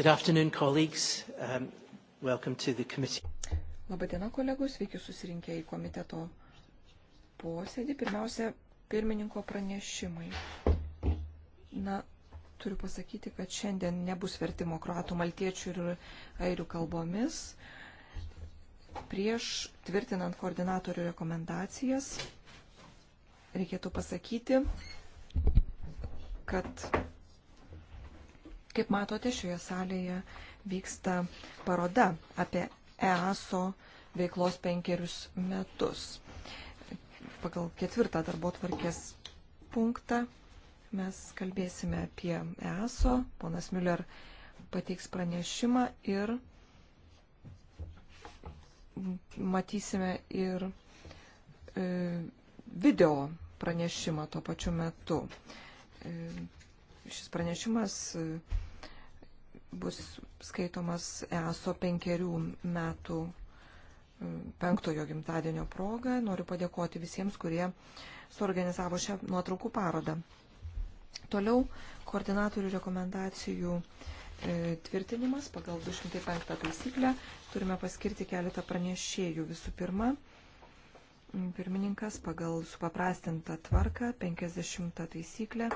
Good afternoon, colleagues. Um, welcome to the committee. Labadiena, kolegos, sveiki susirinkę į komiteto posėdį. Pirmiausia, pirmininko pranešimai. Na, turiu pasakyti, kad šiandien nebus vertimo kroatų, maltiečių ir airių kalbomis. Prieš tvirtinant koordinatorių rekomendacijas, reikėtų pasakyti, kad Kaip matote, šioje salėje vyksta paroda apie EASO veiklos penkerius metus. Pagal ketvirtą darbo tvarkės punktą mes kalbėsime apie EASO. Ponas Miller pateiks pranešimą ir matysime ir e, video pranešimą tuo pačiu metu. E, šis pranešimas e, bus skaitomas ESO penkerių metų e, penktojo gimtadienio progą. Noriu padėkoti visiems, kurie suorganizavo šią nuotraukų parodą. Toliau koordinatorių rekomendacijų e, tvirtinimas pagal 205 taisyklę. Turime paskirti keletą pranešėjų. Visų pirma, pirmininkas pagal supaprastintą tvarką 50 taisyklę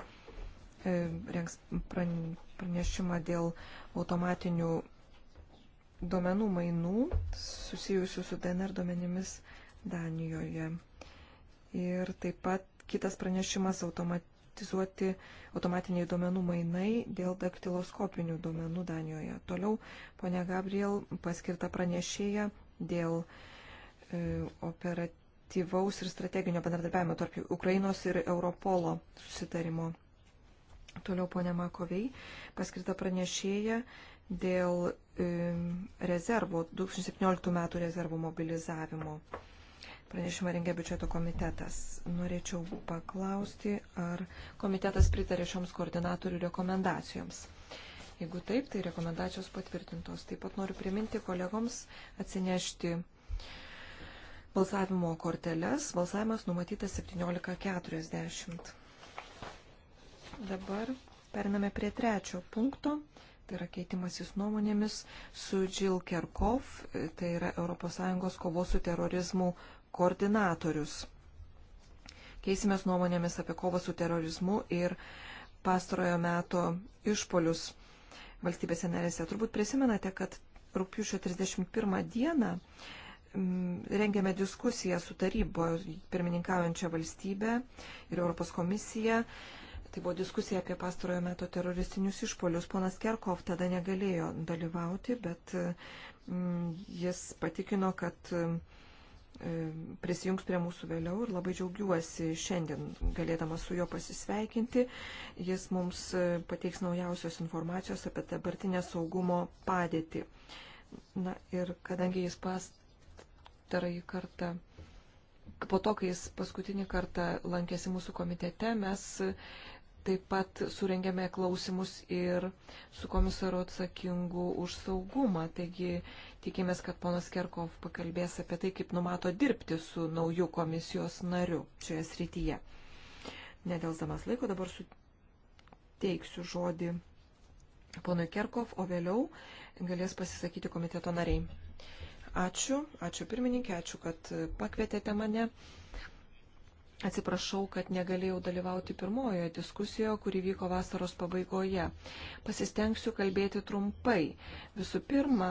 E, rengs pranešimą dėl automatinių duomenų mainų susijusių su DNR duomenimis Danijoje. Ir taip pat kitas pranešimas automatizuoti automatiniai duomenų mainai dėl daktiloskopinių duomenų Danijoje. Toliau ponia Gabriel paskirta pranešėja dėl e, operatyvaus ir strateginio bendradarbiavimo tarp Ukrainos ir Europolo susitarimo Toliau ponė Makovei paskirta pranešėja dėl rezervo, 2017 metų rezervo mobilizavimo. Pranešimą rengia biudžeto komitetas. Norėčiau paklausti, ar komitetas pritarė šioms koordinatorių rekomendacijoms. Jeigu taip, tai rekomendacijos patvirtintos. Taip pat noriu priminti kolegoms atsinešti balsavimo korteles. Balsavimas numatytas 17.40. Dabar pername prie trečio punkto. Tai yra keitimasis nuomonėmis su Jill Kerkov, tai yra ES kovos su terorizmu koordinatorius. Keisimės nuomonėmis apie kovą su terorizmu ir pastarojo meto išpolius valstybėse narėse. Turbūt prisimenate, kad rūpiučio 31 dieną mm, rengiame diskusiją su tarybo pirmininkaujančia valstybė ir Europos komisija Tai buvo diskusija apie pastarojo meto teroristinius išpolius. Ponas Kerkov tada negalėjo dalyvauti, bet mm, jis patikino, kad e, prisijungs prie mūsų vėliau ir labai džiaugiuosi šiandien galėdamas su juo pasisveikinti. Jis mums e, pateiks naujausios informacijos apie dabartinę saugumo padėtį. Na ir kadangi jis pastarąjį kartą po to, kai jis paskutinį kartą lankėsi mūsų komitete, mes Taip pat surengėme klausimus ir su komisaru atsakingu už saugumą. Taigi tikimės, kad ponas Kerkov pakalbės apie tai, kaip numato dirbti su nauju komisijos nariu šioje srityje. Nedelsdamas laiko dabar suteiksiu žodį ponui Kerkov, o vėliau galės pasisakyti komiteto nariai. Ačiū, ačiū pirmininkė, ačiū, kad pakvietėte mane. Atsiprašau, kad negalėjau dalyvauti pirmojoje diskusijoje, kuri vyko vasaros pabaigoje. Pasistengsiu kalbėti trumpai. Visų pirma,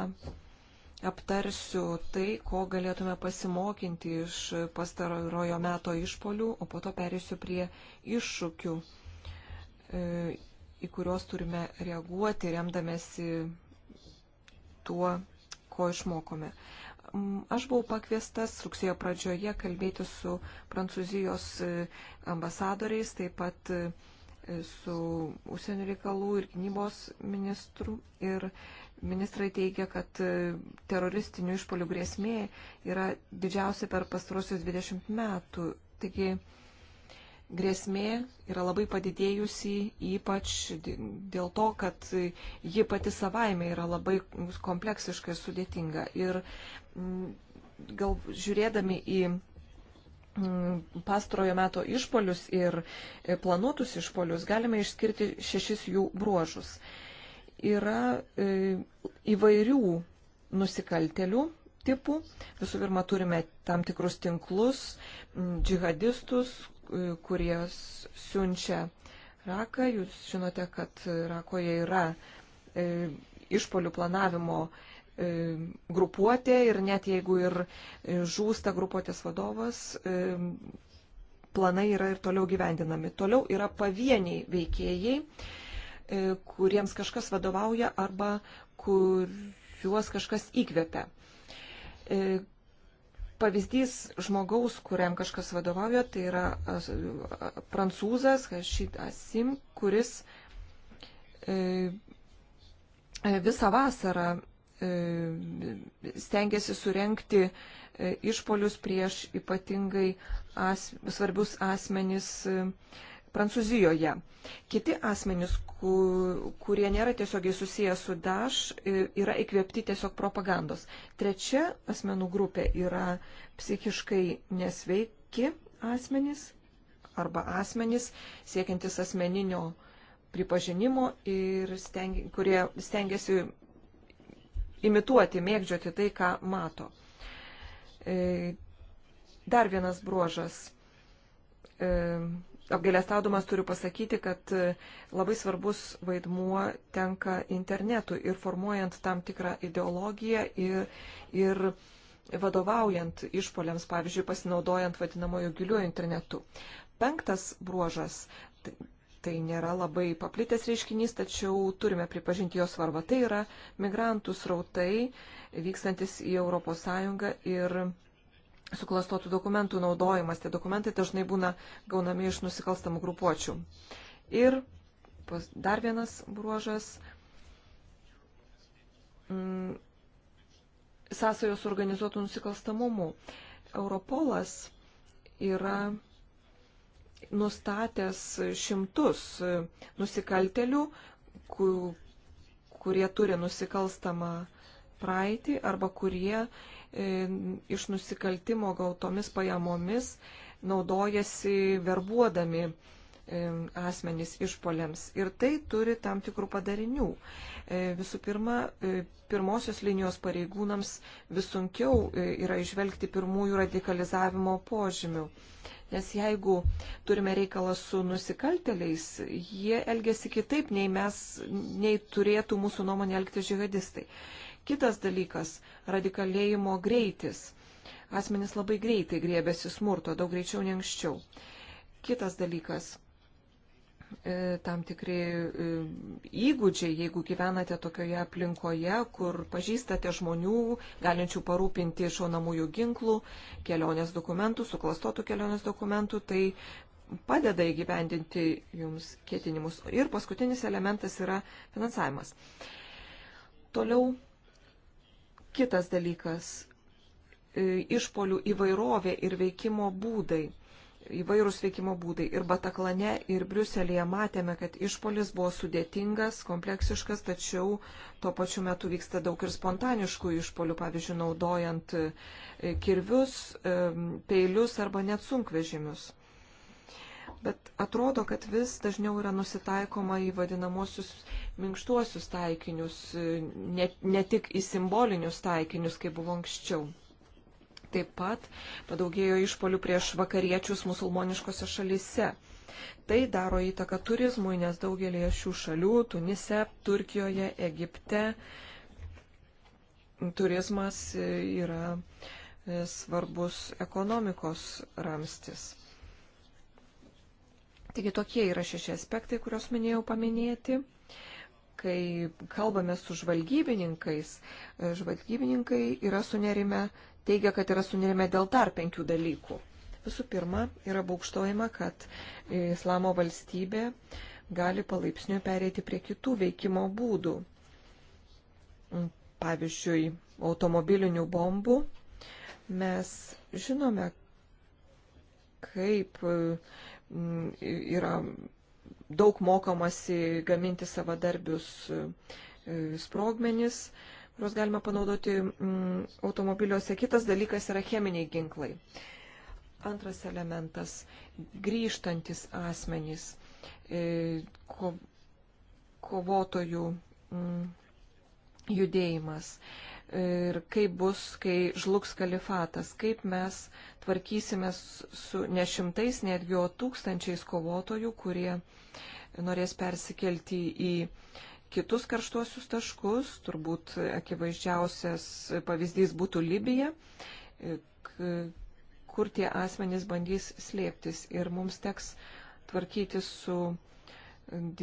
aptarsiu tai, ko galėtume pasimokinti iš pastarojo meto išpolių, o po to perėsiu prie iššūkių, e, į kuriuos turime reaguoti, remdamėsi tuo, ko išmokome. Aš buvau pakviestas rugsėjo pradžioje kalbėti su prancūzijos e, ambasadoriais, taip pat e, su užsienio reikalų ir gynybos ministru. Ir ministrai teigia, kad e, teroristinių išpolių grėsmė yra didžiausia per pastarosius 20 metų. Taigi grėsmė yra labai padidėjusi, ypač dėl to, kad ji pati savaime yra labai kompleksiška ir sudėtinga. Ir mm, gal žiūrėdami į mm, pastrojo meto išpolius ir e, planuotus išpolius, galime išskirti šešis jų bruožus. Yra e, įvairių nusikaltelių tipų. Visų pirma, turime tam tikrus tinklus, mm, džihadistus, kurie siunčia raką. Jūs žinote, kad rakoje yra e, išpolių planavimo e, grupuotė ir net jeigu ir e, žūsta grupuotės vadovas, planai yra ir toliau gyvendinami. Toliau yra pavieniai veikėjai, kuriems kažkas vadovauja arba kuriuos kažkas įkvepia pavyzdys žmogaus, kuriam kažkas vadovauja, tai yra prancūzas, Hašit Asim, kuris e, e, visą vasarą e, stengiasi surenkti išpolius prieš ypatingai as, svarbius asmenis Prancūzijoje. Kiti asmenys, kurie nėra tiesiogiai susiję su Daš, yra įkvėpti tiesiog propagandos. Trečia asmenų grupė yra psichiškai nesveiki asmenys arba asmenys siekiantis asmeninio pripažinimo ir stengi, kurie stengiasi imituoti, mėgdžioti tai, ką mato. E, dar vienas bruožas e, apgailestaudamas turiu pasakyti, kad e, labai svarbus vaidmuo tenka internetui ir formuojant tam tikrą ideologiją ir, ir vadovaujant išpoliams, pavyzdžiui, pasinaudojant vadinamojo giliuoju internetu. Penktas bruožas tai, tai nėra labai paplitęs reiškinys, tačiau turime pripažinti jo svarbą. Tai yra migrantų srautai vykstantis į ES ir suklastotų dokumentų naudojimas. Tie dokumentai dažnai būna gaunami iš nusikalstamų grupuočių. Ir dar vienas bruožas mm, - sąsajos organizuotų nusikalstamumu. Europolas yra nustatęs šimtus nusikaltelių, kurie turi nusikalstamą praeitį arba kurie E, iš nusikaltimo gautomis pajamomis naudojasi verbuodami e, asmenys išpoliams. Ir tai turi tam tikrų padarinių. E, visų pirma, pirmosios linijos pareigūnams vis sunkiau yra išvelgti pirmųjų radikalizavimo požymių. Nes jeigu turime reikalą su nusikalteliais, jie elgesi kitaip, nei mes, nei turėtų mūsų nuomonė elgti žihadistai. Kitas dalykas - radikalėjimo greitis. Asmenys labai greitai griebėsi smurto, daug greičiau nei anksčiau. Kitas dalykas e, tam tikri e, įgūdžiai, jeigu gyvenate tokioje aplinkoje, kur pažįstate žmonių, galinčių parūpinti šaunamųjų ginklų, kelionės dokumentų, suklastotų kelionės dokumentų, tai padeda įgyvendinti jums ketinimus. Ir paskutinis elementas yra finansavimas. Toliau Kitas dalykas - e, išpolių įvairovė ir veikimo būdai. Įvairūs veikimo būdai. Ir Bataklane, ir Briuselėje matėme, kad išpolis buvo sudėtingas, kompleksiškas, tačiau tuo pačiu metu vyksta daug ir spontaniškų išpolių, pavyzdžiui, naudojant e, kirvius, e, peilius arba net sunkvežimius bet atrodo, kad vis dažniau yra nusitaikoma į vadinamosius minkštuosius taikinius, ne, ne tik į simbolinius taikinius, kaip buvo anksčiau. Taip pat padaugėjo išpolių prieš vakariečius musulmoniškose šalyse. Tai daro įtaką turizmui, nes daugelėje šių šalių - Tunise, Turkijoje, Egipte - turizmas yra svarbus ekonomikos ramstis. Taigi tokie yra šeši aspektai, kuriuos minėjau paminėti. Kai kalbame su žvalgybininkais, e, žvalgybininkai yra sunerime, teigia, kad yra sunerime dėl dar penkių dalykų. Visų pirma, yra baukštojama, kad islamo valstybė gali palaipsniui pereiti prie kitų veikimo būdų. Pavyzdžiui, automobilinių bombų. Mes žinome, kaip Mm, yra daug mokomasi gaminti savadarbius e, sprogmenis, kuriuos galima panaudoti mm, automobiliuose. Kitas dalykas yra cheminiai ginklai. Antras elementas - grįžtantis asmenys, e, ko, kovotojų mm, judėjimas ir kaip bus, kai žlugs kalifatas, kaip mes tvarkysimės su ne šimtais, netgi o tūkstančiais kovotojų, kurie norės persikelti į kitus karštuosius taškus, turbūt akivaizdžiausias pavyzdys būtų Libija, kur tie asmenys bandys slėptis ir mums teks tvarkytis su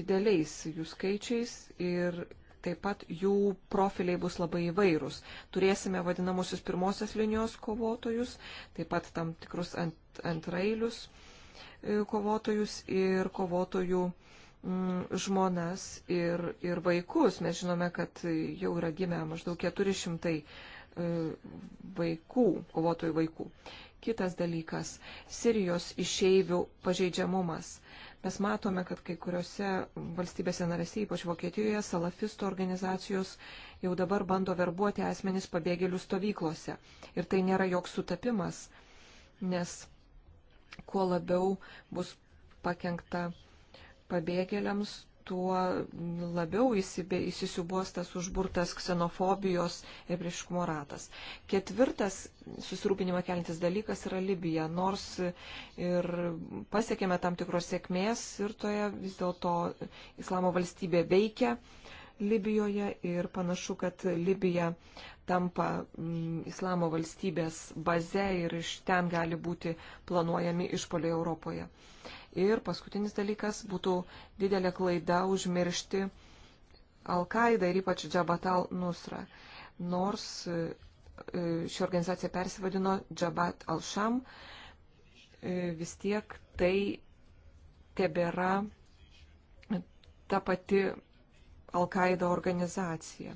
dideliais jų skaičiais ir Taip pat jų profiliai bus labai įvairūs. Turėsime vadinamusius pirmosios linijos kovotojus, taip pat tam tikrus ant, antrailius e, kovotojus ir kovotojų mm, žmonas ir, ir vaikus. Mes žinome, kad jau yra gimę maždaug 400 e, vaikų, kovotojų vaikų. Kitas dalykas - Sirijos išeivių pažeidžiamumas. Mes matome, kad kai kuriuose valstybėse narėse, ypač Vokietijoje, salafistų organizacijos jau dabar bando verbuoti asmenys pabėgėlių stovyklose. Ir tai nėra joks sutapimas, nes kuo labiau bus pakengta pabėgėliams, tuo labiau įsisiubuos tas užburtas ksenofobijos ir priešiškumo ratas. Ketvirtas susirūpinimą kelintis dalykas yra Libija. Nors ir pasiekėme tam tikros sėkmės ir toje vis dėlto islamo valstybė veikia Libijoje ir panašu, kad Libija tampa mm, islamo valstybės baze ir iš ten gali būti planuojami išpoliai Europoje. Ir paskutinis dalykas būtų didelė klaida užmiršti Al-Qaidą ir ypač Džabatal Nusra. Nors e, e, ši organizacija persivadino Džabat Al-Sham, e, vis tiek tai tebėra ta pati Al-Qaeda organizacija.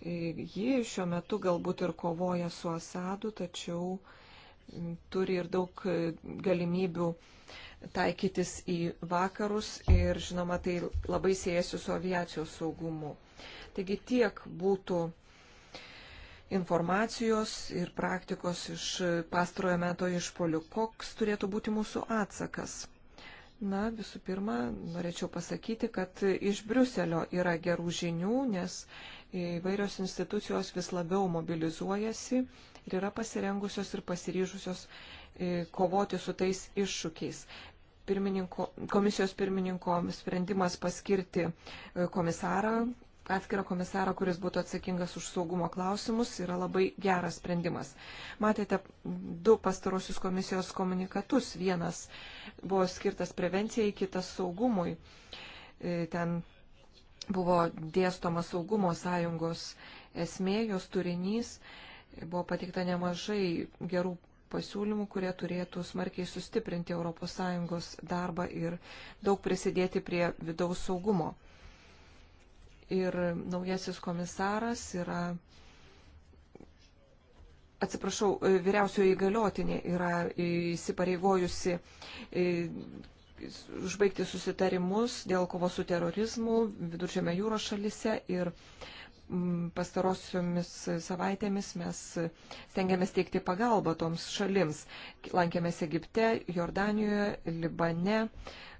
Ji šiuo metu galbūt ir kovoja su Asadu, tačiau uh, turi ir daug e, galimybių taikytis į vakarus ir, žinoma, tai labai siejasi su aviacijos saugumu. Taigi tiek būtų informacijos ir praktikos iš pastarojo meto išpolių. Koks turėtų būti mūsų atsakas? Na, visų pirma, norėčiau pasakyti, kad iš Briuselio yra gerų žinių, nes įvairios institucijos vis labiau mobilizuojasi ir yra pasirengusios ir pasiryžusios e, kovoti su tais iššūkiais. Pirmininko, komisijos pirmininko sprendimas paskirti e, komisarą, atskirą komisarą, kuris būtų atsakingas už saugumo klausimus, yra labai geras sprendimas. Matėte du pastarosius komisijos komunikatus. Vienas buvo skirtas prevencijai, kitas saugumui. E, ten buvo dėstoma saugumo sąjungos esmė, jos turinys Buvo pateikta nemažai gerų pasiūlymų, kurie turėtų smarkiai sustiprinti ES darbą ir daug prisidėti prie vidaus saugumo. Ir naujasis komisaras yra, atsiprašau, vyriausioji įgaliotinė yra įsipareigojusi e, užbaigti susitarimus dėl kovos su terorizmu viduržėme jūros šalise ir uh, pastarosiomis savaitėmis mes stengiamės teikti pagalbą toms šalims. Lankėmės Egipte, Jordanijoje, Libane,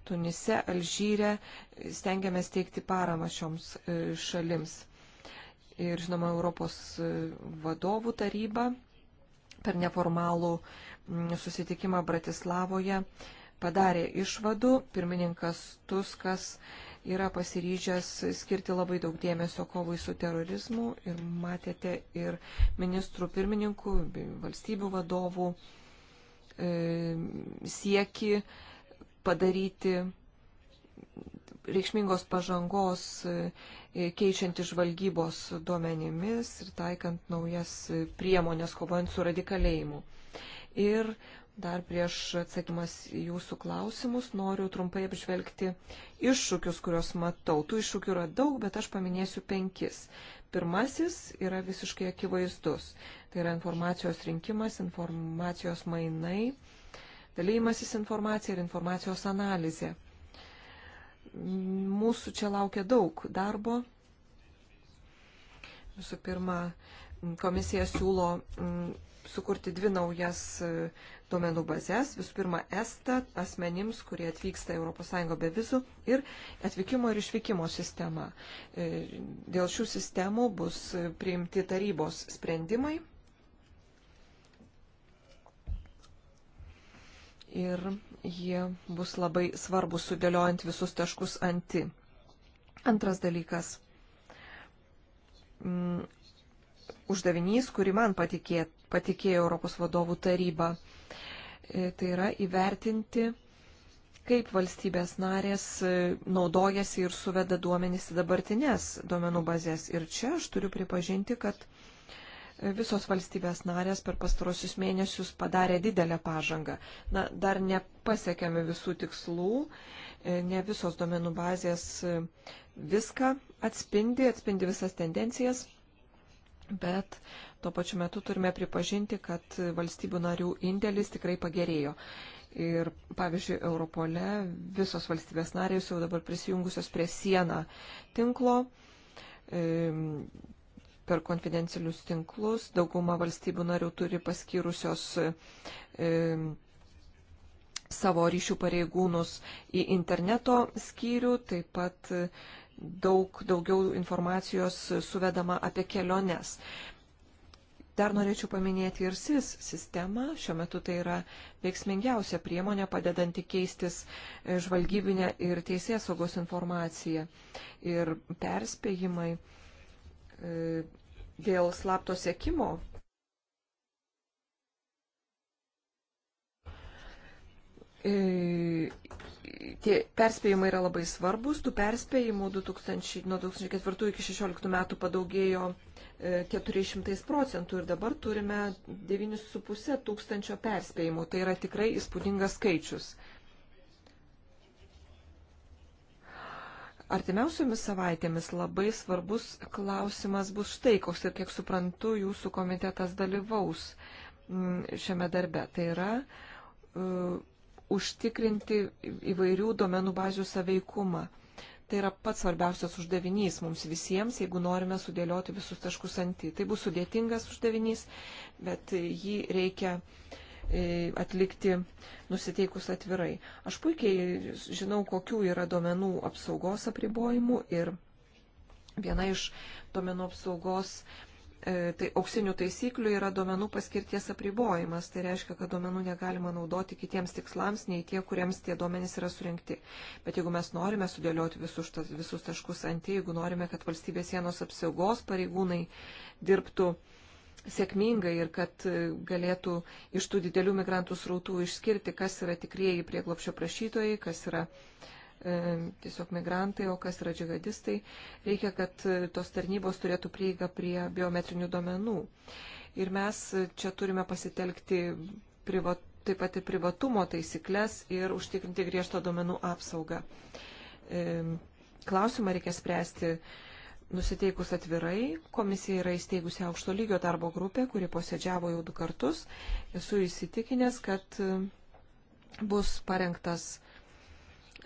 Tunise, Alžyre, stengiamės teikti paramą šioms e, šalims. Ir žinoma, Europos e, vadovų taryba per neformalų susitikimą Bratislavoje padarė išvadų, pirmininkas Tuskas yra pasiryžęs skirti labai daug dėmesio kovai su terorizmu ir matėte ir ministrų pirmininkų, valstybių vadovų e, sieki padaryti reikšmingos pažangos e, keičianti žvalgybos duomenimis ir taikant naujas priemonės kovojant su radikalėjimu. Ir Dar prieš atsakymas į jūsų klausimus noriu trumpai apžvelgti iššūkius, kuriuos matau. Tų iššūkių yra daug, bet aš paminėsiu penkis. Pirmasis yra visiškai akivaizdus. Tai yra informacijos rinkimas, informacijos mainai, dalymasis informacija ir informacijos analizė. Mūsų čia laukia daug darbo. Visų pirma, komisija siūlo mm, sukurti dvi naujas duomenų bazės, visų pirma, ESTA asmenims, kurie atvyksta ES be vizų ir atvykimo ir išvykimo sistema. E, dėl šių sistemų bus priimti tarybos sprendimai. Ir jie bus labai svarbus sudėliojant visus taškus anti. Antras dalykas mm, uždavinys, kurį man patikė, patikėjo Europos vadovų taryba. E, tai yra įvertinti, kaip valstybės narės e, naudojasi ir suveda duomenys į dabartinės duomenų bazės. Ir čia aš turiu pripažinti, kad e, visos valstybės narės per pastarosius mėnesius padarė didelę pažangą. Na, dar nepasiekėme visų tikslų, ne visos duomenų bazės viską atspindi, atspindi visas tendencijas. Bet tuo pačiu metu turime pripažinti, kad valstybių narių indėlis tikrai pagerėjo. Ir pavyzdžiui, Europole visos valstybės narės jau dabar prisijungusios prie sieną tinklo. Per konfidencialius tinklus dauguma valstybių narių turi paskyrusios savo ryšių pareigūnus į interneto skyrių, taip pat daug daugiau informacijos suvedama apie keliones. Dar norėčiau paminėti ir SIS sistemą. Šiuo metu tai yra veiksmingiausia priemonė padedanti keistis e, žvalgybinę ir teisės saugos informaciją. Ir perspėjimai e, dėl slapto sėkimo. E, tie perspėjimai yra labai svarbus. Tų perspėjimų 2000, nuo 2004 iki 2016 metų padaugėjo 400 e, procentų ir dabar turime 9,5 tūkstančio perspėjimų. Tai yra tikrai įspūdingas skaičius. Artimiausiomis savaitėmis labai svarbus klausimas bus štai, koks ir kiek suprantu, jūsų komitetas dalyvaus mm, šiame darbe. Tai yra e, užtikrinti įvairių duomenų bazių saveikumą. Tai yra pats svarbiausias uždavinys mums visiems, jeigu norime sudėlioti visus taškus ant į. Tai bus sudėtingas uždavinys, bet jį reikia e, atlikti nusiteikus atvirai. Aš puikiai žinau, kokių yra duomenų apsaugos apribojimų ir viena iš duomenų apsaugos E, tai auksinių taisyklių yra duomenų paskirties apribojimas. Tai reiškia, kad duomenų negalima naudoti kitiems tikslams, nei tie, kuriems tie duomenys yra surinkti. Bet jeigu mes norime sudėlioti visus, visus taškus ant į, jeigu norime, kad valstybės sienos apsaugos pareigūnai dirbtų sėkmingai ir kad e, galėtų iš tų didelių migrantų srautų išskirti, kas yra tikrieji prieglopšio prašytojai, kas yra uh, E, tiesiog migrantai, o kas yra džihadistai. Reikia, kad e, tos tarnybos turėtų prieigą prie biometrinių duomenų. Ir mes čia turime pasitelkti privat, taip pat ir privatumo taisyklės ir užtikrinti griežtą duomenų apsaugą. E, klausimą reikia spręsti nusiteikus atvirai. Komisija yra įsteigusi aukšto lygio darbo grupę, kuri posėdžiavo jau du kartus. Esu įsitikinęs, kad bus parengtas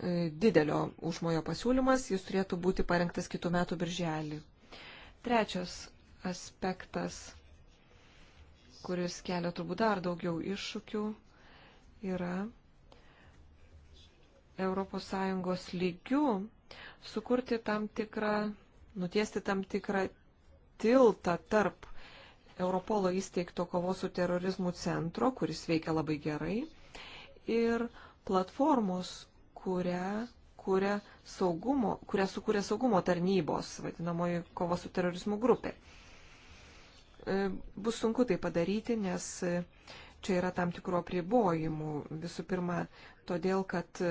E, didelio užmojo pasiūlymas, jis turėtų būti parengtas kitų metų birželį. Trečias aspektas, kuris kelia turbūt dar daugiau iššūkių, yra ES lygių sukurti tam tikrą, nutiesti tam tikrą tiltą tarp Europolo įsteigto kovos su terorizmu centro, kuris veikia labai gerai, ir platformos, kurią kuria saugumo, kurią sukūrė saugumo tarnybos, vadinamoji kovo su terorizmu grupė. E, bus sunku tai padaryti, nes čia yra tam tikro pribojimų. Visų pirma, todėl, kad e,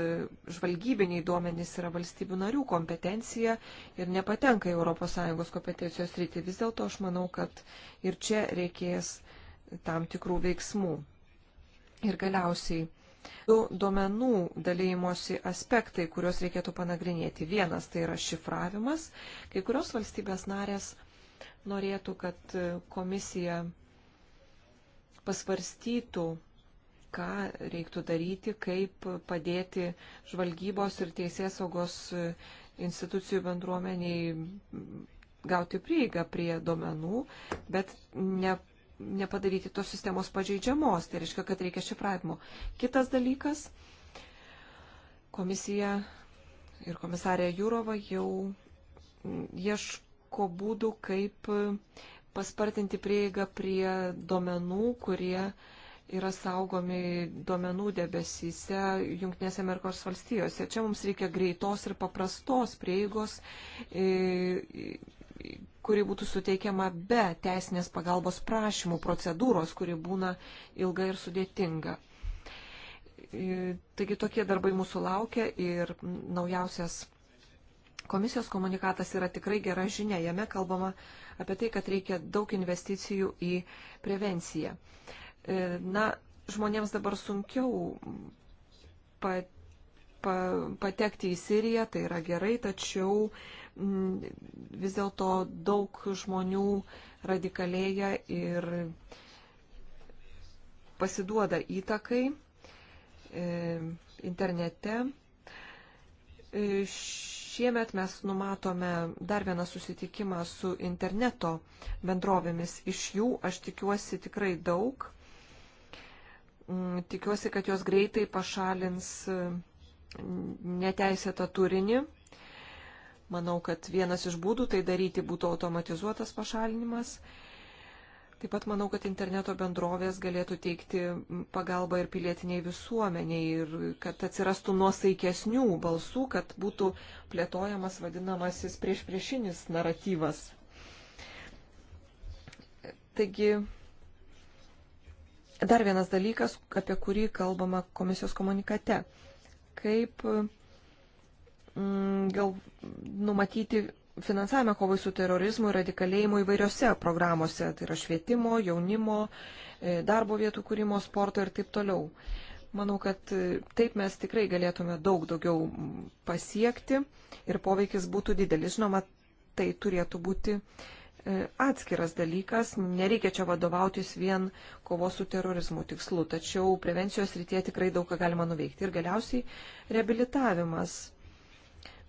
žvalgybiniai duomenys yra valstybių narių kompetencija ir nepatenka į ES kompetencijos rytį. Vis dėlto aš manau, kad ir čia reikės tam tikrų veiksmų. Ir galiausiai Du duomenų dalymosi aspektai, kuriuos reikėtų panagrinėti. Vienas tai yra šifravimas. Kai kurios valstybės narės norėtų, kad e, komisija pasvarstytų, ką reiktų daryti, kaip padėti žvalgybos ir teisės saugos e, institucijų bendruomeniai gauti prieigą prie duomenų, bet ne nepadaryti tos sistemos pažeidžiamos, tai reiškia, kad reikia šifravimo. Kitas dalykas, komisija ir komisarė Jūrova jau ieško būdų, kaip paspartinti prieigą prie duomenų, kurie yra saugomi duomenų debesyse Junktinėse Amerikos valstijose. Čia mums reikia greitos ir paprastos prieigos kuri būtų suteikiama be teisinės pagalbos prašymų procedūros, kuri būna ilga ir sudėtinga. E, taigi tokie darbai mūsų laukia ir naujausias komisijos komunikatas yra tikrai gera žinia. Jame kalbama apie tai, kad reikia daug investicijų į prevenciją. E, na, žmonėms dabar sunkiau pat patekti į Siriją, tai yra gerai, tačiau vis dėlto daug žmonių radikalėja ir pasiduoda įtakai e, internete. E, šiemet mes numatome dar vieną susitikimą su interneto bendrovėmis. Iš jų aš tikiuosi tikrai daug. Mm, tikiuosi, kad jos greitai pašalins mm, neteisėtą turinį. Manau, kad vienas iš būdų tai daryti būtų automatizuotas pašalinimas. Taip pat manau, kad interneto bendrovės galėtų teikti pagalbą ir pilietiniai visuomeniai ir kad atsirastų nuosaikesnių balsų, kad būtų plėtojamas vadinamasis prieš priešinis naratyvas. Taigi, dar vienas dalykas, apie kurį kalbama komisijos komunikate. Kaip Mm, gal numatyti finansavimą kovai su terorizmu ir radikalėjimu įvairiose programuose, tai yra švietimo, jaunimo, e, darbo vietų kūrimo, sporto ir taip toliau. Manau, kad e, taip mes tikrai galėtume daug daugiau pasiekti ir poveikis būtų didelis. Žinoma, tai turėtų būti e, atskiras dalykas, nereikia čia vadovautis vien kovos su terorizmu tikslu, tačiau prevencijos rytie tikrai daug ką galima nuveikti. Ir galiausiai reabilitavimas.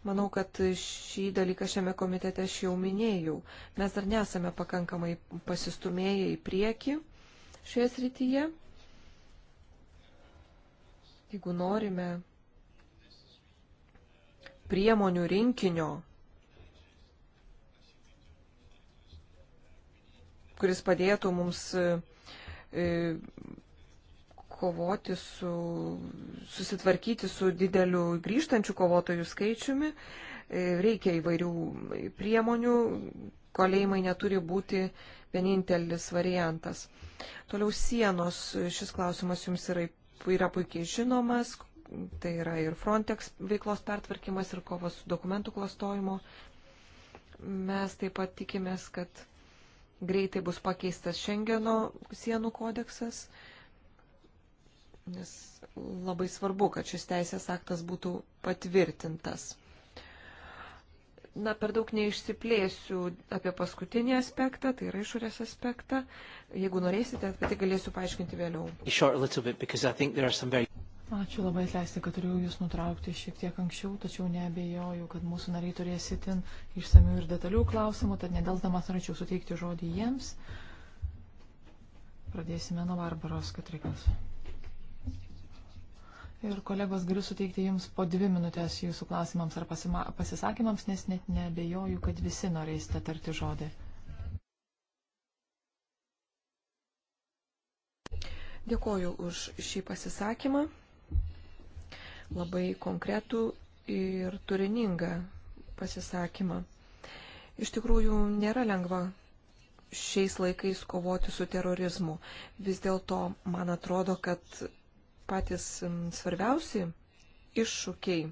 Manau, kad šį dalyką šiame komitete aš jau minėjau. Mes dar nesame pakankamai pasistumėję į priekį šioje srityje. Jeigu norime priemonių rinkinio, kuris padėtų mums e, kovoti su, susitvarkyti su dideliu grįžtančių kovotojų skaičiumi. E, Reikia įvairių priemonių, kalėjimai neturi būti vienintelis variantas. Toliau sienos, šis klausimas jums yra, yra puikiai žinomas, tai yra ir Frontex veiklos pertvarkymas, ir kovas su dokumentų klastojimo. Mes taip pat tikimės, kad greitai bus pakeistas Šengeno sienų kodeksas nes labai svarbu, kad šis teisės aktas būtų patvirtintas. Na, per daug neišsiplėsiu apie paskutinį aspektą, tai yra išorės aspektą. Jeigu norėsite, apie tai galėsiu paaiškinti vėliau. Ačiū labai atleisti, kad turėjau Jūs nutraukti šiek tiek anksčiau, tačiau neabejoju, kad mūsų nariai turės itin išsamių ir detalių klausimų, tad nedelsdamas norėčiau suteikti žodį jiems. Pradėsime nuo Barbaros Katrikas. Ir kolegos, galiu suteikti Jums po dvi minutės Jūsų klausimams ar pasima, pasisakymams, nes net nebejoju, kad visi norėsite tarti žodį. Dėkoju už šį pasisakymą. Labai konkretų ir turiningą pasisakymą. Iš tikrųjų, nėra lengva šiais laikais kovoti su terorizmu. Vis dėlto, man atrodo, kad patys svarbiausi iššūkiai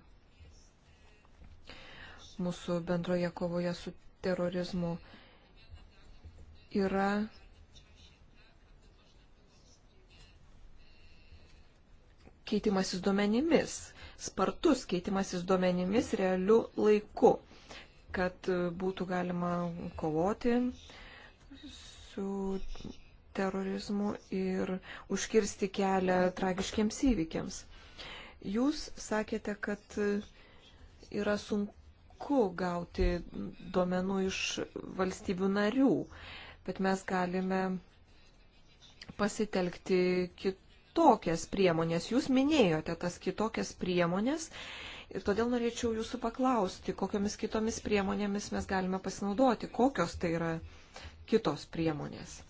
mūsų bendroje kovoje su terorizmu yra keitimasis duomenimis, spartus keitimasis duomenimis realiu laiku, kad būtų galima kovoti su terorizmu ir užkirsti kelią tragiškiams įvykiams. Jūs sakėte, kad yra sunku gauti duomenų iš valstybių narių, bet mes galime pasitelkti kitokias priemonės. Jūs minėjote tas kitokias priemonės. Ir todėl norėčiau jūsų paklausti, kokiamis kitomis priemonėmis mes galime pasinaudoti, kokios tai yra kitos priemonės.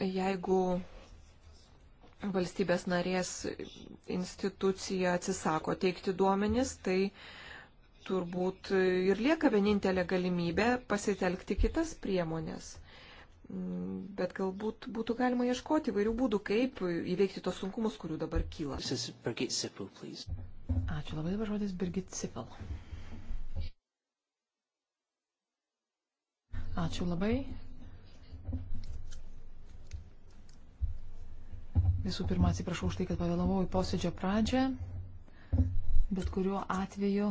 jeigu valstybės narės institucija atsisako teikti duomenis, tai turbūt ir lieka vienintelė galimybė pasitelkti kitas priemonės. Bet galbūt būtų galima ieškoti vairių būdų, kaip įveikti tos sunkumus, kurių dabar kyla. Sippel, Ačiū labai dabar žodis Birgit Sipel. Ačiū labai. Visų pirma, atsiprašau už tai, kad pavėlavau į posėdžio pradžią, bet kuriuo atveju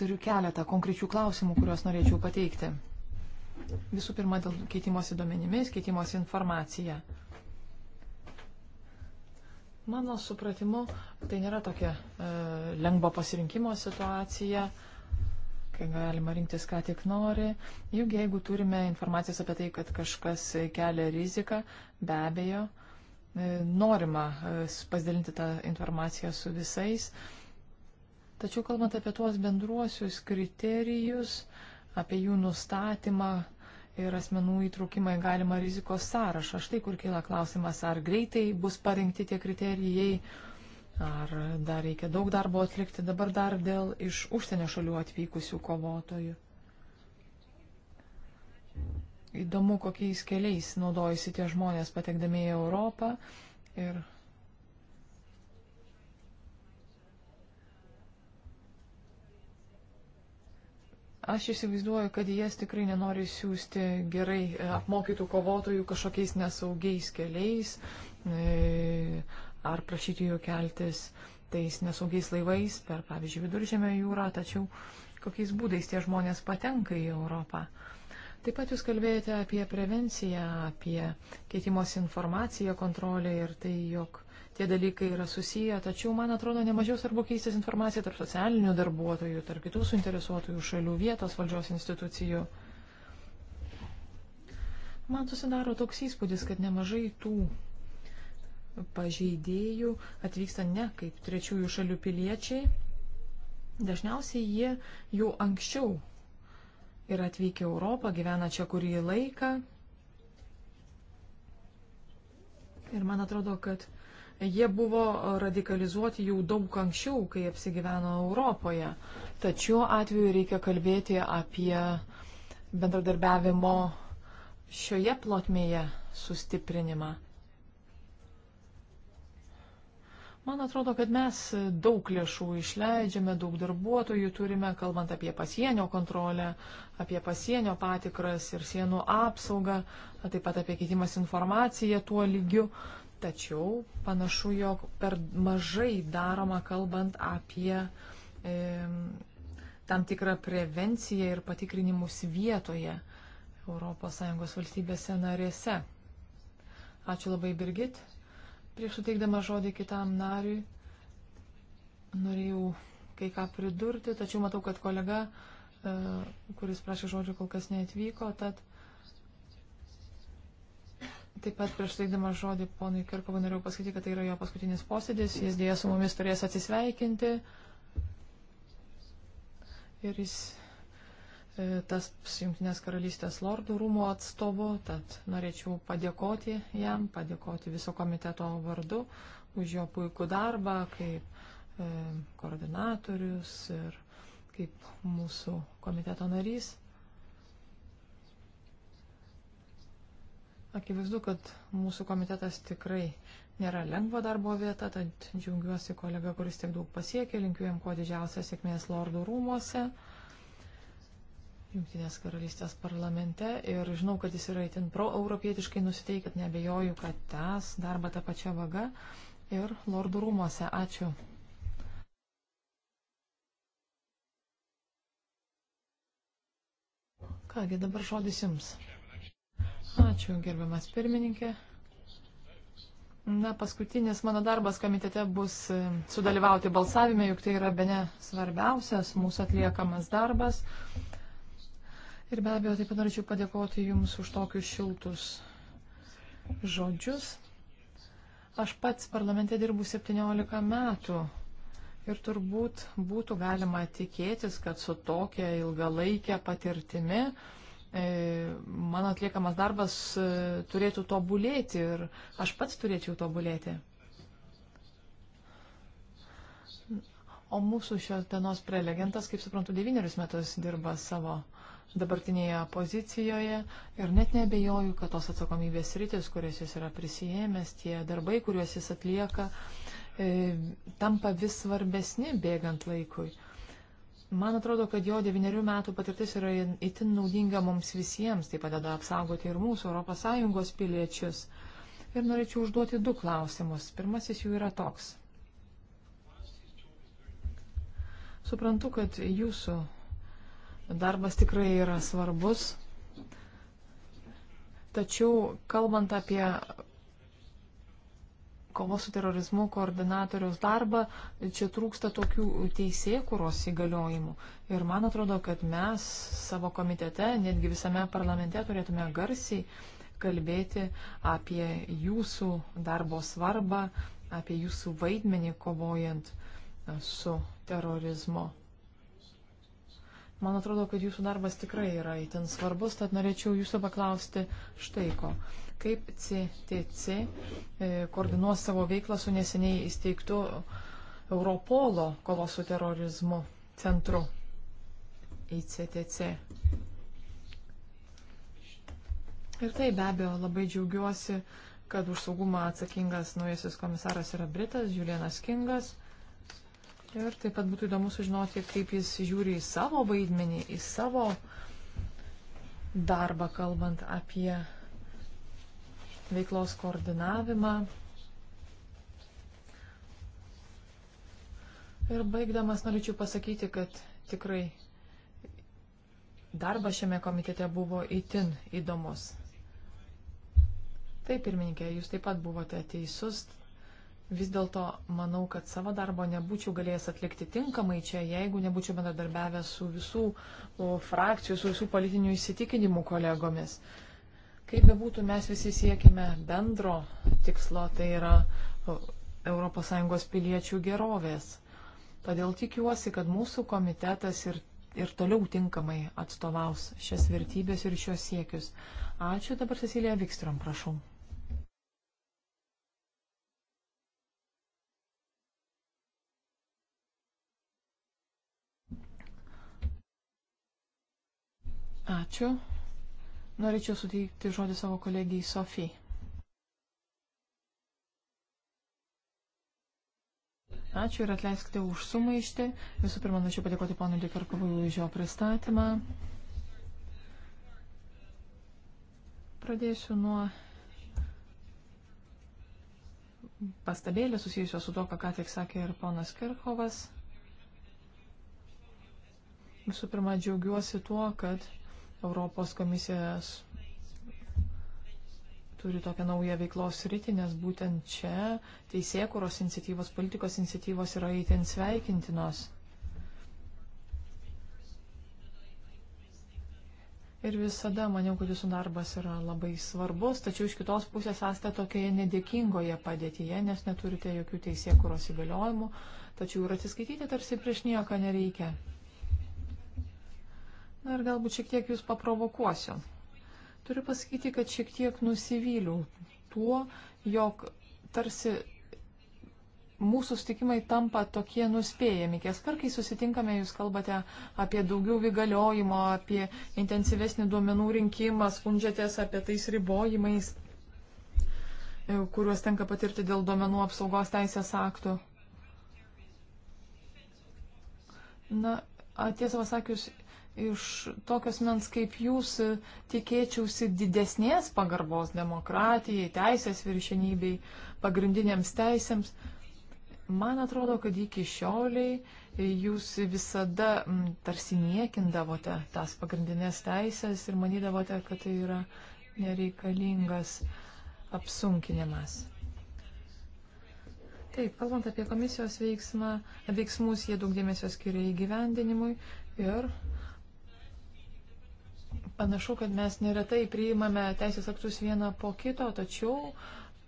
turiu keletą konkrečių klausimų, kuriuos norėčiau pateikti. Visų pirma, dėl keitimosi duomenimis, keitimosi informacija. Mano supratimu, tai nėra tokia e, lengva pasirinkimo situacija, kai galima rinktis, ką tik nori. Juk jeigu turime informacijos apie tai, kad kažkas kelia riziką, be abejo, e, E, norima e, pasidalinti tą informaciją su visais. Tačiau kalbant apie tuos bendruosius kriterijus, apie jų nustatymą ir asmenų įtraukimą į galimą rizikos sąrašą, štai kur kyla klausimas, ar greitai bus parinkti tie kriterijai, ar dar reikia daug darbo atlikti dabar dar dėl iš užsienio šalių atvykusių kovotojų įdomu, kokiais keliais naudojasi tie žmonės patekdami į Europą. Ir aš įsivaizduoju, kad jas tikrai nenori siūsti gerai e, apmokytų kovotojų kažkokiais nesaugiais keliais e, ar prašyti jų keltis tais nesaugiais laivais per, pavyzdžiui, viduržėmio jūrą, tačiau kokiais būdais tie žmonės patenka į Europą. Uh, Taip pat jūs kalbėjote apie prevenciją, apie keitimos informaciją, kontrolę ir tai, jog tie dalykai yra susiję, tačiau, man atrodo, nemažiau svarbu keistis informaciją tarp socialinių darbuotojų, tarp kitų suinteresuotųjų šalių, vietos valdžios institucijų. Man susidaro toks įspūdis, kad nemažai tų pažeidėjų atvyksta ne kaip trečiųjų šalių piliečiai. Dažniausiai jie jau anksčiau yra atvykę į Europą, gyvena čia kurį laiką. Ir man atrodo, kad jie buvo radikalizuoti jau daug anksčiau, kai apsigyveno Europoje. Tačiau atveju reikia kalbėti apie bendradarbiavimo šioje plotmėje sustiprinimą. Man atrodo, kad mes daug lėšų išleidžiame, daug darbuotojų turime, kalbant apie pasienio kontrolę, apie pasienio patikras ir sienų apsaugą, taip pat apie keitimas informaciją tuo lygiu. Tačiau panašu, jog per mažai daroma kalbant apie e, tam tikrą prevenciją ir patikrinimus vietoje ES valstybėse narėse. Ačiū labai, Birgit. Prieš suteikdama žodį kitam nariui, norėjau kai ką pridurti, tačiau matau, kad kolega, e, kuris prašė žodžio, kol kas neatvyko, tad taip pat prieš teikdama žodį ponui Kirkovui norėjau pasakyti, kad tai yra jo paskutinis posėdis, jis dėja su mumis turės atsisveikinti ir jis E, tas Junktinės karalystės lordų rūmų atstovu, tad norėčiau padėkoti jam, padėkoti viso komiteto vardu už jo puikų darbą kaip e, koordinatorius ir kaip mūsų komiteto narys. Akivaizdu, kad mūsų komitetas tikrai nėra lengva darbo vieta, tad džiaugiuosi kolega, kuris tiek daug pasiekė, linkiu jam kuo didžiausią sėkmės lordų rūmose. Junktinės karalystės parlamente ir žinau, kad jis yra itin proeuropietiškai nusiteikęs, nebejoju, kad tęs darbą tą pačią vagą ir lordų rūmose. Ačiū. Kągi, dabar žodis jums. Ačiū, gerbiamas pirmininkė. Na, paskutinis mano darbas komitete bus e, sudalyvauti balsavime, juk tai yra bene svarbiausias mūsų atliekamas darbas. Ir be abejo, taip pat norėčiau padėkoti Jums už tokius šiltus žodžius. Aš pats parlamente dirbu 17 metų ir turbūt būtų galima tikėtis, kad su tokia ilgalaikė patirtimi e, mano atliekamas darbas e, turėtų tobulėti ir aš pats turėčiau tobulėti. O mūsų šios dienos prelegentas, kaip suprantu, devynerius metus dirba savo dabartinėje pozicijoje ir net nebejoju, kad tos atsakomybės rytis, kurias jis yra prisijėmęs, tie darbai, kuriuos jis atlieka, e, tampa vis svarbesni bėgant laikui. Man atrodo, kad jo devyniarių metų patirtis yra itin naudinga mums visiems, tai padeda apsaugoti ir mūsų ES piliečius. Ir norėčiau užduoti du klausimus. Pirmasis jų yra toks. Suprantu, kad jūsų Darbas tikrai yra svarbus. Tačiau, kalbant apie kovos su terorizmu koordinatoriaus darbą, čia trūksta tokių teisėkuros įgaliojimų. Ir man atrodo, kad mes savo komitete, netgi visame parlamente turėtume garsiai kalbėti apie jūsų darbo svarbą, apie jūsų vaidmenį kovojant su terorizmu. Man atrodo, kad jūsų darbas tikrai yra įtin svarbus, tad norėčiau jūsų paklausti štai ko. Kaip CTC e, koordinuos savo veiklą su neseniai įsteigtu Europolo kovos su terorizmu centru ICTC. Ir tai be abejo labai džiaugiuosi, kad už saugumą atsakingas naujasis komisaras yra Britas Julianas Kingas. Ir taip pat būtų įdomu sužinoti, kaip jis žiūri į savo vaidmenį, į savo darbą, kalbant apie veiklos koordinavimą. Ir baigdamas norėčiau pasakyti, kad tikrai darbas šiame komitete buvo itin įdomus. Taip, pirmininkė, jūs taip pat buvote teisus, Vis dėlto manau, kad savo darbo nebūčiau galėjęs atlikti tinkamai čia, jeigu nebūčiau bendradarbiavęs su visų frakcijų, su visų politinių įsitikinimų kolegomis. Kaip bebūtų, mes visi siekime bendro tikslo, tai yra ES piliečių gerovės. Todėl tikiuosi, kad mūsų komitetas ir, ir toliau tinkamai atstovaus šias vertybės ir šios siekius. Ačiū dabar Cecilija Vikstrom, prašau. Ačiū. Norėčiau suteikti žodį savo kolegijai Sofijai. Ačiū ir atleiskite už sumaištį. Visų pirma, norėčiau padėkoti ponui Dekarpovui už jo pristatymą. Pradėsiu nuo pastabėlė susijusio su to, ką ką tik sakė ir ponas Kirchovas. Visų pirma, džiaugiuosi tuo, kad Europos komisijas turi tokią naują veiklos rytį, nes būtent čia teisėkuros iniciatyvos, politikos iniciatyvos yra įtin sveikintinos. Ir visada maniau, kad jūsų darbas yra labai svarbus, tačiau iš kitos pusės esate tokioje nedėkingoje padėtyje, nes neturite jokių teisėkuros įgaliojimų, tačiau ir atsiskaityti tarsi prieš nieką nereikia. Na ir galbūt šiek tiek jūs paprovokuosiu. Turiu pasakyti, kad šiek tiek nusivyliu tuo, jog tarsi mūsų sutikimai tampa tokie nuspėjami. Kieskart, kai susitinkame, jūs kalbate apie daugiau įgaliojimo, apie intensyvesnį duomenų rinkimą, skundžiatės apie tais ribojimais, e, kuriuos tenka patirti dėl duomenų apsaugos teisės aktų. Na, tiesą pasakius, iš tokios mens kaip jūs tikėčiausi didesnės pagarbos demokratijai, teisės viršenybei, pagrindiniams teisėms. Man atrodo, kad iki šioliai jūs visada m, tarsi niekindavote tas pagrindinės teisės ir manydavote, kad tai yra nereikalingas apsunkinimas. Taip, kalbant apie komisijos veiksmą, veiksmus, jie daug dėmesio skiria įgyvendinimui ir Panašu, kad mes neretai priimame teisės aktus vieną po kito, tačiau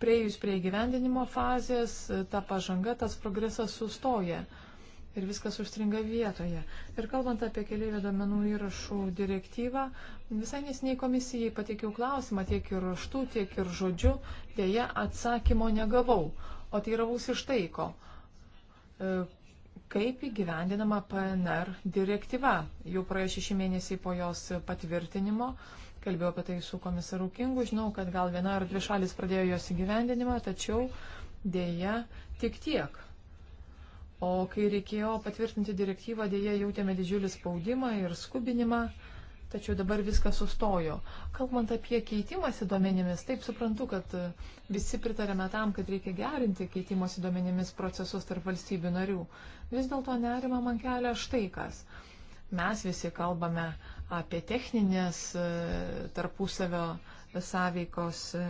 prieėjus prie įgyvendinimo fazės, ta pažanga, tas progresas sustoja ir viskas užstringa vietoje. Ir kalbant apie keliaivių domenų įrašų direktyvą, visai nesiniai komisijai pateikiau klausimą tiek ir raštu, tiek ir žodžiu, dėja atsakymo negavau. O tai yra būs iš taiko. E, kaip įgyvendinama PNR direktyva. Jau praėjo šeši mėnesiai po jos patvirtinimo. Kalbėjau apie tai su komisaru Kingu. Žinau, kad gal viena ar dvi šalis pradėjo jos įgyvendinimą, tačiau dėja tik tiek. O kai reikėjo patvirtinti direktyvą, dėja jautėme didžiulį spaudimą ir skubinimą. Uh, Tačiau dabar viskas sustojo. Kalbant apie keitimąsi duomenimis, taip suprantu, kad e, visi pritarėme tam, kad reikia gerinti keitimosi duomenimis procesus tarp valstybių narių. Vis dėlto nerima man kelia štai kas. Mes visi kalbame apie techninės e, tarpusavio sąveikos e,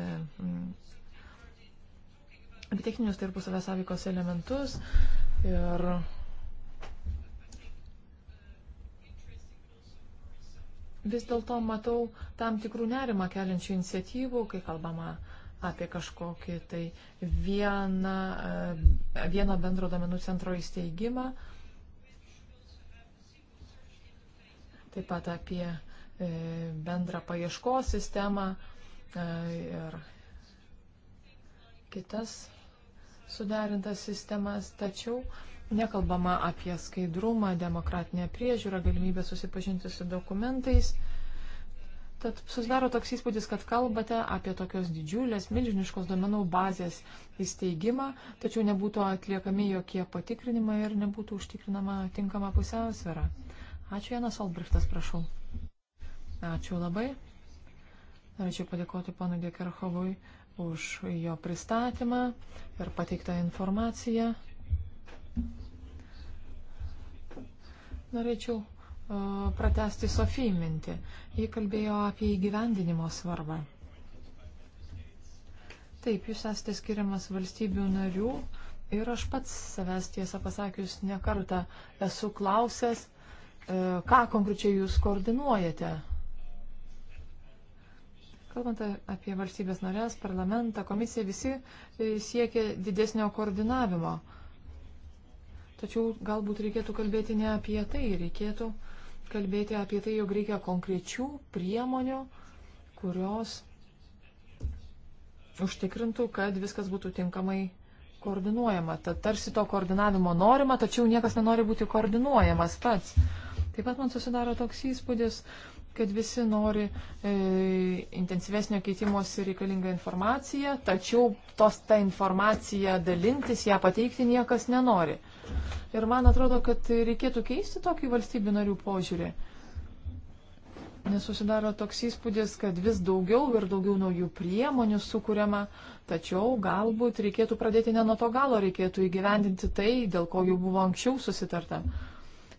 apie techninius tarpusavio sąveikos elementus ir vis dėlto matau tam tikrų nerimą keliančių iniciatyvų, kai kalbama apie kažkokį tai vieną, e, vieno bendro domenų centro įsteigimą, taip pat apie e, bendrą paieškos sistemą e, ir kitas suderintas sistemas, tačiau Nekalbama apie skaidrumą, demokratinę priežiūrą, galimybę susipažinti su dokumentais. Tad susidaro toks įspūdis, kad kalbate apie tokios didžiulės, milžiniškos domenų bazės įsteigimą, tačiau nebūtų atliekami jokie patikrinimai ir nebūtų užtikrinama tinkama pusiausvėra. Ačiū, Janas Albrechtas, prašau. Ačiū labai. Norėčiau padėkoti ponui Dekerchovui už jo pristatymą ir pateiktą informaciją. Norėčiau pratesti Sofijai mintį. Ji kalbėjo apie įgyvendinimo svarbą. Taip, jūs esate skiriamas valstybių narių ir aš pats savęs tiesą pasakius nekartą esu klausęs, e, ką konkrečiai jūs koordinuojate. Kalbant apie valstybės narės, parlamentą, komisiją, visi e, siekia didesnio koordinavimo. Tačiau galbūt reikėtų kalbėti ne apie tai, reikėtų kalbėti apie tai, jog reikia konkrečių priemonių, kurios užtikrintų, kad viskas būtų tinkamai koordinuojama. Tad tarsi to koordinavimo norima, tačiau niekas nenori būti koordinuojamas pats. Taip pat man susidaro toks įspūdis, kad visi nori e, intensyvesnio keitimosi reikalingą informaciją, tačiau tos tą informaciją dalintis, ją pateikti niekas nenori. Ir man atrodo, kad reikėtų keisti tokį valstybių narių požiūrį. Nes susidaro toks įspūdis, kad vis daugiau ir daugiau naujų priemonių sukūriama, tačiau galbūt reikėtų pradėti ne nuo to galo, reikėtų įgyvendinti tai, dėl ko jau buvo anksčiau susitarta. Mhm.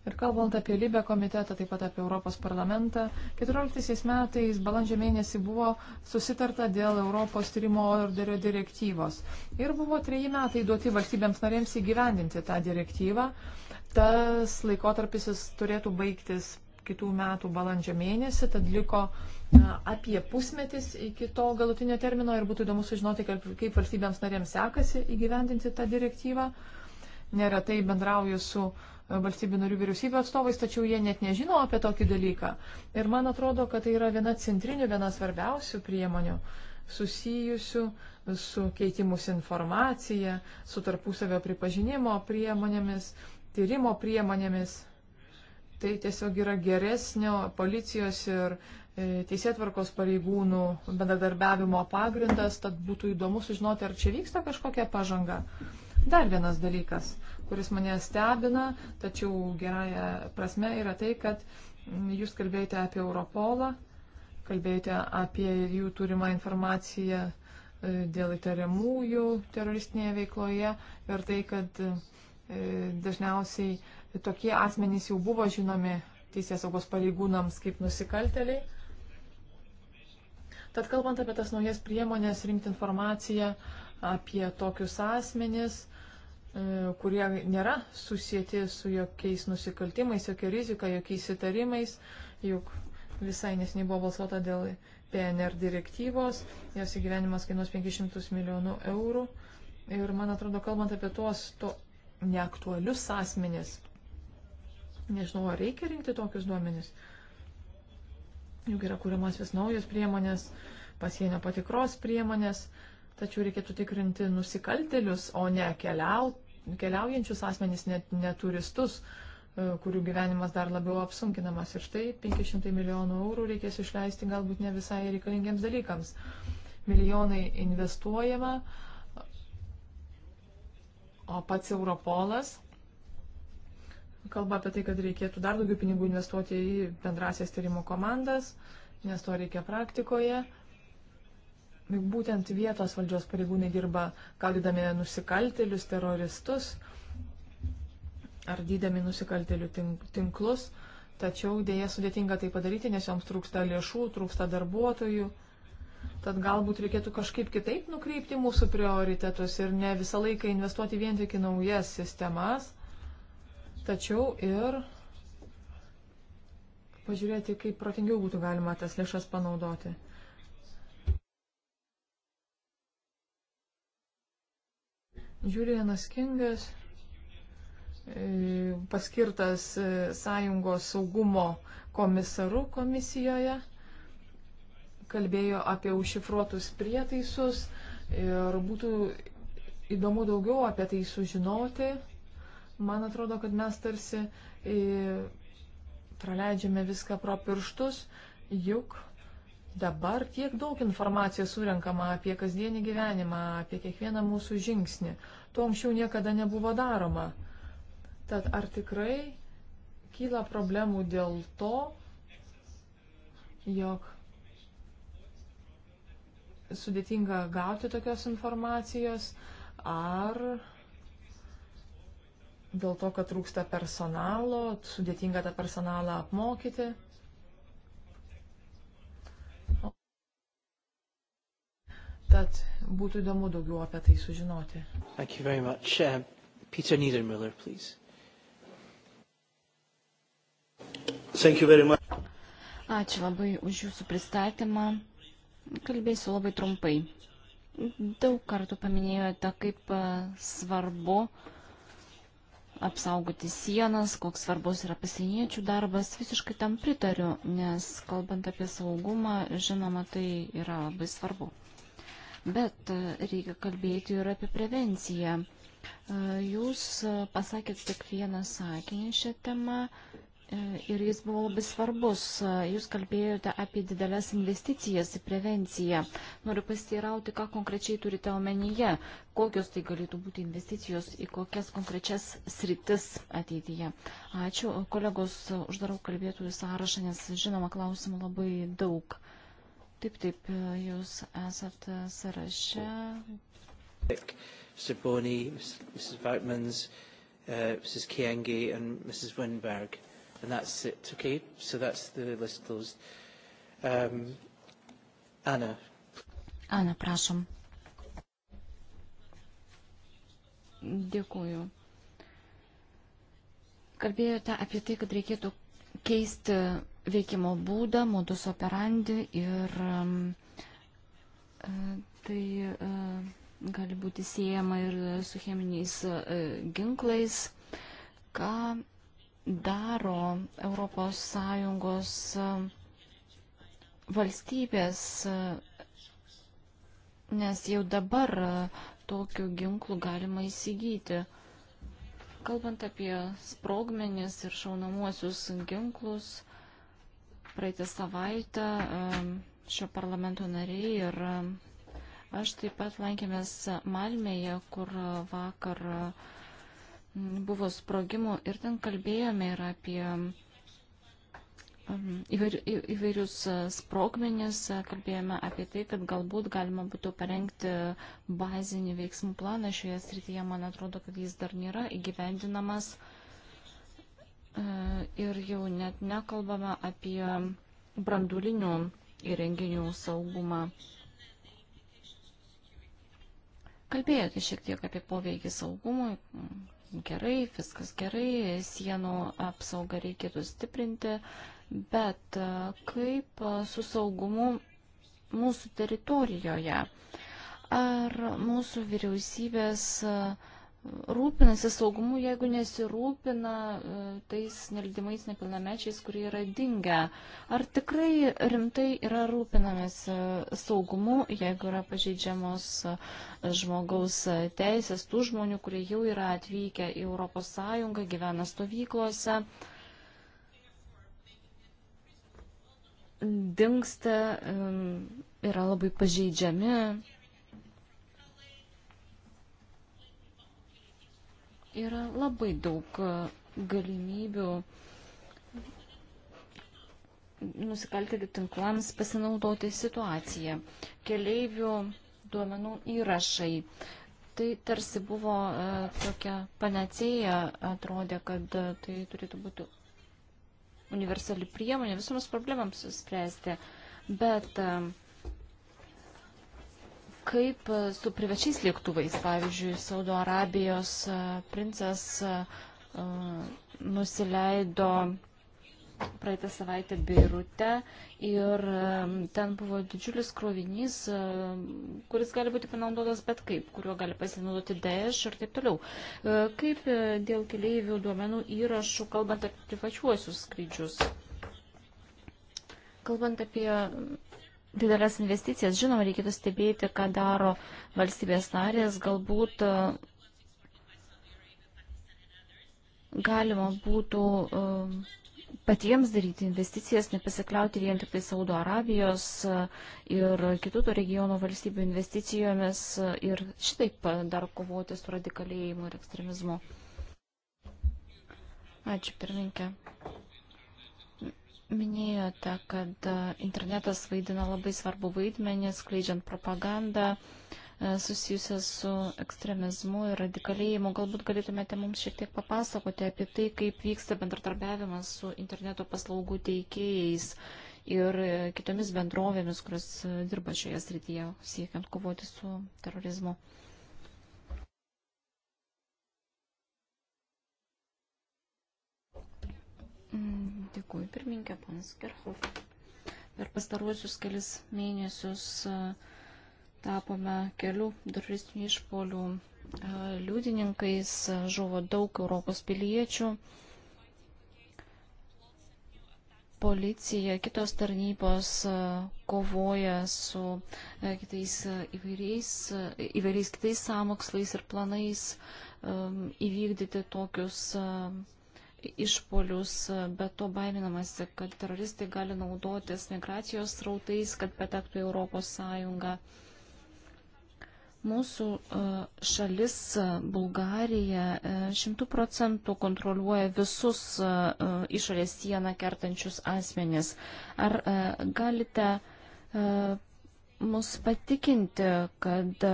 Ir kalbant apie Libę komitetą, taip pat apie Europos parlamentą, 14 metais balandžio mėnesį buvo susitarta dėl Europos tyrimo orderio direktyvos. Ir buvo treji metai duoti valstybėms narėms įgyvendinti tą direktyvą. Tas laikotarpis jis turėtų baigtis kitų metų balandžio mėnesį, tad liko apie pusmetis iki to galutinio termino ir būtų įdomu sužinoti, kaip valstybėms narėms sekasi įgyvendinti tą direktyvą. Neretai bendrauju su uh, valstybių narių vyriausybių atstovais, tačiau jie net nežino apie tokį dalyką. Ir man atrodo, kad tai yra viena centrinių, viena svarbiausių priemonių susijusių su keitimus informacija, su tarpusavio pripažinimo priemonėmis, tyrimo priemonėmis. Tai tiesiog yra geresnio policijos ir e, teisėtvarkos pareigūnų bendradarbiavimo pagrindas, tad būtų įdomu sužinoti, ar čia vyksta kažkokia pažanga. Dar vienas dalykas kuris mane stebina, tačiau gerąją prasme yra tai, kad jūs kalbėjote apie Europolą, kalbėjote apie jų turimą informaciją e, dėl įtariamųjų teroristinėje veikloje ir tai, kad e, dažniausiai tokie asmenys jau buvo žinomi teisės saugos pareigūnams kaip nusikalteliai. Tad kalbant apie tas naujas priemonės rinkti informaciją apie tokius asmenis, E, kurie nėra susijęti su jokiais nusikaltimais, jokia rizika, jokiais įtarimais, juk visai nesiniai buvo balsuota dėl PNR direktyvos, jos įgyvenimas kainuos 500 milijonų eurų. Ir man atrodo, kalbant apie tuos to neaktualius asmenis, nežinau, ar reikia rinkti tokius duomenis. Juk yra kūriamas vis naujos priemonės, pasienio patikros priemonės, tačiau reikėtų tikrinti nusikaltelius, o ne keliaut, keliaujančius asmenys, net ne turistus, e, kurių gyvenimas dar labiau apsunkinamas. Ir štai 500 milijonų eurų reikės išleisti galbūt ne visai reikalingiems dalykams. Milijonai investuojama, o pats Europolas kalba apie tai, kad reikėtų dar daugiau pinigų investuoti į bendrasias tyrimų komandas, nes to reikia praktikoje būtent vietos valdžios pareigūnai dirba kalydami nusikaltelius, teroristus ar dydami nusikaltelių tinklus, tačiau dėja sudėtinga tai padaryti, nes joms trūksta lėšų, trūksta darbuotojų. Tad galbūt reikėtų kažkaip kitaip nukreipti mūsų prioritetus ir ne visą laiką investuoti vien tik į naujas sistemas, tačiau ir pažiūrėti, kaip protingiau būtų galima tas lėšas panaudoti. Julianas Kingas e, paskirtas e, sąjungos saugumo komisaru komisijoje, kalbėjo apie užšifruotus prietaisus ir būtų įdomu daugiau apie tai sužinoti. Man atrodo, kad mes tarsi e, praleidžiame viską pro pirštus, juk dabar tiek daug informacijos surinkama apie kasdienį gyvenimą, apie kiekvieną mūsų žingsnį. To anksčiau niekada nebuvo daroma. Tad ar tikrai kyla problemų dėl to, jog sudėtinga gauti tokios informacijos, ar dėl to, kad trūksta personalo, sudėtinga tą personalą apmokyti. Tad būtų įdomu daugiau apie tai sužinoti. Thank you very much. Uh, Peter Niedermüller, please. Thank you very much. Ačiū labai už jūsų pristatymą. Kalbėsiu labai trumpai. Daug kartų paminėjote, kaip uh, svarbu apsaugoti sienas, koks svarbus yra pasieniečių darbas, visiškai tam pritariu, nes kalbant apie saugumą, žinoma, tai yra labai svarbu. Bet e, reikia kalbėti ir apie prevenciją. E, jūs e, pasakėt tik vieną sakinį šią temą ir jis buvo labai svarbus. Jūs kalbėjote apie didelės investicijas į prevenciją. Noriu pasiteirauti, ką konkrečiai turite omenyje, kokios tai galėtų būti investicijos į kokias konkrečias sritis ateityje. Ačiū, kolegos, uždarau kalbėtųjų sąrašą, nes žinoma, klausimų labai daug. Taip, taip, jūs esat sąraše. Mr. Boney, Mrs. Voutmans, uh, Mrs. Kienge and Mrs. Winberg. And that's it, okay? So that's the list closed. Um, Anna. Anna, prašom. Dėkuoju. Kalbėjote apie tai, kad reikėtų keisti veikimo būdą, modus operandi ir um, e, tai e, gali būti siejama ir su cheminiais e, ginklais, ką daro ES valstybės, nes jau dabar tokių ginklų galima įsigyti. Kalbant apie sprogmenis ir šaunamuosius ginklus, praeitą savaitę šio parlamento nariai ir aš taip pat lankėmės Malmėje, kur vakar buvo sprogimų ir ten kalbėjome ir apie įvairius sprogmenis, kalbėjome apie tai, kad galbūt galima būtų parengti bazinį veiksmų planą šioje srityje. Man atrodo, kad jis dar nėra įgyvendinamas. E, ir jau net nekalbame apie brandulinių įrenginių saugumą. Kalbėjote šiek tiek apie poveikį saugumui. Gerai, viskas gerai, sienų apsaugą reikėtų stiprinti, bet e, kaip su saugumu mūsų teritorijoje? Ar mūsų vyriausybės uh, rūpinasi saugumu, jeigu nesirūpina e, tais nelydimais nepilnamečiais, kurie yra dingę? Ar tikrai rimtai yra rūpinamasi e, saugumu, jeigu yra pažeidžiamos e, žmogaus teisės tų žmonių, kurie jau yra atvykę į ES, gyvena stovyklose? Dingsta, yra labai pažeidžiami, yra labai daug e, galimybių nusikaltėlių tinklams pasinaudoti situaciją. Keleivių duomenų įrašai. Tai tarsi buvo e, tokia panacėja, atrodė, kad e, tai turėtų būti universali priemonė visoms problemams spręsti. Bet e, kaip e, su privačiais lėktuvais, pavyzdžiui, Saudo Arabijos e, princas e, nusileido praeitą savaitę Beirute ir ten buvo didžiulis krovinys, kuris gali būti panaudotas bet kaip, kuriuo gali pasinaudoti Daesh ir taip toliau. Kaip dėl keleivių duomenų įrašų, kalbant apie privačiuosius skrydžius? Kalbant apie didelės investicijas. Žinoma, reikėtų stebėti, ką daro valstybės narės. Galbūt e, galima būtų e, patiems daryti investicijas, nepasikliauti vien tik tai Saudo Arabijos e, ir kitų to regiono valstybių investicijomis ir šitaip dar kovoti su radikalėjimu ir ekstremizmu. Ačiū, pirminkė. Minėjote, kad e, internetas vaidina labai svarbu vaidmenį, skleidžiant propagandą e, susijusią su ekstremizmu ir radikalėjimu. Galbūt galėtumėte mums šiek tiek papasakoti apie tai, kaip vyksta bendradarbiavimas su interneto paslaugų teikėjais ir e, kitomis bendrovėmis, kurios dirba šioje srityje, siekiant kovoti su terorizmu. Uh, Dėkuoju, pirmininkė, panas Gerhof. Per pastaruosius kelis mėnesius e, tapome kelių duristinių išpolių e, liudininkais, e, žuvo daug Europos piliečių. Policija, kitos tarnybos kovoja su kitais įvairiais, įvairiais kitais samokslais ir planais įvykdyti tokius išpolius, bet to baiminamasi, kad teroristai gali naudotis migracijos srautais, kad patektų į Europos Sąjungą. Mūsų e, šalis e, Bulgarija e, šimtų procentų kontroliuoja visus išorės sieną kertančius asmenis. Ar galite mus patikinti, kad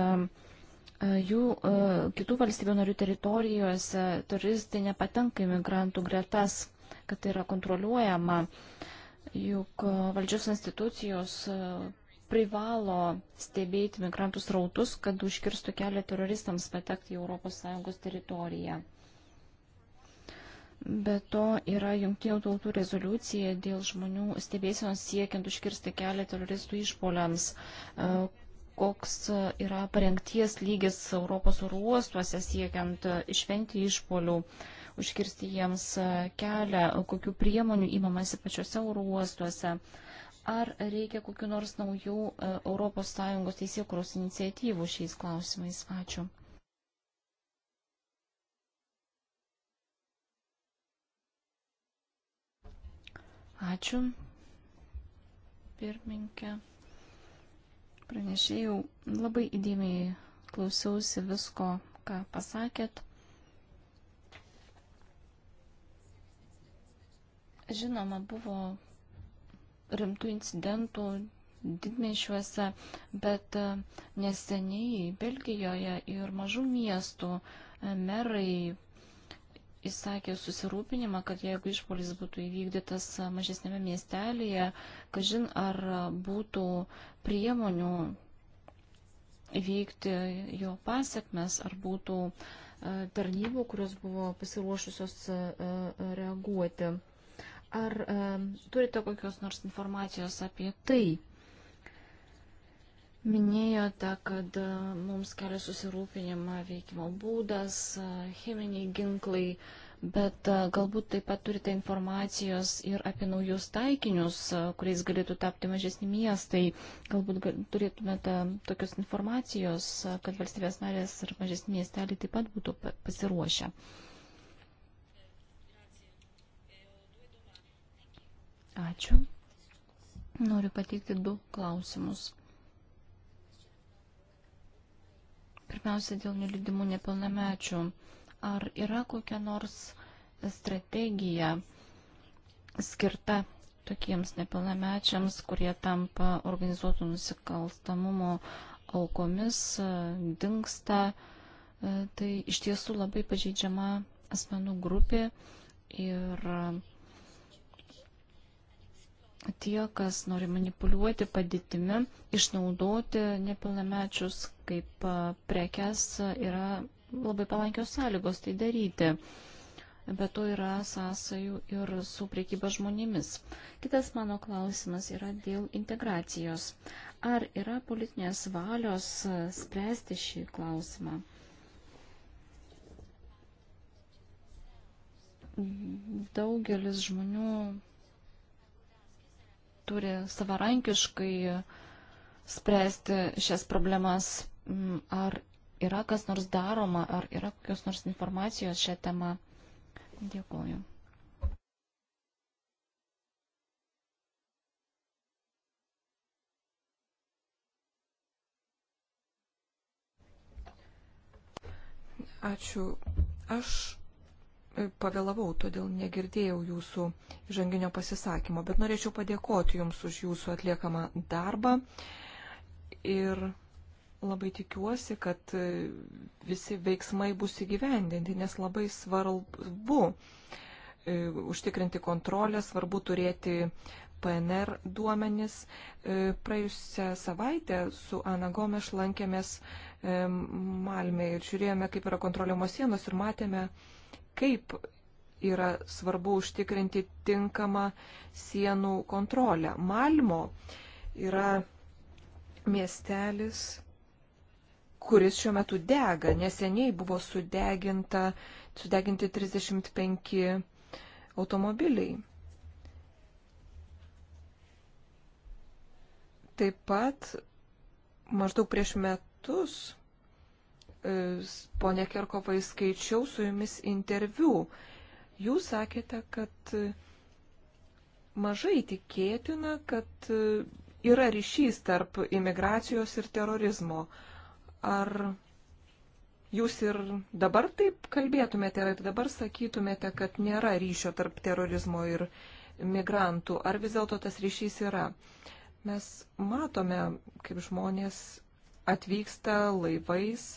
E, jų e, kitų valstybių narių teritorijose turistai nepatenka į migrantų gretas, kad tai yra kontroliuojama. Juk e, valdžios institucijos privalo stebėti migrantų srautus, kad užkirstų kelią teroristams patekti į ES teritoriją. Be to yra jungtinių tautų rezoliucija dėl žmonių stebėsienos siekiant užkirsti kelią teroristų išpoliams, koks e, yra parengties lygis Europos oro uostuose siekiant e, išvengti išpolių, užkirsti jiems e, kelią, kokiu priemonių įmamasi pačiose oro uostuose. Ar reikia kokiu nors naujų ES teisėkuros iniciatyvų šiais klausimais? Ačiū. Ačiū. Pirminkė pranešėjau. Labai įdėmiai klausiausi visko, ką pasakėt. Žinoma, buvo rimtų incidentų didmešiuose, bet e, neseniai Belgijoje ir mažų miestų e, merai išsakė susirūpinimą, kad jeigu išpolis būtų įvykdytas mažesnėme miestelėje, kažin ar būtų priemonių įveikti jo pasiekmes, ar būtų e, tarnybų, kurios buvo pasiruošusios e, e, reaguoti. Ar turite kokios nors informacijos apie tai? Minėjote, kad e, mums kelia susirūpinimą veikimo būdas, e, cheminiai ginklai, bet e, galbūt taip pat turite informacijos ir apie naujus taikinius, kuriais galėtų tapti mažesni miestai. Galbūt turėtumėte tokios informacijos, kad valstybės narės ir mažesni miesteliai taip pat būtų pasiruošę. Ačiū. Noriu pateikti du klausimus. Pirmiausia, dėl nelydimų nepilnamečių. Ar yra kokia nors strategija skirta tokiems nepilnamečiams, kurie tampa organizuotų nusikalstamumo aukomis, dinksta? Tai iš tiesų labai pažeidžiama asmenų grupė ir tie, kas nori manipuliuoti padėtimi, išnaudoti nepilnamečius kaip prekes, yra labai palankios sąlygos tai daryti. Be to yra sąsajų ir su priekyba žmonėmis. Kitas mano klausimas yra dėl integracijos. Ar yra politinės valios spręsti šį klausimą? Daugelis žmonių turi savarankiškai spręsti šias problemas. Mm, ar yra kas nors daroma, ar yra kokios nors informacijos šią temą? Dėkuoju. Ačiū. Aš pavėlavau, todėl negirdėjau jūsų žanginio pasisakymo, bet norėčiau padėkoti Jums už Jūsų atliekamą darbą ir labai tikiuosi, kad visi veiksmai bus įgyvendinti, nes labai svarbu e, užtikrinti kontrolę, svarbu turėti PNR duomenis. E, praėjusią savaitę su Ana Gomeš lankėmės e, Malmė ir žiūrėjome, kaip yra kontroliuojamos sienos ir matėme, kaip yra svarbu užtikrinti tinkamą sienų kontrolę. Malmo yra miestelis, kuris šiuo metu dega. Neseniai buvo sudeginta, sudeginti 35 automobiliai. Taip pat maždaug prieš metus E, ponė Kerkovai, skaičiau su jumis interviu. Jūs sakėte, kad e, mažai tikėtina, kad e, yra ryšys tarp imigracijos ir terorizmo. Ar jūs ir dabar taip kalbėtumėte, ar dabar sakytumėte, kad nėra ryšio tarp terorizmo ir migrantų, ar vis dėlto tas ryšys yra? Mes matome, kaip žmonės atvyksta laivais,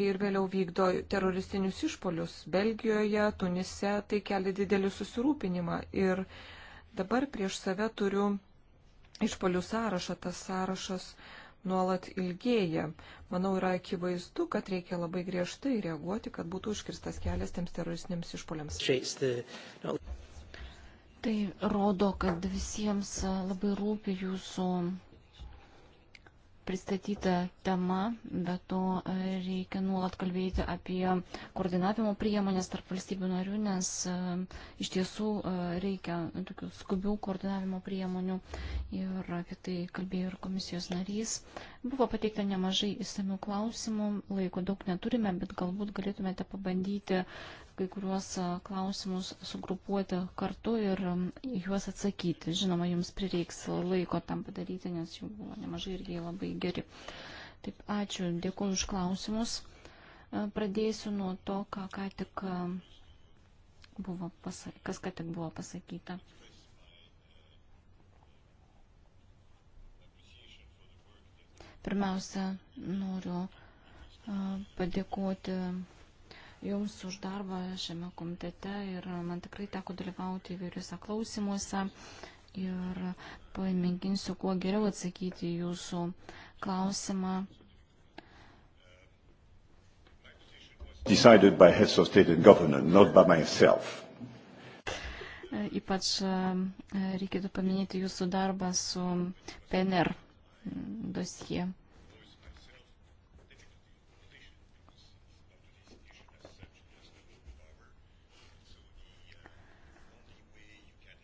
ir vėliau vykdo teroristinius išpolius Belgijoje, Tunise, tai kelia didelį susirūpinimą. Ir dabar prieš save turiu išpolių sąrašą, tas sąrašas nuolat ilgėja. Manau, yra akivaizdu, kad reikia labai griežtai reaguoti, kad būtų užkirstas kelias tiems teroristiniams išpoliams. Tai rodo, kad visiems labai rūpi jūsų pristatyta tema, bet to e, reikia nuolat kalbėti apie koordinavimo priemonės tarp valstybių narių, nes e, iš tiesų e, reikia tokių skubių koordinavimo priemonių ir apie tai kalbėjo ir komisijos narys. Buvo pateikta nemažai įsamių klausimų, laiko daug neturime, bet galbūt galėtumėte pabandyti kai kuriuos klausimus sugrupuoti kartu ir juos atsakyti. Žinoma, jums prireiks laiko tam padaryti, nes jų buvo nemažai ir jie labai geri. Taip, ačiū, dėkuoju už klausimus. Pradėsiu nuo to, ką, ką tik buvo pasa kas ką tik buvo pasakyta. Pirmiausia, noriu padėkoti Jums už darbą šiame komitete ir man tikrai teko dalyvauti įvairiuose klausimuose ir pamėginsiu kuo geriau atsakyti jūsų klausimą. Decided by heads of state and government, not by myself. Ypač e, reikėtų paminėti jūsų darbą su PNR dosie.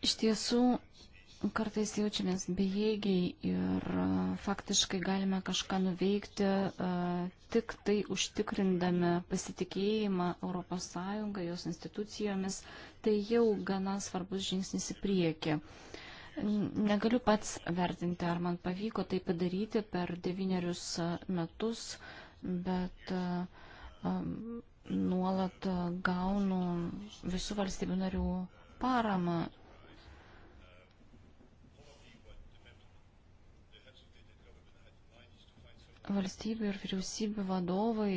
Iš tiesų, kartais jaučiamės bejėgiai ir e, faktiškai galime kažką nuveikti e, tik tai užtikrindami pasitikėjimą ES, jos institucijomis. Tai jau gana svarbus žingsnis į priekį. Negaliu pats vertinti, ar man pavyko tai padaryti per devynerius metus, bet e, nuolat gaunu visų valstybių narių paramą valstybių ir vyriausybių vadovai,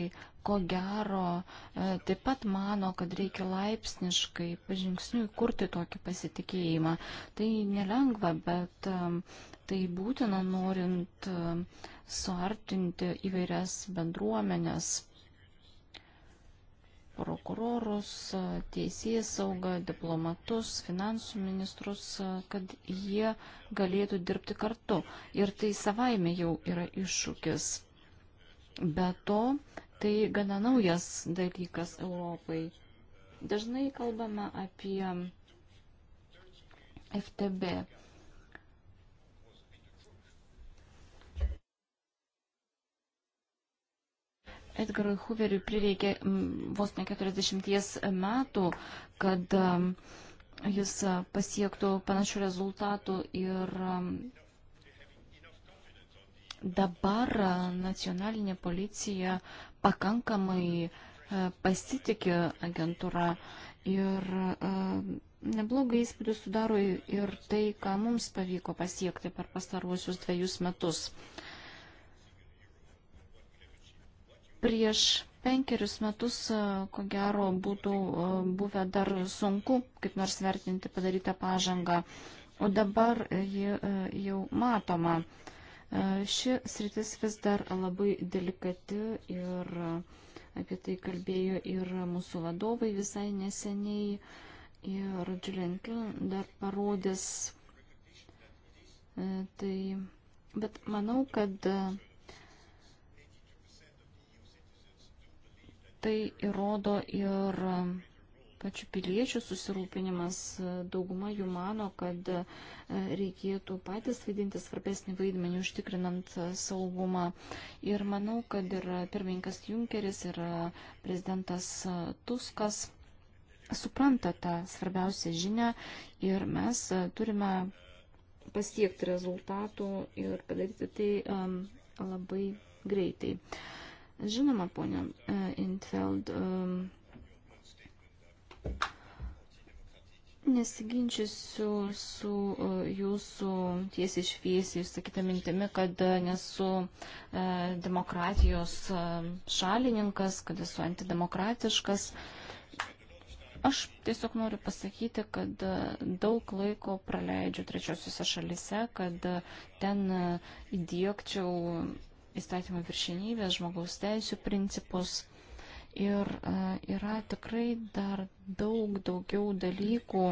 ko gero, e, taip pat mano, kad reikia laipsniškai, pažingsniui kurti tokį pasitikėjimą. Tai nelengva, bet tai būtina norint suartinti įvairias bendruomenės prokurorus, teisėjai saugą, diplomatus, finansų ministrus, kad jie galėtų dirbti kartu. Ir tai savaime jau yra iššūkis. Be to, tai gana naujas dalykas Europai. Dažnai kalbame apie FTB Edgarui Hooveriui prireikė vos ne 40 metų, kad jis pasiektų panašių rezultatų ir dabar nacionalinė policija pakankamai e, pasitikė agentūra ir e, neblogai įspūdį sudaro ir tai, ką mums pavyko pasiekti per pastaruosius dviejus metus. Prieš penkerius metus, ko gero, būtų buvę dar sunku kaip nors vertinti padarytą pažangą, o dabar ji jau matoma. Ši sritis vis dar labai delikati ir apie tai kalbėjo ir mūsų vadovai visai neseniai. Ir Julian Kiln dar parodys. Tai, bet manau, kad Tai įrodo ir pačių piliečių susirūpinimas. Dauguma jų mano, kad reikėtų patys vaidinti svarbesnį vaidmenį užtikrinant saugumą. Ir manau, kad ir pirmininkas Junkeris, ir prezidentas Tuskas supranta tą svarbiausią žinę ir mes turime pasiekti rezultatų ir padaryti tai um, labai greitai. Uh, Žinoma, ponia e, Intfeld, e, nesiginčiusiu su e, jūsų tiesiai šviesiai išsakytą mintimi, kad nesu demokratijos šalininkas, kad esu antidemokratiškas. Aš tiesiog noriu pasakyti, kad daug laiko praleidžiu trečiosiuose šalise, kad ten įdėkčiau įstatymų viršinybės, žmogaus teisų principus. Ir e, yra tikrai dar daug daugiau dalykų,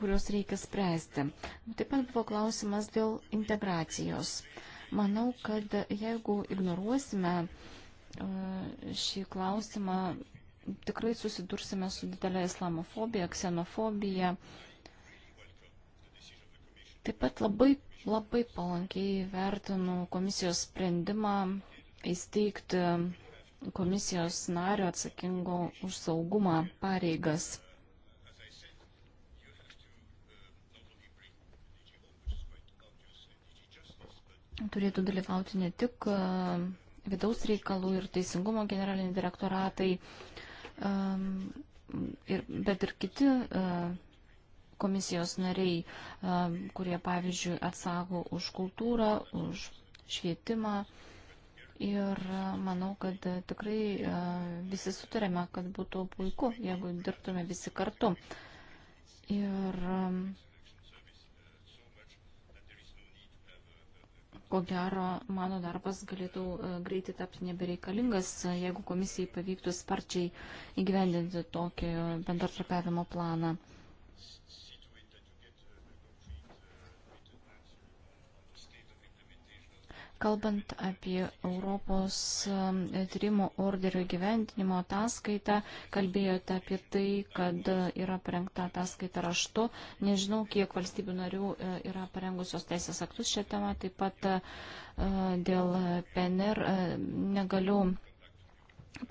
kuriuos reikia spręsti. Taip pat buvo klausimas dėl integracijos. Manau, kad jeigu ignoruosime e, šį klausimą, tikrai susidursime su didelė islamofobija, ksenofobija. Taip pat labai Labai palankiai vertinu komisijos sprendimą įsteigti komisijos nario atsakingo už saugumą pareigas. Turėtų dalyvauti ne tik e, vidaus reikalų ir teisingumo generaliniai direktoratai, e, bet ir kiti e, komisijos nariai, kurie, pavyzdžiui, atsako už kultūrą, už švietimą. Ir manau, kad tikrai visi sutarėme, kad būtų puiku, jeigu dirbtume visi kartu. Ir ko gero, mano darbas galėtų greitai tapti nebereikalingas, jeigu komisijai pavyktų sparčiai įgyvendinti tokį bendratrapiavimo planą. Kalbant apie Europos um, tyrimo orderio gyventinimo ataskaitą, kalbėjote apie tai, kad uh, yra parengta ataskaita raštu. Nežinau, kiek valstybių narių uh, yra parengusios teisės aktus šią temą. Taip pat uh, dėl PNR negaliu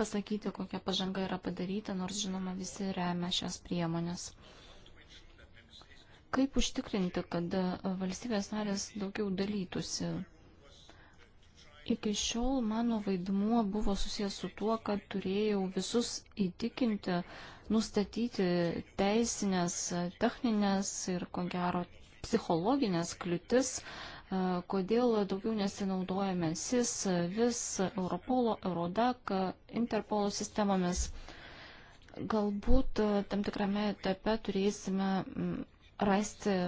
pasakyti, kokia pažanga yra padaryta, nors žinoma visi remia šias priemonės. Kaip užtikrinti, kad valstybės narės daugiau dalytųsi Iki šiol mano vaidmuo buvo susijęs su tuo, kad turėjau visus įtikinti, nustatyti teisinės, techninės ir, ko gero, psichologinės kliūtis, e, kodėl daugiau nesinaudojame SIS, VIS, Europolo, Eurodac, Interpolo sistemomis. Galbūt e, tam tikrame etape turėsime rasti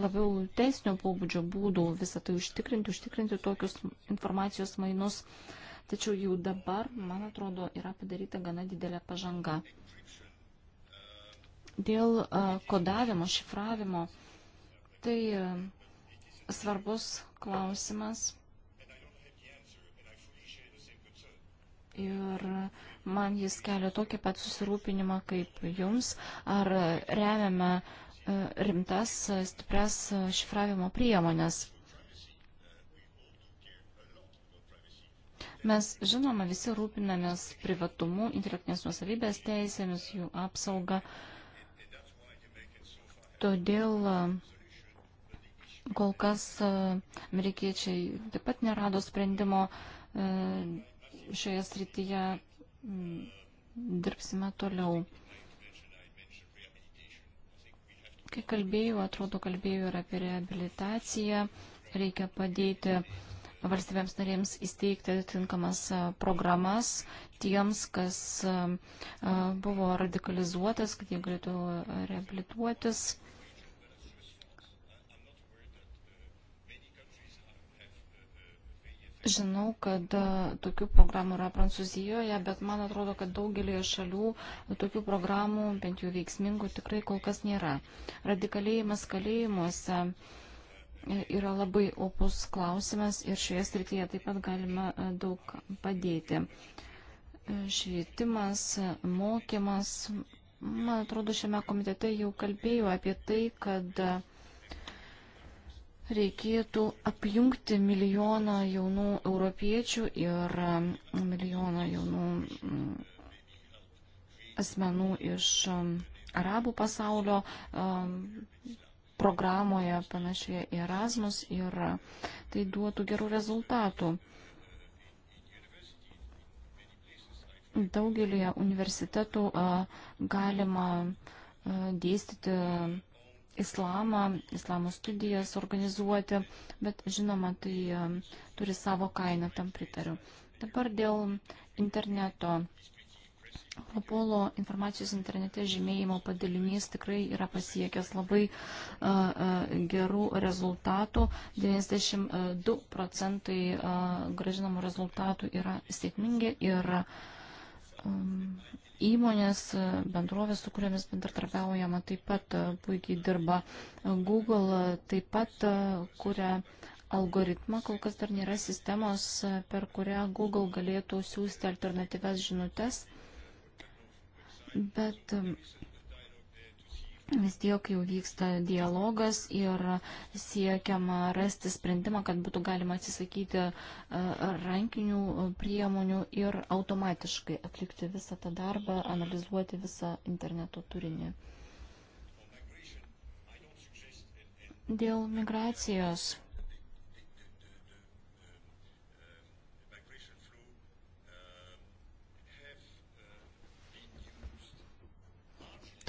labiau teisinio pobūdžio būdų visą tai užtikrinti, užtikrinti tokius informacijos mainus. Tačiau jau dabar, man atrodo, yra padaryta gana didelė pažanga. Dėl kodavimo, šifravimo, tai svarbus klausimas. Ir man jis kelia tokį pat susirūpinimą kaip jums. Ar remiame uh, rimtas, stipres šifravimo priemonės. Mes, žinoma, visi rūpinamės privatumu, intelektinės nusavybės teisėmis, jų apsauga. Todėl kol kas amerikiečiai taip pat nerado sprendimo e, šioje srityje. Dirbsime toliau. kai kalbėjau, atrodo, kalbėjau ir apie rehabilitaciją. Reikia padėti valstybėms narėms įsteigti atitinkamas programas tiems, kas buvo radikalizuotas, kad jie galėtų reabilituotis. Žinau, kad e, tokių programų yra Prancūzijoje, bet man atrodo, kad daugelį šalių e, tokių programų, bent jų veiksmingų, tikrai kol kas nėra. Radikalėjimas kalėjimuose e, yra labai opus klausimas ir šioje srityje taip pat galima daug padėti. Švietimas, mokymas, man atrodo, šiame komitete jau kalbėjau apie tai, kad reikėtų apjungti milijoną jaunų europiečių ir um, milijoną jaunų mm, asmenų iš um, arabų pasaulio um, programoje panašioje į Erasmus ir uh, tai duotų gerų rezultatų. Daugelį universitetų uh, galima uh, dėstyti islamą, islamo studijas organizuoti, bet žinoma, tai e, turi savo kainą, tam pritariu. Dabar dėl interneto. Europolo informacijos internete žymėjimo padalinys tikrai yra pasiekęs labai uh, uh, gerų rezultatų. 92 procentai uh, gražinamų rezultatų yra sėkmingi ir uh, Um, įmonės, bendrovės, su kuriamis bendratarpiaujama, taip pat uh, puikiai dirba. Google uh, taip pat uh, kuria algoritmą, kol kas dar nėra sistemos, per kurią Google galėtų siūsti alternatyves žinutes. Bet um, vis tiek jau vyksta dialogas ir siekiama rasti sprendimą, kad būtų galima atsisakyti e, rankinių priemonių ir automatiškai atlikti visą tą darbą, analizuoti visą interneto turinį. Dėl migracijos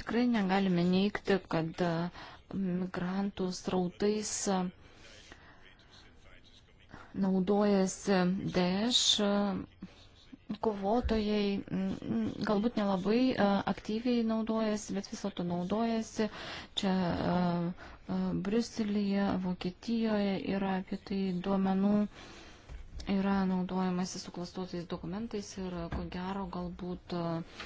tikrai negalime neikti, kad e, migrantų srautais e, naudojasi deš e, kovotojai, galbūt nelabai aktyviai naudojasi, bet viso to naudojasi. Čia Briuselėje, Vokietijoje yra apie tai duomenų yra naudojamasi suklastotais dokumentais ir ko gero galbūt uh,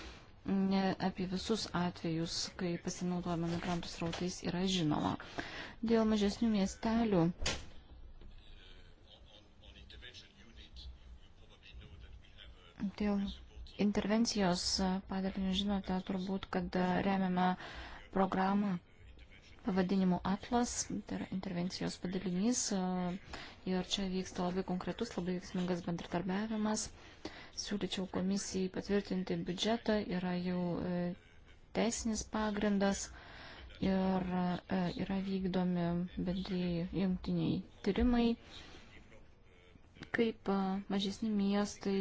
ne apie visus atvejus, kai pasinaudojama migrantų srautais, yra žinoma. Dėl mažesnių miestelių. Dėl intervencijos padalinio žinote turbūt, kad remiame programą pavadinimu Atlas, tai yra intervencijos padalinys ir čia vyksta labai konkretus, labai veiksmingas bendradarbiavimas Siūlyčiau komisijai patvirtinti biudžetą, yra jau e, teisinis pagrindas ir e, yra vykdomi bendrėjai jungtiniai tyrimai, kaip e, mažesni miestai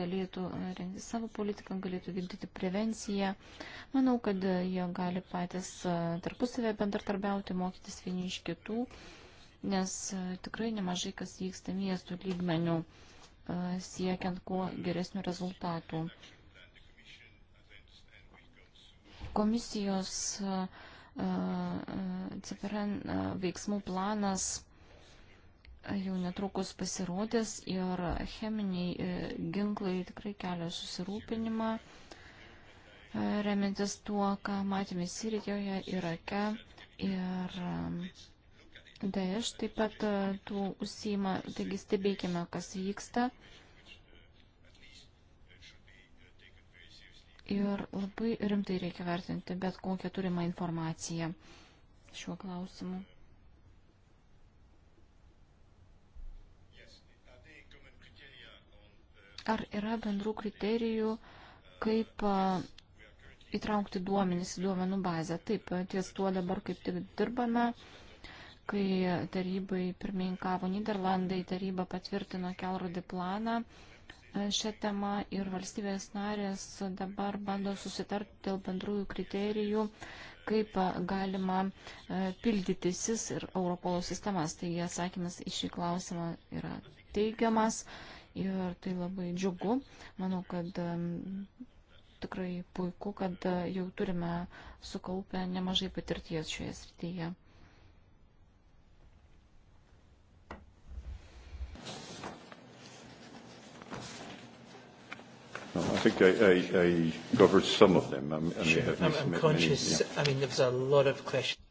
galėtų rengti savo politiką, galėtų vykdyti prevenciją. Manau, kad jie gali patys tarpusavę bendratarbiauti, mokytis vieni iš kitų, nes tikrai nemažai kas vyksta miestų lygmenių siekiant kuo geresnių rezultatų. Komisijos CPRN veiksmų planas jau netrukus pasirodys ir cheminiai e, ginklai tikrai kelia susirūpinimą, remintis tuo, ką matėme Sirijoje, Irake ir Daesh tai taip pat e, tų užsima, taigi stebėkime, kas vyksta. Ir labai rimtai reikia vertinti bet kokią turimą informaciją šiuo klausimu. Ar yra bendrų kriterijų, kaip e, įtraukti duomenys į duomenų bazę? Taip, ties tuo dabar kaip tik dirbame kai tarybai pirmininkavo Niderlandai, taryba patvirtino kelrodį planą e, šią temą ir valstybės narės dabar bando susitarti dėl bendrųjų kriterijų, kaip galima e, pildyti SIS ir Europolo sistemas. Taigi atsakymas į šį klausimą yra teigiamas ir tai labai džiugu. Manau, kad e, tikrai puiku, kad jau turime sukaupę nemažai patirties šioje srityje. No, I think I, I, I covered some of them. I'm, I'm, sure. I'm, I'm conscious. Many, yeah. I mean, there was a lot of questions.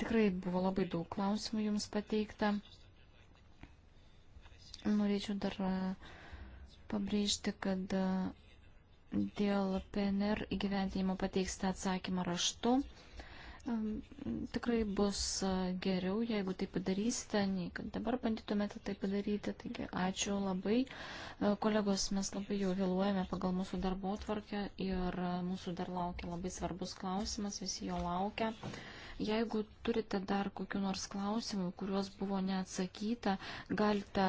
Tikrai buvo labai daug klausimų jums pateikta. Norėčiau dar pabrėžti, kad dėl PNR įgyvendinimo pateiksite atsakymą raštu. Tikrai bus geriau, jeigu tai padarysite, nei kad dabar bandytumėte tai padaryti. Taigi ačiū labai. E, kolegos, mes labai jau vėluojame pagal mūsų darbo tvarkę ir mūsų dar laukia labai svarbus klausimas, visi jo laukia. Jeigu turite dar kokiu nors klausimu, kuriuos buvo neatsakyta, galite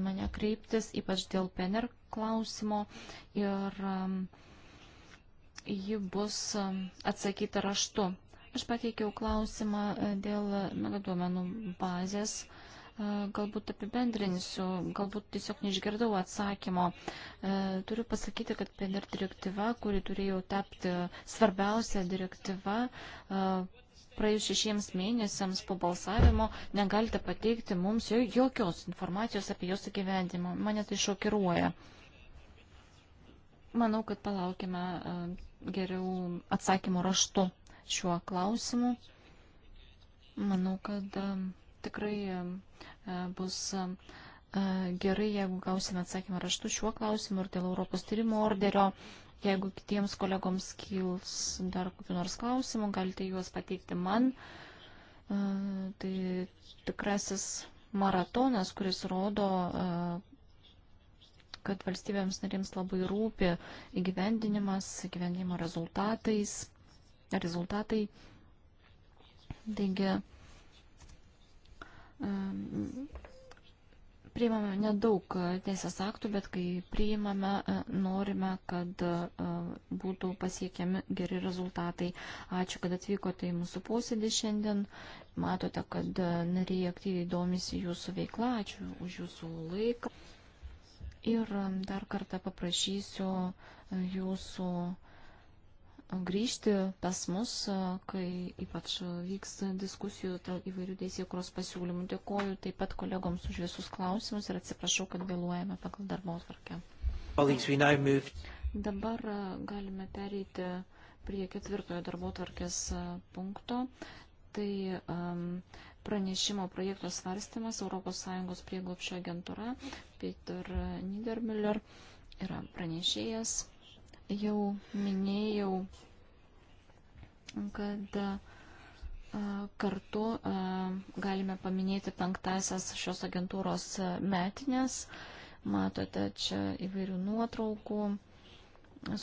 į mane kreiptis, ypač dėl PNR klausimo. Ir ji bus atsakyta raštu. Aš pateikiau klausimą e, dėl megaduomenų bazės. E, galbūt apibendrinsiu, galbūt tiesiog neišgirdau atsakymo. E, turiu pasakyti, kad PNR direktyva, kuri turėjo tapti svarbiausia direktyva, praėjus šešiems mėnesiams po balsavimo negalite pateikti mums jokios informacijos apie jos įgyvendimą. Mane tai šokiruoja. Manau, kad palaukime geriau atsakymų raštu šiuo klausimu. Manau, kad e, tikrai e, e, bus gerai, jeigu gausime atsakymą raštu šiuo klausimu ir dėl Europos tyrimo orderio. Jeigu kitiems kolegoms kils dar kokiu nors klausimu, galite juos pateikti man. Tai tikrasis maratonas, kuris rodo, kad valstybėms narėms labai rūpi įgyvendinimas, įgyvendinimo rezultatais rezultatai. Taigi, priimame nedaug teisės aktų, bet kai priimame, e, norime, kad e, būtų pasiekiami geri rezultatai. Ačiū, kad atvykote į mūsų posėdį šiandien. Matote, kad e, nariai aktyviai domisi jūsų veikla. Ačiū už jūsų laiką. Ir dar kartą paprašysiu jūsų grįžti pas mus, kai ypač vyks diskusijų dėl įvairių teisėkros pasiūlymų. Dėkoju taip pat kolegoms už visus klausimus ir atsiprašau, kad vėluojame pagal darbo atvarkę. Dabar galime pereiti prie ketvirtojo darbo atvarkės punkto. Tai um, pranešimo projekto svarstymas ES prieglopščio agentūra Peter Niedermüller yra pranešėjas. Jau minėjau, kad kartu galime paminėti penktasias šios agentūros metinės. Matote čia įvairių nuotraukų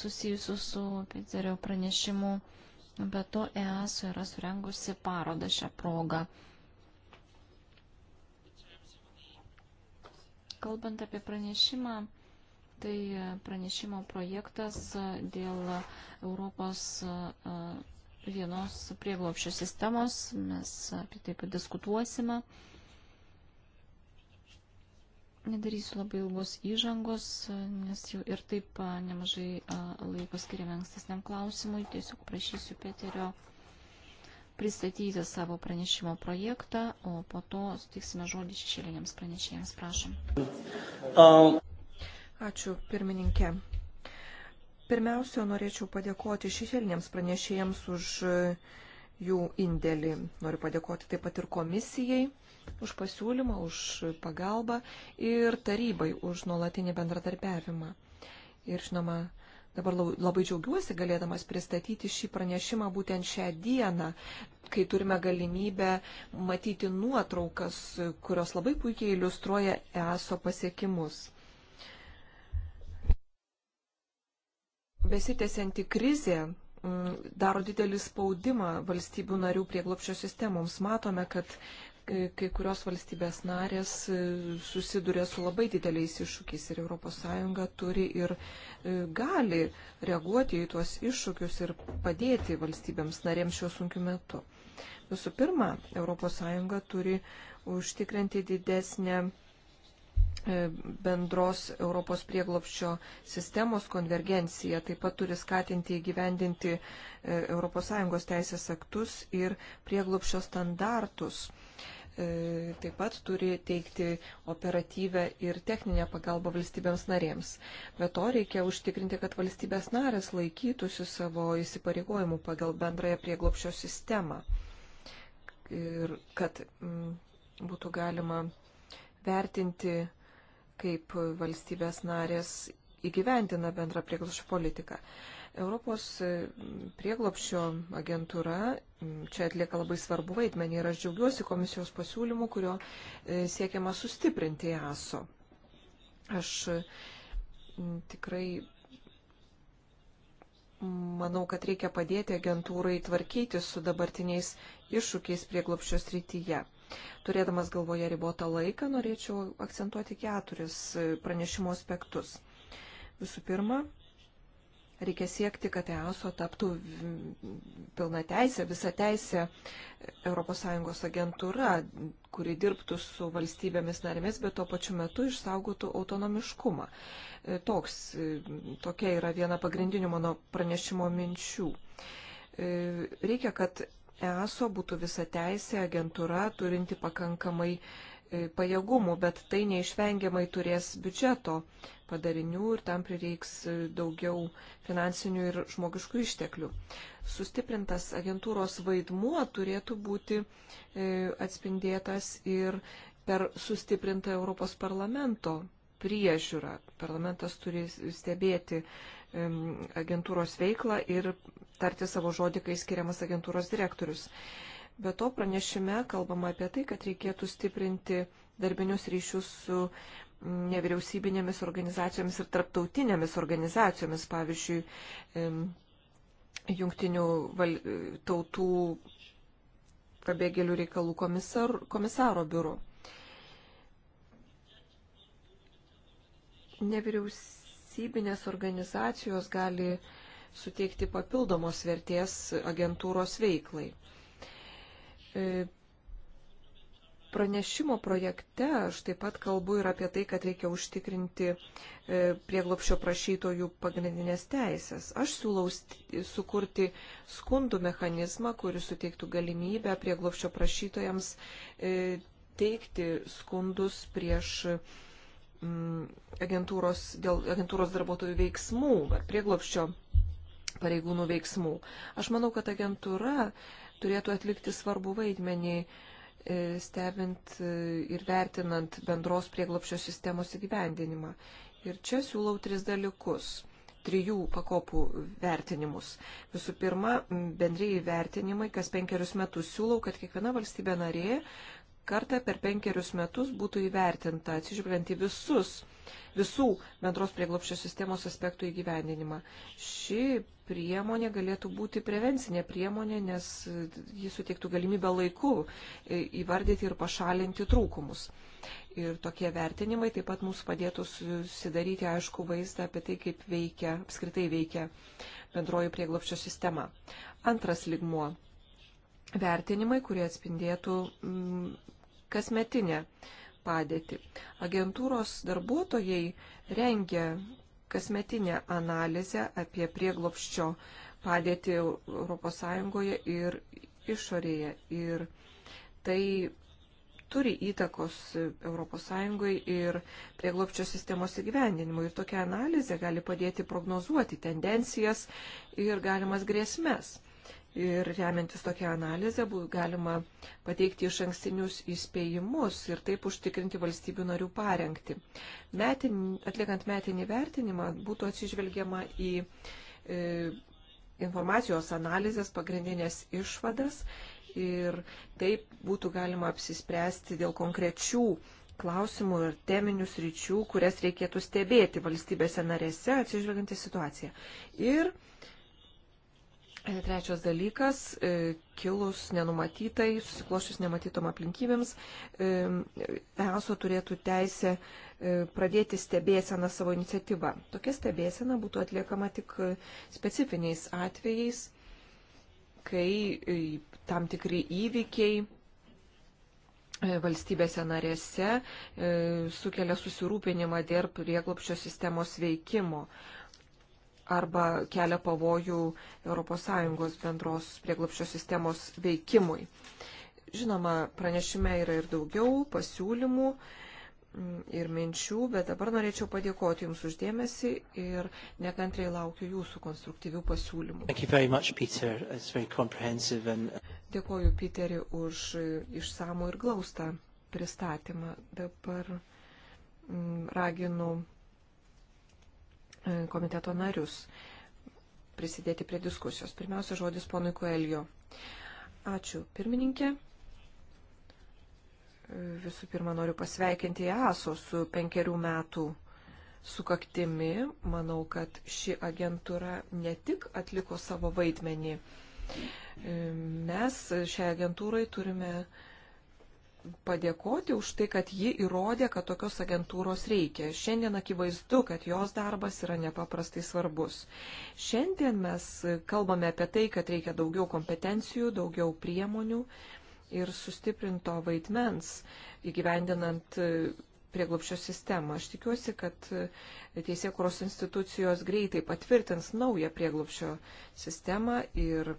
susijusių su Pitzerio pranešimu. Be to EASO yra surengusi parodą šią progą. Kalbant apie pranešimą, Tai pranešimo projektas dėl Europos vienos prieglopščio sistemos. Mes apie tai padiskutuosime. Nedarysiu labai ilgos įžangos, nes jau ir taip nemažai laiko skiriame ankstesniam klausimui. Tiesiog prašysiu Peterio pristatyti savo pranešimo projektą, o po to sutiksime žodį šešėliniams pranešėjams. Prašom. Um, Ačiū, pirmininkė. Pirmiausia, norėčiau padėkoti šešėlinėms pranešėjams už e, jų indėlį. Noriu padėkoti taip pat ir komisijai už pasiūlymą, už pagalbą ir tarybai už nuolatinį bendradarbiavimą. Ir žinoma, dabar labai džiaugiuosi galėdamas pristatyti šį pranešimą būtent šią dieną, kai turime galimybę matyti nuotraukas, kurios labai puikiai iliustruoja ESO pasiekimus. besitėsianti krizė mm, daro didelį spaudimą valstybių narių prieglopščio sistemoms. Matome, kad e, kai kurios valstybės narės e, susiduria su labai dideliais iššūkiais ir ES turi ir e, gali reaguoti į tuos iššūkius ir padėti valstybėms narėms šiuo sunkiu metu. Visų pirma, ES turi užtikrinti didesnę E, bendros Europos prieglopščio sistemos konvergencija taip pat turi skatinti įgyvendinti ES teisės aktus ir prieglopščio standartus. E, taip pat turi teikti operatyvę ir techninę pagalbą valstybėms narėms. Be to reikia užtikrinti, kad valstybės narės laikytųsi savo įsipareigojimų pagal bendrąją prieglopščio sistemą. Ir kad m, mm, būtų galima vertinti kaip valstybės narės įgyventina bendrą prieglopščio politiką. Europos e, prieglopščio agentūra čia atlieka labai svarbu vaidmenį ir aš džiaugiuosi komisijos pasiūlymu, kurio e, siekiama sustiprinti ESO. Aš tikrai manau, kad reikia padėti agentūrai tvarkyti su dabartiniais iššūkiais prieglopščio srityje. Turėdamas galvoje ribotą laiką, norėčiau akcentuoti keturis pranešimo aspektus. Visų pirma, reikia siekti, kad EASO taptų pilna teisė, visa teisė ES agentūra, kuri dirbtų su valstybėmis narėmis, bet tuo pačiu metu išsaugotų autonomiškumą. E, toks, e, tokia yra viena pagrindinių mano pranešimo minčių. E, reikia, kad ESO būtų visa teisė agentūra turinti pakankamai e, pajėgumų, bet tai neišvengiamai turės biudžeto padarinių ir tam prireiks e, daugiau finansinių ir žmogiškų išteklių. Sustiprintas agentūros vaidmuo turėtų būti e, atspindėtas ir per sustiprintą Europos parlamento priežiūrą. Parlamentas turi stebėti agentūros veiklą ir tarti savo žodį, kai skiriamas agentūros direktorius. Be to pranešime kalbama apie tai, kad reikėtų stiprinti darbinius ryšius su nevyriausybinėmis organizacijomis ir tarptautinėmis organizacijomis, pavyzdžiui, jungtinių val... tautų pabėgėlių reikalų komisar... komisaro biuro. Nevyriausybinės organizacijos gali suteikti papildomos vertės agentūros veiklai. E, pranešimo projekte aš taip pat kalbu ir apie tai, kad reikia užtikrinti e, prieglopšio prašytojų pagrindinės teisės. Aš siūlau sukurti skundų mechanizmą, kuris suteiktų galimybę prieglopšio prašytojams e, teikti skundus prieš mm, agentūros, dėl agentūros darbuotojų veiksmų ar prieglopščio pareigūnų veiksmų. Aš manau, kad agentūra turėtų atlikti svarbų vaidmenį e, stebint e, ir vertinant bendros prieglopščio sistemos įgyvendinimą. Ir čia siūlau tris dalykus trijų pakopų vertinimus. Visų pirma, bendrėjai vertinimai, kas penkerius metus siūlau, kad kiekviena valstybė narė kartą per penkerius metus būtų įvertinta, atsižvelgiant į visus, visų bendros prieglopščio sistemos aspektų įgyvendinimą. Ši priemonė galėtų būti prevencinė priemonė, nes ji suteiktų galimybę laiku įvardyti ir pašalinti trūkumus. Ir tokie vertinimai taip pat mums padėtų susidaryti aišku vaizdą apie tai, kaip veikia, apskritai veikia bendroji prieglopščio sistema. Antras ligmuo - vertinimai, kurie atspindėtų mm, kasmetinę padėtį. Agentūros darbuotojai rengia kasmetinę analizę apie prieglopščio padėtį ES ir išorėje. Ir tai turi įtakos ES ir prieglopčio sistemos įgyvendinimui. Ir tokia analizė gali padėti prognozuoti tendencijas ir galimas grėsmes. Ir remiantis tokią analizę būtų galima pateikti iš ankstinius įspėjimus ir taip užtikrinti valstybių narių parengti. Metin, atliekant metinį vertinimą būtų atsižvelgiama į e, informacijos analizės pagrindinės išvadas ir taip būtų galima apsispręsti dėl konkrečių klausimų ir teminių sričių, kurias reikėtų stebėti valstybėse narėse atsižvelgiant į situaciją. Ir E, trečias dalykas, e, kilus nenumatytai, susiklošius nematytom aplinkybėms, ESO turėtų teisę e, pradėti stebėseną savo iniciatyvą. Tokia stebėsena būtų atliekama tik specifiniais atvejais, kai tam tikri įvykiai valstybėse narėse sukelia susirūpinimą dėl prieglopščio sistemos veikimo arba kelia pavojų ES bendros prieglapščio sistemos veikimui. Žinoma, pranešime yra ir daugiau pasiūlymų mm, ir minčių, bet dabar norėčiau padėkoti Jums uždėmesi ir nekantriai laukiu Jūsų konstruktyvių pasiūlymų. Much, Peter. And... Uh, Dėkoju, Piteri, už išsamų ir glaustą pristatymą. Dabar mm, raginu E, komiteto narius prisidėti prie diskusijos. Pirmiausia, žodis ponui Koelio. Ačiū, pirmininkė. Visų pirma, noriu pasveikinti EASO su penkerių metų sukaktimi. Manau, kad ši agentūra ne tik atliko savo vaidmenį. E, mes šiai agentūrai turime uh, padėkoti už tai, kad ji įrodė, kad tokios agentūros reikia. Šiandien akivaizdu, kad jos darbas yra nepaprastai svarbus. Šiandien mes kalbame apie tai, kad reikia daugiau kompetencijų, daugiau priemonių ir sustiprinto vaidmens įgyvendinant prieglopščio sistemą. Aš tikiuosi, kad teisėkuros institucijos greitai patvirtins naują prieglopščio sistemą ir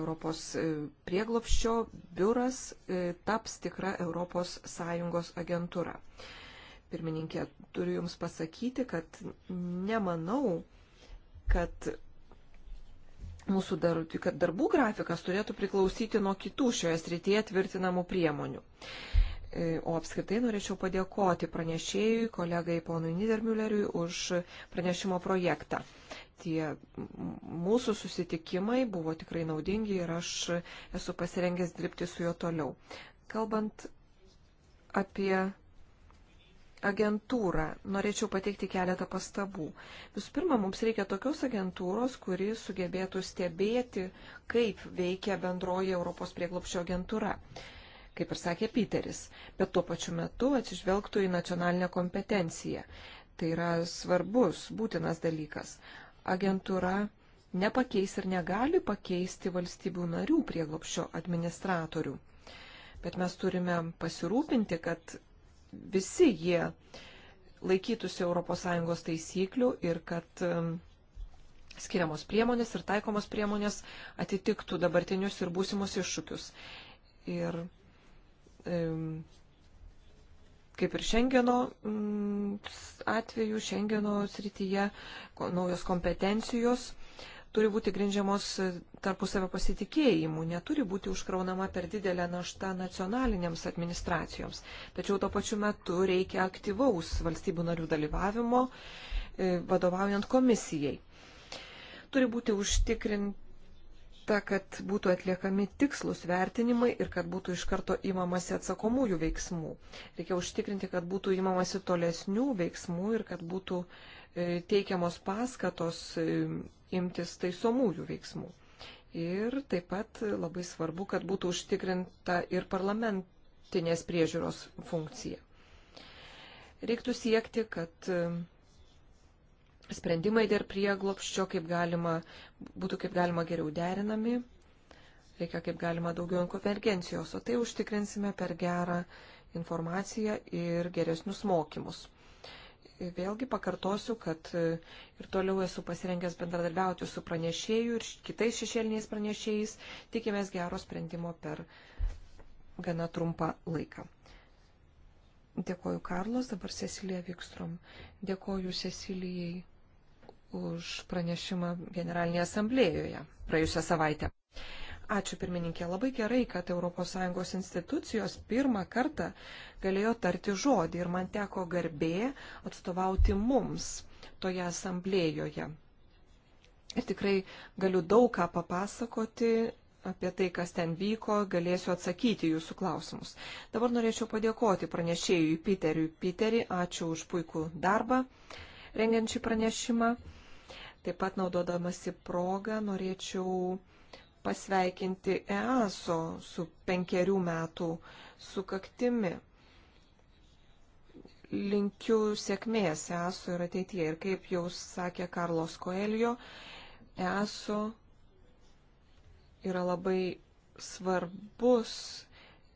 Europos e, prieglopščio biuras e, taps tikra ES agentūra. Pirmininkė, turiu Jums pasakyti, kad nemanau, kad mūsų dar, kad darbų grafikas turėtų priklausyti nuo kitų šioje srityje tvirtinamų priemonių. E, o apskritai norėčiau padėkoti pranešėjui, kolegai ponui Nidermülleriui už pranešimo projektą. Tie mūsų susitikimai buvo tikrai naudingi ir aš esu pasirengęs dirbti su juo toliau. Kalbant apie agentūrą, norėčiau pateikti keletą pastabų. Visų pirma, mums reikia tokios agentūros, kuri sugebėtų stebėti, kaip veikia bendroji Europos prieglopščio agentūra kaip ir sakė Piteris, bet tuo pačiu metu atsižvelgtų į nacionalinę kompetenciją. Tai yra svarbus, būtinas dalykas. Agentūra nepakeis ir negali pakeisti valstybių narių prieglopščio administratorių. Bet mes turime pasirūpinti, kad visi jie laikytųsi ES taisyklių ir kad um, skiriamos priemonės ir taikomos priemonės atitiktų dabartinius ir būsimus iššūkius. Ir kaip ir Šengeno mm, atveju, Šengeno srityje naujos kompetencijos turi būti grindžiamos tarpusavio pasitikėjimu, neturi būti užkraunama per didelę naštą nacionalinėms administracijoms. Tačiau tuo pačiu metu reikia aktyvaus valstybių narių dalyvavimo, e, vadovaujant komisijai. Turi būti užtikrinti numatyta, kad būtų atliekami tikslus vertinimai ir kad būtų iš karto įmamasi atsakomųjų veiksmų. Reikia užtikrinti, kad būtų įmamasi tolesnių veiksmų ir kad būtų e, teikiamos paskatos e, imtis taisomųjų veiksmų. Ir taip pat labai svarbu, kad būtų užtikrinta ir parlamentinės priežiūros funkcija. Reiktų siekti, kad e, sprendimai dėl prieglopščio, kaip galima, būtų kaip galima geriau derinami, reikia kaip galima daugiau konvergencijos, o tai užtikrinsime per gerą informaciją ir geresnius mokymus. Vėlgi pakartosiu, kad ir toliau esu pasirengęs bendradarbiauti su pranešėju ir kitais šešėliniais pranešėjais, tikimės gero sprendimo per gana trumpą laiką. Dėkoju Karlos, dabar Cecilija Vikstrom. Dėkoju Cecilijai už pranešimą Generalinėje asamblėjoje praėjusią savaitę. Ačiū pirmininkė, labai gerai, kad ES institucijos pirmą kartą galėjo tarti žodį ir man teko garbė atstovauti mums toje asamblėjoje. Ir tikrai galiu daug ką papasakoti apie tai, kas ten vyko, galėsiu atsakyti jūsų klausimus. Dabar norėčiau padėkoti pranešėjui Piteriui. Piteri, ačiū už puikų darbą rengiant šį pranešimą. Taip pat naudodamasi progą norėčiau pasveikinti EASO su penkerių metų sukaktimi. Linkiu sėkmės EASO ir ateityje. Ir kaip jau sakė Karlos Koelio, EASO yra labai svarbus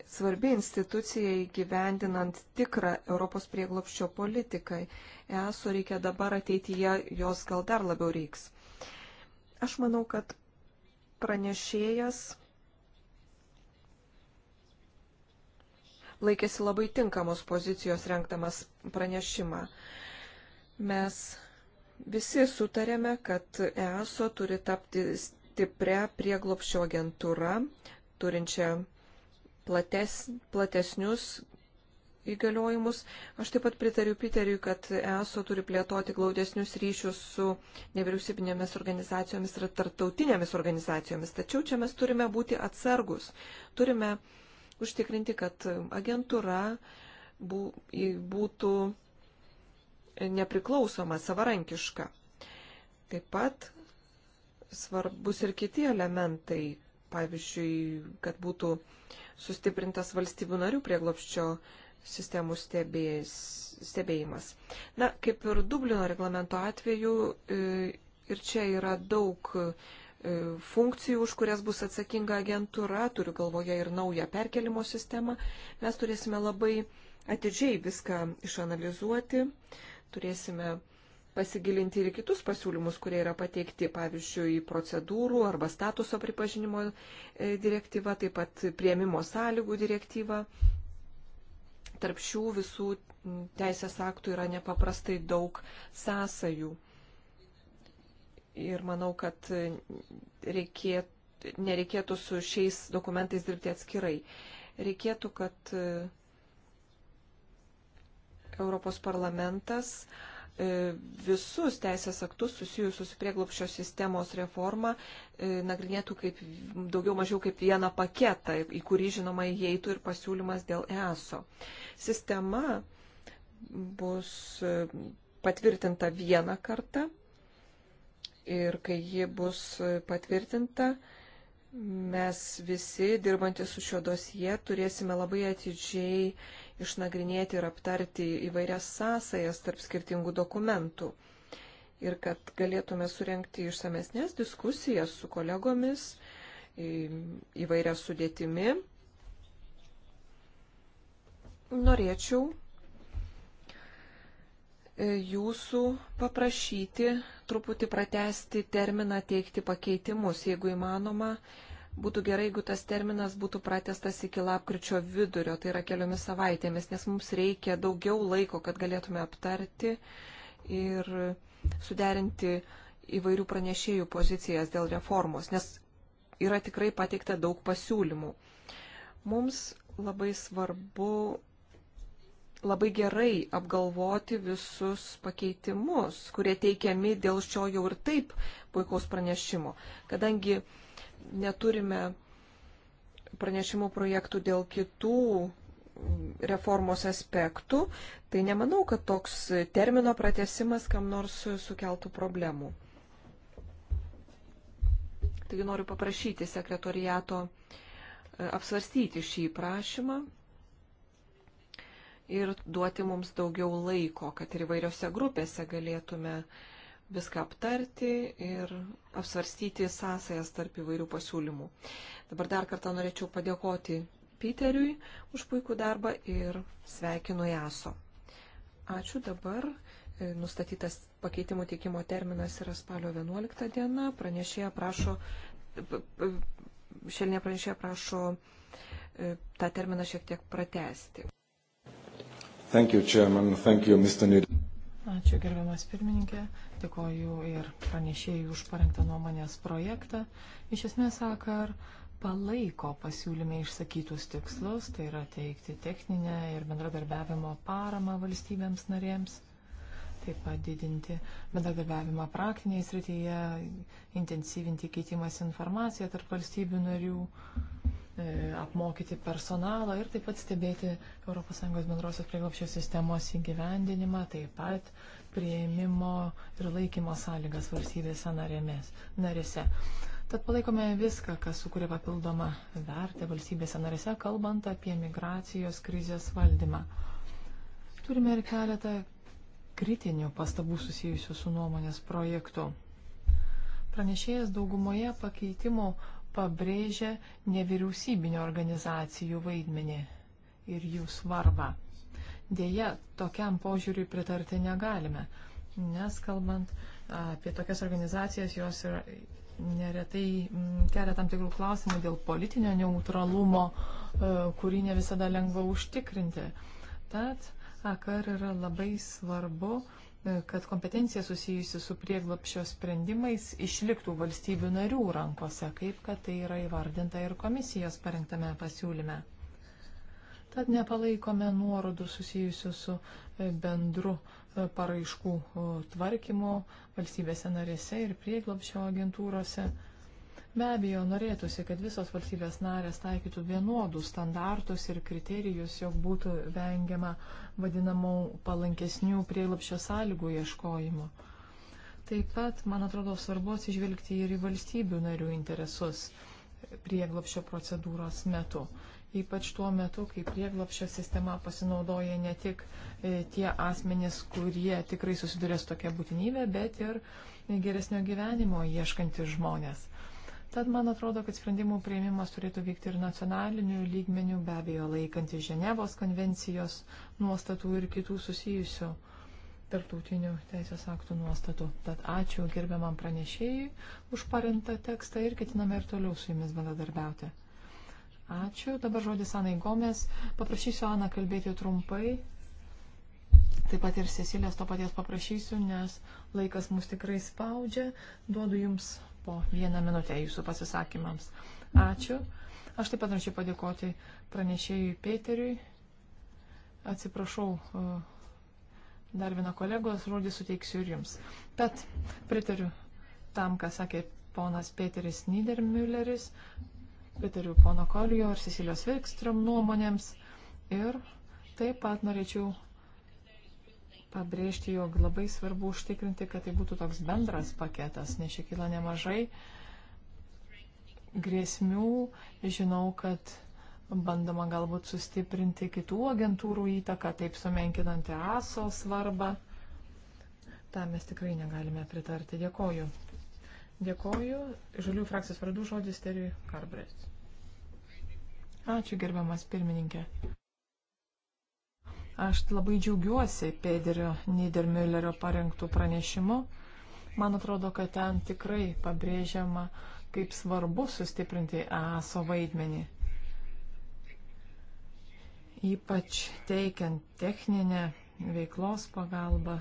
svarbi institucija įgyvendinant tikrą Europos prieglopščio politiką. ESO reikia dabar ateityje, jos gal dar labiau reiks. Aš manau, kad pranešėjas laikėsi labai tinkamos pozicijos renktamas pranešimą. Mes visi sutarėme, kad ESO turi tapti stipria prieglopščio agentūra, turinčia plates, platesnius įgaliojimus. Aš taip pat pritariu Piteriui, kad ESO turi plėtoti glaudesnius ryšius su nevyriausybinėmis organizacijomis ir tartautinėmis organizacijomis. Tačiau čia mes turime būti atsargus. Turime užtikrinti, kad agentūra būtų nepriklausoma, savarankiška. Taip pat svarbus ir kiti elementai, pavyzdžiui, kad būtų uh, sustiprintas valstybių narių prieglopščio sistemų stebės, stebėjimas. Na, kaip ir Dublino reglamento atveju, e, ir čia yra daug e, funkcijų, už kurias bus atsakinga agentūra, turiu galvoje ir naują perkelimo sistemą, mes turėsime labai atidžiai viską išanalizuoti, turėsime uh, pasigilinti ir kitus pasiūlymus, kurie yra pateikti, pavyzdžiui, procedūrų arba statuso pripažinimo e, direktyva, taip pat prieimimo sąlygų direktyva. Tarp šių visų teisės aktų yra nepaprastai daug sąsajų. Ir manau, kad reikėtų, nereikėtų su šiais dokumentais dirbti atskirai. Reikėtų, kad e, Europos parlamentas uh, E, visus teisės aktus susijusius su prieglopščio sistemos reforma e, nagrinėtų kaip daugiau mažiau kaip vieną paketą, į kurį žinoma įeitų ir pasiūlymas dėl ESO. Sistema bus e, patvirtinta vieną kartą ir kai ji bus patvirtinta, mes visi dirbantys su šio dosie turėsime labai atidžiai išnagrinėti ir aptarti įvairias sąsajas tarp skirtingų dokumentų. Ir kad galėtume surenkti išsamesnės diskusijas su kolegomis įvairia sudėtimi, norėčiau e, jūsų paprašyti truputį pratesti terminą teikti pakeitimus, jeigu įmanoma, būtų gerai, jeigu tas terminas būtų pratestas iki lapkričio vidurio, tai yra keliomis savaitėmis, nes mums reikia daugiau laiko, kad galėtume aptarti ir suderinti įvairių pranešėjų pozicijas dėl reformos, nes yra tikrai pateikta daug pasiūlymų. Mums labai svarbu labai gerai apgalvoti visus pakeitimus, kurie teikiami dėl šio jau ir taip puikaus pranešimo. Kadangi neturime pranešimų projektų dėl kitų reformos aspektų, tai nemanau, kad toks termino pratesimas kam nors sukeltų problemų. Taigi noriu paprašyti sekretoriato e, apsvarstyti šį prašymą ir duoti mums daugiau laiko, kad ir įvairiose grupėse galėtume uh, viską aptarti ir apsvarstyti sąsajas tarp įvairių pasiūlymų. Dabar dar kartą norėčiau padėkoti Piteriui už puikų darbą ir sveikinu Jaso. Ačiū dabar. E, nustatytas pakeitimų teikimo terminas yra spalio 11 diena. Pranešėja prašo, šelinė pranešėja prašo e, tą terminą šiek tiek pratesti. Thank you, Chairman. Thank you, Mr. Nid. Ačiū, gerbiamas pirmininkė dėkoju ir pranešėjų už parengtą nuomonės projektą. Iš esmės, AKR palaiko pasiūlyme išsakytus tikslus, tai yra teikti techninę ir bendradarbiavimo paramą valstybėms narėms, taip pat didinti bendradarbiavimą praktinėje srityje, intensyvinti keitimas informaciją tarp valstybių narių E, apmokyti personalą ir taip pat stebėti ES bendrosios prieglopščio sistemos įgyvendinimą, taip pat prieimimo ir laikymo sąlygas valstybėse narėmės, narėse. Tad palaikome viską, kas sukuria papildomą vertę valstybėse narėse, kalbant apie migracijos krizės valdymą. Turime ir keletą kritinių pastabų susijusių su nuomonės projektu. Pranešėjas daugumoje pakeitimų pabrėžia nevyriausybinio organizacijų vaidmenį ir jų svarbą. Deja, tokiam požiūriui pritarti negalime, nes kalbant apie tokias organizacijas, jos yra neretai mm, kelia tam tikrų klausimų dėl politinio neutralumo, e, kurį ne visada lengva užtikrinti. Tad AKR yra labai svarbu kad kompetencija susijusi su prieglapšio sprendimais išliktų valstybių narių rankose, kaip kad tai yra įvardinta ir komisijos parengtame pasiūlyme. Tad nepalaikome nuorodų susijusių su e, bendru e, paraiškų tvarkymu valstybėse narėse ir prieglapšio agentūrose. Be abejo, norėtųsi, kad visos valstybės narės taikytų vienodus standartus ir kriterijus, jog būtų vengiama vadinamų palankesnių prieilapšio sąlygų ieškojimo. Taip pat, man atrodo, svarbu atsižvelgti ir į valstybių narių interesus prieglapšio procedūros metu. Ypač tuo metu, kai prieglapšio sistema pasinaudoja ne tik e, tie asmenys, kurie tikrai susidurės tokia būtinybė, bet ir geresnio gyvenimo ieškantys žmonės. Tad man atrodo, kad sprendimų prieimimas turėtų vykti ir nacionaliniu lygmeniu, be abejo, laikantis Ženevos konvencijos nuostatų ir kitų susijusių tarptautinių teisės aktų nuostatų. Tad ačiū gerbiamam pranešėjui už parintą tekstą ir ketiname ir toliau su jumis bendradarbiauti. Ačiū. Dabar žodis Anai Gomes. Paprašysiu Aną kalbėti trumpai. Taip pat ir Cecilės to paties paprašysiu, nes laikas mus tikrai spaudžia. Duodu jums po vieną minutę jūsų pasisakymams. Ačiū. Aš taip pat norėčiau padėkoti pranešėjui Peteriui. Atsiprašau, e, dar vieną kolegos žodį suteiksiu ir jums. Bet pritariu tam, ką sakė ponas Peteris Niedermülleris, pritariu pono Kolijo ir Cecilijos Vilkstrom nuomonėms. Ir taip pat norėčiau pabrėžti, jog labai svarbu užtikrinti, kad tai būtų toks bendras paketas, nes čia kyla nemažai grėsmių. Žinau, kad bandoma galbūt sustiprinti kitų agentūrų įtaką, taip sumenkinant EASO svarbą. Tam mes tikrai negalime pritarti. Dėkoju. Dėkoju. Žalių frakcijos vardu žodis Teriui Karbrės. Ačiū gerbiamas pirmininkė. Aš labai džiaugiuosi Pėderio Niedermüllerio parengtų pranešimu. Man atrodo, kad ten tikrai pabrėžiama, kaip svarbu sustiprinti EASO vaidmenį. Ypač teikiant techninę veiklos pagalbą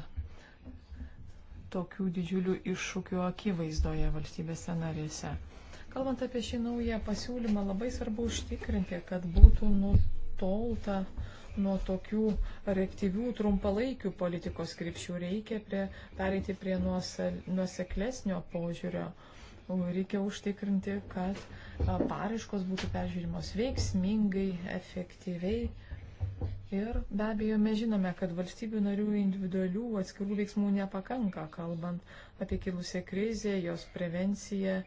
tokių didžiulių iššūkių akivaizdoje valstybėse narėse. Kalbant apie šį naują pasiūlymą, labai svarbu užtikrinti, kad būtų nutolta uh, nuo tokių reaktyvių trumpalaikių politikos krypčių. Reikia prie, pereiti prie nuoseklesnio požiūrio. Reikia užtikrinti, kad paraiškos būtų peržiūrimos veiksmingai, efektyviai. Ir be abejo, mes žinome, kad valstybių narių individualių atskirų veiksmų nepakanka, kalbant apie kilusią krizę, jos prevenciją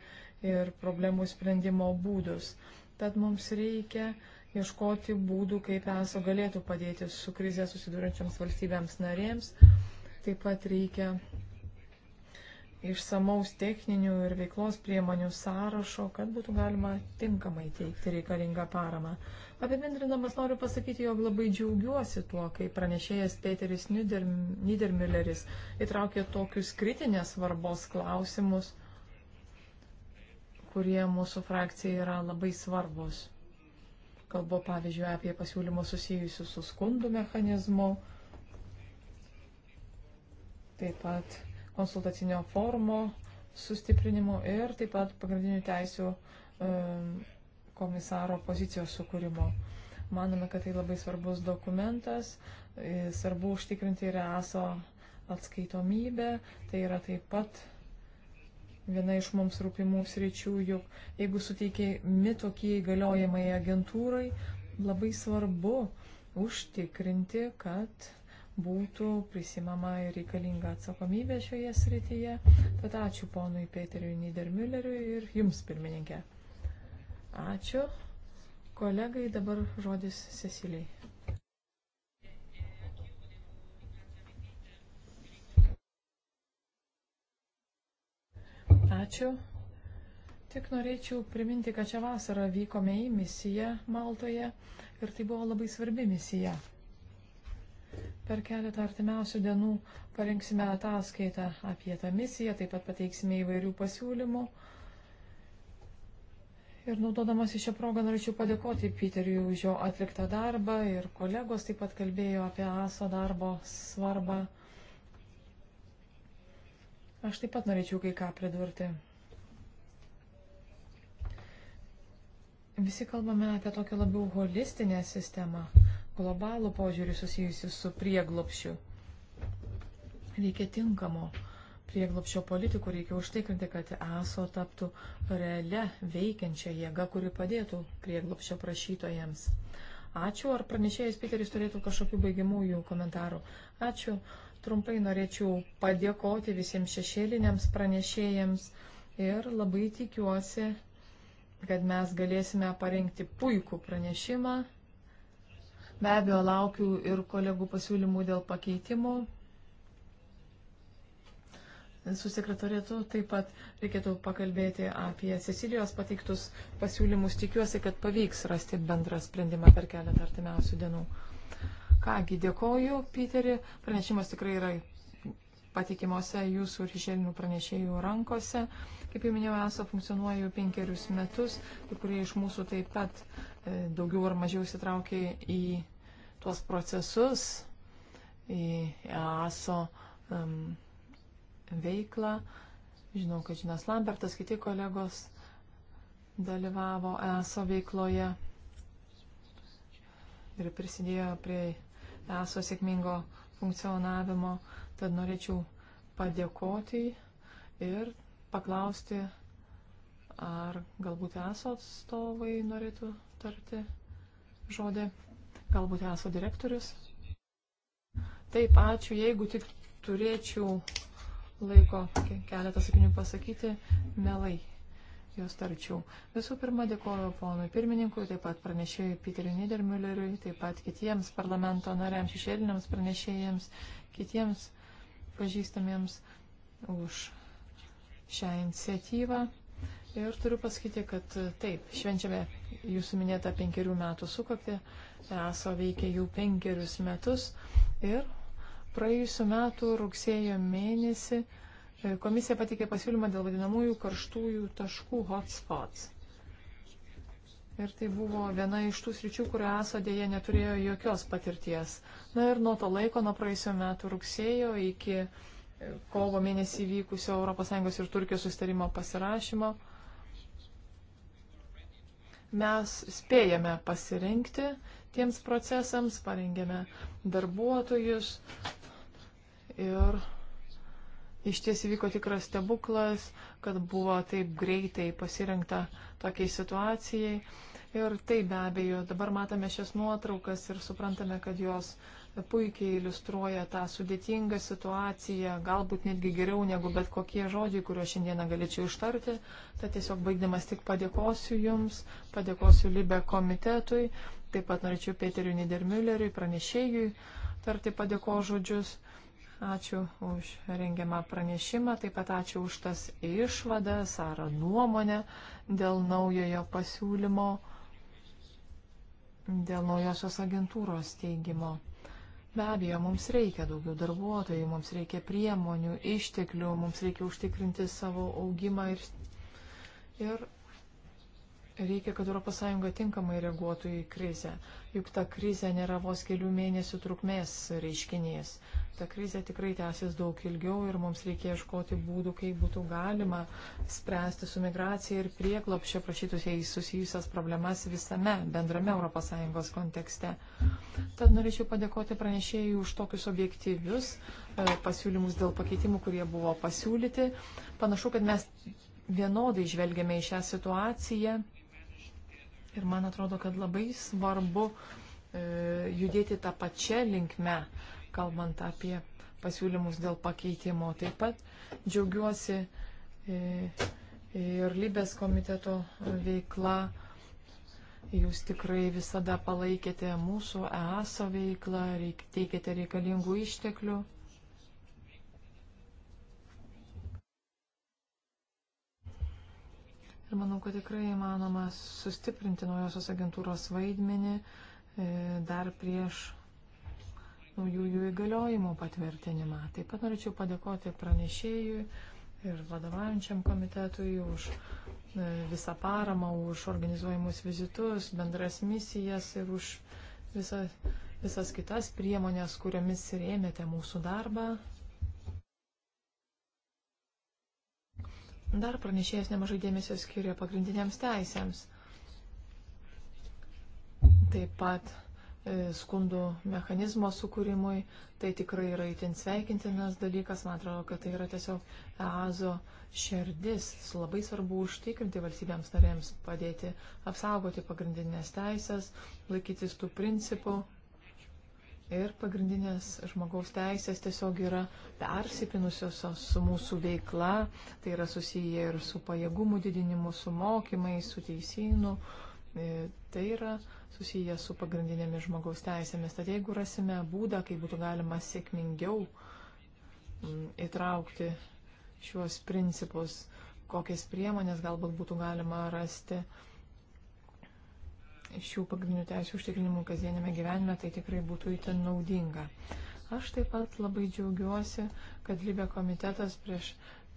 ir problemų sprendimo būdus. Tad mums reikia uh, ieškoti būdų, kaip ESO galėtų padėti su krize susidūrančiams valstybėms narėms. Taip pat reikia išsamaus techninių ir veiklos priemonių sąrašo, kad būtų galima tinkamai teikti reikalingą paramą. Apibendrinamas noriu pasakyti, jog labai džiaugiuosi tuo, kai pranešėjas Peteris Niedermilleris įtraukė tokius kritinės svarbos klausimus, kurie mūsų frakcijai yra labai svarbus. Kalbu, pavyzdžiui, apie pasiūlymus susijusius su skundų mechanizmu, taip pat konsultacinio formo sustiprinimu ir taip pat pagrindinių teisių komisaro pozicijos sukūrimo. Manome, kad tai labai svarbus dokumentas, svarbu užtikrinti ir ESO atskaitomybę, tai yra taip pat viena iš mums rūpimų sričių, juk jeigu suteikiami tokie įgaliojimai agentūrai, labai svarbu užtikrinti, kad būtų prisimama ir reikalinga atsakomybė šioje srityje. Tad ačiū ponui Peteriui Niedermülleriui ir jums, pirmininkė. Ačiū. Kolegai dabar žodis Cecilijai. Ačiū. Tik norėčiau priminti, kad čia vasarą vykome į misiją Maltoje ir tai buvo labai svarbi misija. Per keletą artimiausių dienų parengsime ataskaitą apie tą misiją, taip pat pateiksime įvairių pasiūlymų. Ir naudodamas į šią progą norėčiau padėkoti Piteriui už jo atliktą darbą ir kolegos taip pat kalbėjo apie ASO darbo svarbą. Aš taip pat norėčiau kai ką pridurti. Visi kalbame apie tokią labiau holistinę sistemą, globalų požiūrį susijusi su prieglopšiu. Reikia tinkamo prieglopšio politikų, reikia užtikrinti, kad ESO taptų realia veikiančia jėga, kuri padėtų prieglopšio prašytojams. Ačiū, ar pranešėjas Piteris turėtų kažkokių baigiamųjų komentarų. Ačiū. Trumpai norėčiau padėkoti visiems šešėliniams pranešėjams ir labai tikiuosi, kad mes galėsime parengti puikų pranešimą. Be abejo, laukiu ir kolegų pasiūlymų dėl pakeitimų. Su sekretorietu taip pat reikėtų pakalbėti apie Cecilijos pateiktus pasiūlymus. Tikiuosi, kad pavyks rasti bendrą sprendimą per keletą artimiausių dienų. Kągi, dėkoju, Piterį. Pranešimas tikrai yra patikimuose jūsų ir šešėlinių pranešėjų rankose. Kaip jau minėjau, esu funkcionuoju penkerius metus, kai kurie iš mūsų taip pat e, daugiau ar mažiau įsitraukė į tuos procesus, į ESO um, veiklą. Žinau, kad Žinas Lambertas, kiti kolegos dalyvavo ESO veikloje ir prisidėjo prie ESO sėkmingo funkcionavimo. Tad norėčiau padėkoti ir paklausti, ar galbūt ESO atstovai norėtų tarti žodį, galbūt ESO direktorius. Taip, ačiū, jeigu tik turėčiau laiko keletą sakinių pasakyti, melai partijos tarčių. Visų pirma, dėkoju ponui pirmininkui, taip pat pranešėjui Piteriu Niedermülleriui, taip pat kitiems parlamento nariams, šešėliniams pranešėjams, kitiems pažįstamiems už šią iniciatyvą. Ir turiu pasakyti, kad taip, švenčiame jūsų minėtą penkerių metų sukaktį, ESO veikia jau penkerius metus ir praėjusiu metu rugsėjo mėnesį Komisija patikė pasiūlymą dėl vadinamųjų karštųjų taškų hotspots. Ir tai buvo viena iš tų sričių, kurio ESO dėje neturėjo jokios patirties. Na ir nuo to laiko, nuo praėjusių metų rugsėjo iki kovo mėnesį vykusio ES ir Turkijos sustarimo pasirašymo, mes spėjame pasirinkti tiems procesams, parengėme darbuotojus ir Iš ties įvyko tikras stebuklas, kad buvo taip greitai pasirinkta tokiai situacijai. Ir tai be abejo, dabar matome šias nuotraukas ir suprantame, kad jos puikiai iliustruoja tą sudėtingą situaciją, galbūt netgi geriau negu bet kokie žodžiai, kuriuos šiandieną galėčiau ištarti. Tad tiesiog baigdamas tik padėkosiu Jums, padėkosiu Libe komitetui, taip pat norėčiau Peteriu Nidermülleriui, pranešėjui tarti padėko žodžius. Ačiū už rengiamą pranešimą, taip pat ačiū už tas išvadas ar nuomonę dėl naujojo pasiūlymo, dėl naujosios agentūros teigimo. Be abejo, mums reikia daugiau darbuotojų, mums reikia priemonių, išteklių, mums reikia užtikrinti savo augimą ir, ir Reikia, kad ES tinkamai reaguotų į krizę. Juk ta krizė nėra vos kelių mėnesių trukmės reiškinys. Ta krizė tikrai tęsis daug ilgiau ir mums reikia ieškoti būdų, kaip būtų galima spręsti su migracija ir prieklopščio prašytusiai susijusias problemas visame bendrame ES kontekste. Tad norėčiau padėkoti pranešėjai už tokius objektyvius e, pasiūlymus dėl pakeitimų, kurie buvo pasiūlyti. Panašu, kad mes vienodai žvelgiame į šią situaciją Ir man atrodo, kad labai svarbu e, judėti tą pačią linkmę, kalbant apie pasiūlymus dėl pakeitimo. Taip pat džiaugiuosi e, ir lybės komiteto veikla. Jūs tikrai visada palaikėte mūsų EASO veiklą, reik, teikėte reikalingų išteklių. Ir manau, kad tikrai įmanoma sustiprinti naujosios agentūros vaidmenį e, dar prieš naujųjų įgaliojimų patvirtinimą. Taip pat norėčiau padėkoti pranešėjui ir vadovaujančiam komitetui už e, visą paramą, už organizuojimus vizitus, bendras misijas ir už visą, visas kitas priemonės, kuriamis rėmėte mūsų darbą. Dar pranešėjas nemažai dėmesio skiria pagrindiniams teisėms. Taip pat e, skundų mechanizmo sukūrimui. Tai tikrai yra įtin sveikintinas dalykas. Man atrodo, kad tai yra tiesiog EASO širdis. Labai svarbu užtikrinti valstybėms narėms, padėti apsaugoti pagrindinės teisės, laikytis tų principų ir pagrindinės žmogaus teisės tiesiog yra persipinusios su mūsų veikla, tai yra susiję ir su pajėgumų didinimu, su mokymais, su teisynu, e, tai yra susiję su pagrindinėmis žmogaus teisėmis. Tad jeigu rasime būdą, kaip būtų galima sėkmingiau mm, įtraukti šiuos principus, kokias priemonės galbūt būtų galima rasti, šių pagrindinių teisų užtikrinimų kasdienėme gyvenime, tai tikrai būtų įtin naudinga. Aš taip pat labai džiaugiuosi, kad Libė komitetas prieš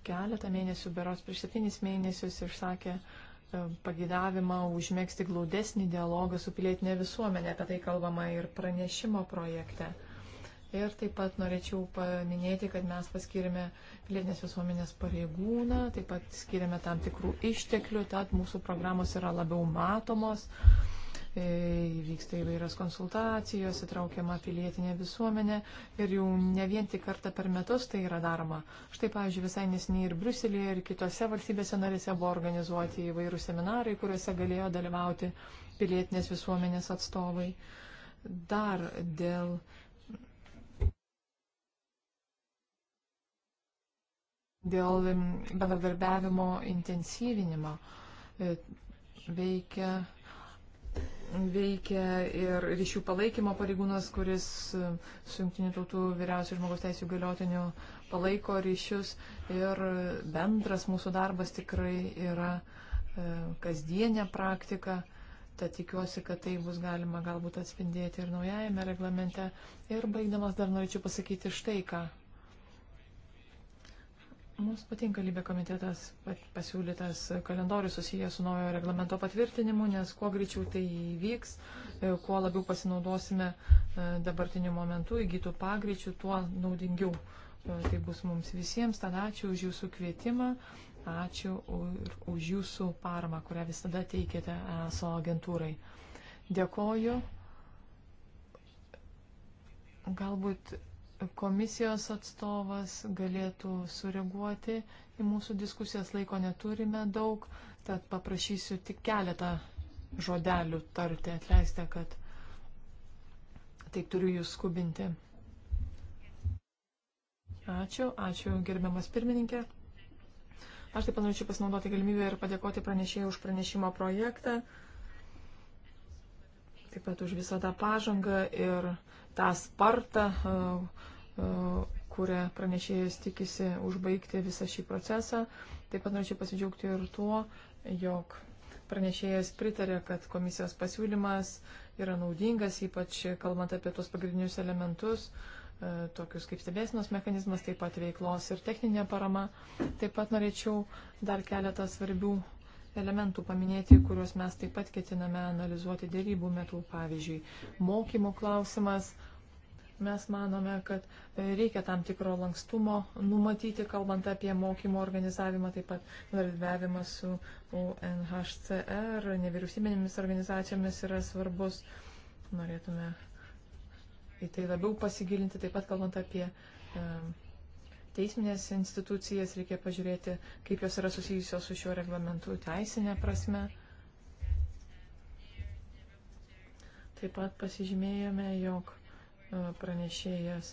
keletą mėnesių, beros prieš septynis mėnesius išsakė e, pagidavimą užmėgsti glaudesnį dialogą su pilietinė visuomenė, apie tai kalbama ir pranešimo projekte. Ir taip pat norėčiau paminėti, kad mes paskirime pilietinės visuomenės pareigūną, taip pat skiriame tam tikrų išteklių, tad mūsų programos yra labiau matomos. E, vyksta įvairios konsultacijos, įtraukiama pilietinė visuomenė ir jau ne vien tik kartą per metus tai yra daroma. Štai, pavyzdžiui, visai nesiniai ir Bruselėje, ir kitose valstybėse narėse buvo organizuoti įvairių seminarai, kuriuose galėjo dalyvauti pilietinės visuomenės atstovai. Dar dėl. Dėl bendradarbiavimo intensyvinimo e, veikia veikia ir ryšių palaikymo pareigūnas, kuris e, su Junktinių tautų vyriausių žmogaus teisų galiotiniu palaiko ryšius ir bendras mūsų darbas tikrai yra e, kasdienė praktika. Tad tikiuosi, kad tai bus galima galbūt atspindėti ir naujajame reglamente. Ir baigdamas dar norėčiau pasakyti štai ką. Mums patinka lybė komitetas pasiūlytas kalendorius susijęs su naujo reglamento patvirtinimu, nes kuo greičiau tai įvyks, e, kuo labiau pasinaudosime e, dabartiniu momentu įgytų pagreičių, tuo naudingiau e, tai bus mums visiems. Tad ačiū už jūsų kvietimą, ačiū už jūsų paramą, kurią visada teikėte ESO agentūrai. Dėkoju. Galbūt komisijos atstovas galėtų sureaguoti į mūsų diskusijas. Laiko neturime daug, tad paprašysiu tik keletą žodelių tarti. Atleiskite, kad taip turiu jūs skubinti. Ačiū, ačiū gerbiamas pirmininkė. Aš taip panorėčiau pasinaudoti galimybę ir padėkoti pranešėjai už pranešimo projektą, taip pat už visą tą pažangą ir tą spartą, uh, E, kuria pranešėjas tikisi užbaigti visą šį procesą. Taip pat norėčiau pasidžiaugti ir tuo, jog pranešėjas pritarė, kad komisijos pasiūlymas yra naudingas, ypač kalbant apie tuos pagrindinius elementus, e, tokius kaip stebėsinos mechanizmas, taip pat veiklos ir techninė parama. Taip pat norėčiau dar keletą svarbių elementų paminėti, kuriuos mes taip pat ketiname analizuoti dėrybų metu. Pavyzdžiui, mokymo klausimas, Mes manome, kad e, reikia tam tikro lankstumo numatyti, kalbant apie mokymo organizavimą, taip pat bendradarbiavimą su UNHCR, nevyriausybinėmis organizacijomis yra svarbus. Norėtume į tai labiau pasigilinti, taip pat kalbant apie e, teisminės institucijas, reikia pažiūrėti, kaip jos yra susijusios su šiuo reglamentu teisinė prasme. Taip pat pasižymėjome, jog pranešėjas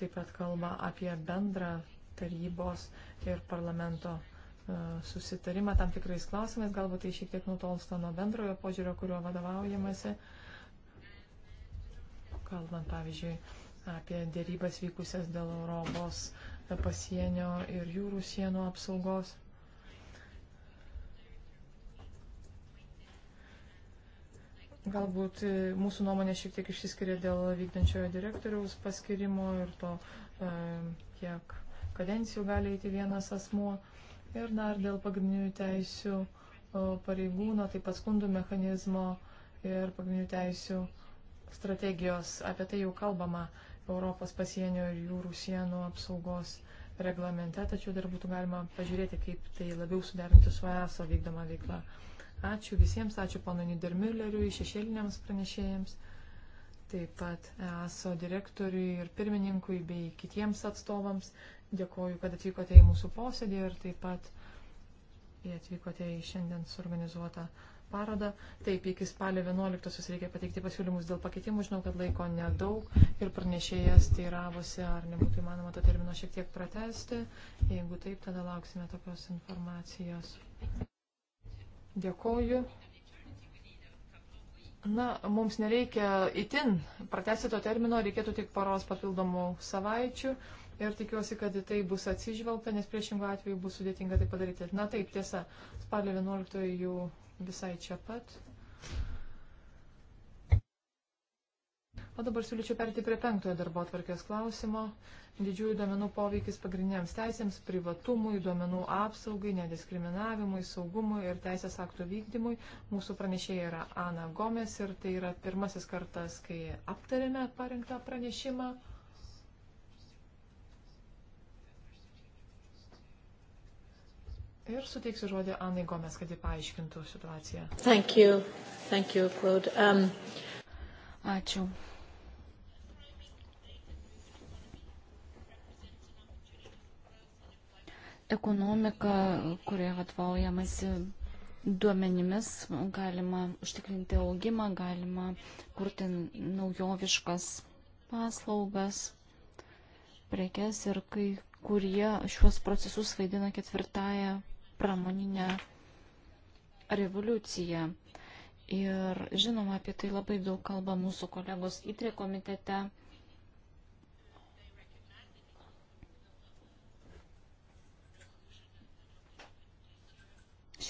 taip pat kalba apie bendrą tarybos ir parlamento e, susitarimą tam tikrais klausimais, galbūt tai šiek tiek nutolsta nuo bendrojo požiūrio, kuriuo vadovaujamasi, kalbant pavyzdžiui apie dėrybas vykusias dėl Europos pasienio ir jūrų sienų apsaugos. Galbūt e, mūsų nuomonė šiek tiek išsiskiria dėl vykdančiojo direktoriaus paskirimo ir to, e, kiek kadencijų gali eiti vienas asmuo. Ir dar dėl pagrindinių teisių pareigūno, taip pat skundų mechanizmo ir pagrindinių teisių strategijos. Apie tai jau kalbama Europos pasienio ir jūrų sienų apsaugos reglamente, tačiau dar būtų galima pažiūrėti, kaip tai labiau suderinti su ESO vykdoma veikla. Mhm. Ačiū visiems, ačiū ponui Nidermülleriui, šešėliniams pranešėjams, taip pat ESO direktoriui ir pirmininkui bei kitiems atstovams. Dėkoju, kad atvykote į mūsų posėdį ir taip pat atvykote į šiandien suorganizuotą parodą. Taip, iki spalio 11 reikia pateikti pasiūlymus dėl pakeitimų, žinau, kad laiko nedaug ir pranešėjas teiravosi, ar nebūtų įmanoma to termino šiek tiek pratesti. Jeigu taip, tada lauksime tokios informacijos. Dėkoju. Na, mums nereikia itin pratesti to termino, reikėtų tik poros papildomų savaičių ir tikiuosi, kad į tai bus atsižvelgta, nes priešingų atveju bus sudėtinga tai padaryti. Na taip, tiesa, spalio 11 jau visai čia pat. O dabar siūlyčiau perti prie penktojo darbo atvarkės klausimo. Didžiųjų duomenų poveikis pagrindiniams teisėms, privatumui, duomenų apsaugai, nediskriminavimui, saugumui ir teisės aktų vykdymui. Mūsų pranešėja yra Ana Gomes ir tai yra pirmasis kartas, kai aptarėme parengtą pranešimą. Ir suteiksiu žodį Anai Gomes, kad ji paaiškintų situaciją. Thank you. Thank you, Claude. Um... Ačiū. ekonomiką, kurioje atvaujamasi duomenimis, galima užtikrinti augimą, galima kurti naujoviškas paslaugas, prekes ir kai kurie šiuos procesus vaidina ketvirtąją pramoninę revoliuciją. Ir žinoma, apie tai labai daug kalba mūsų kolegos įtrė komitete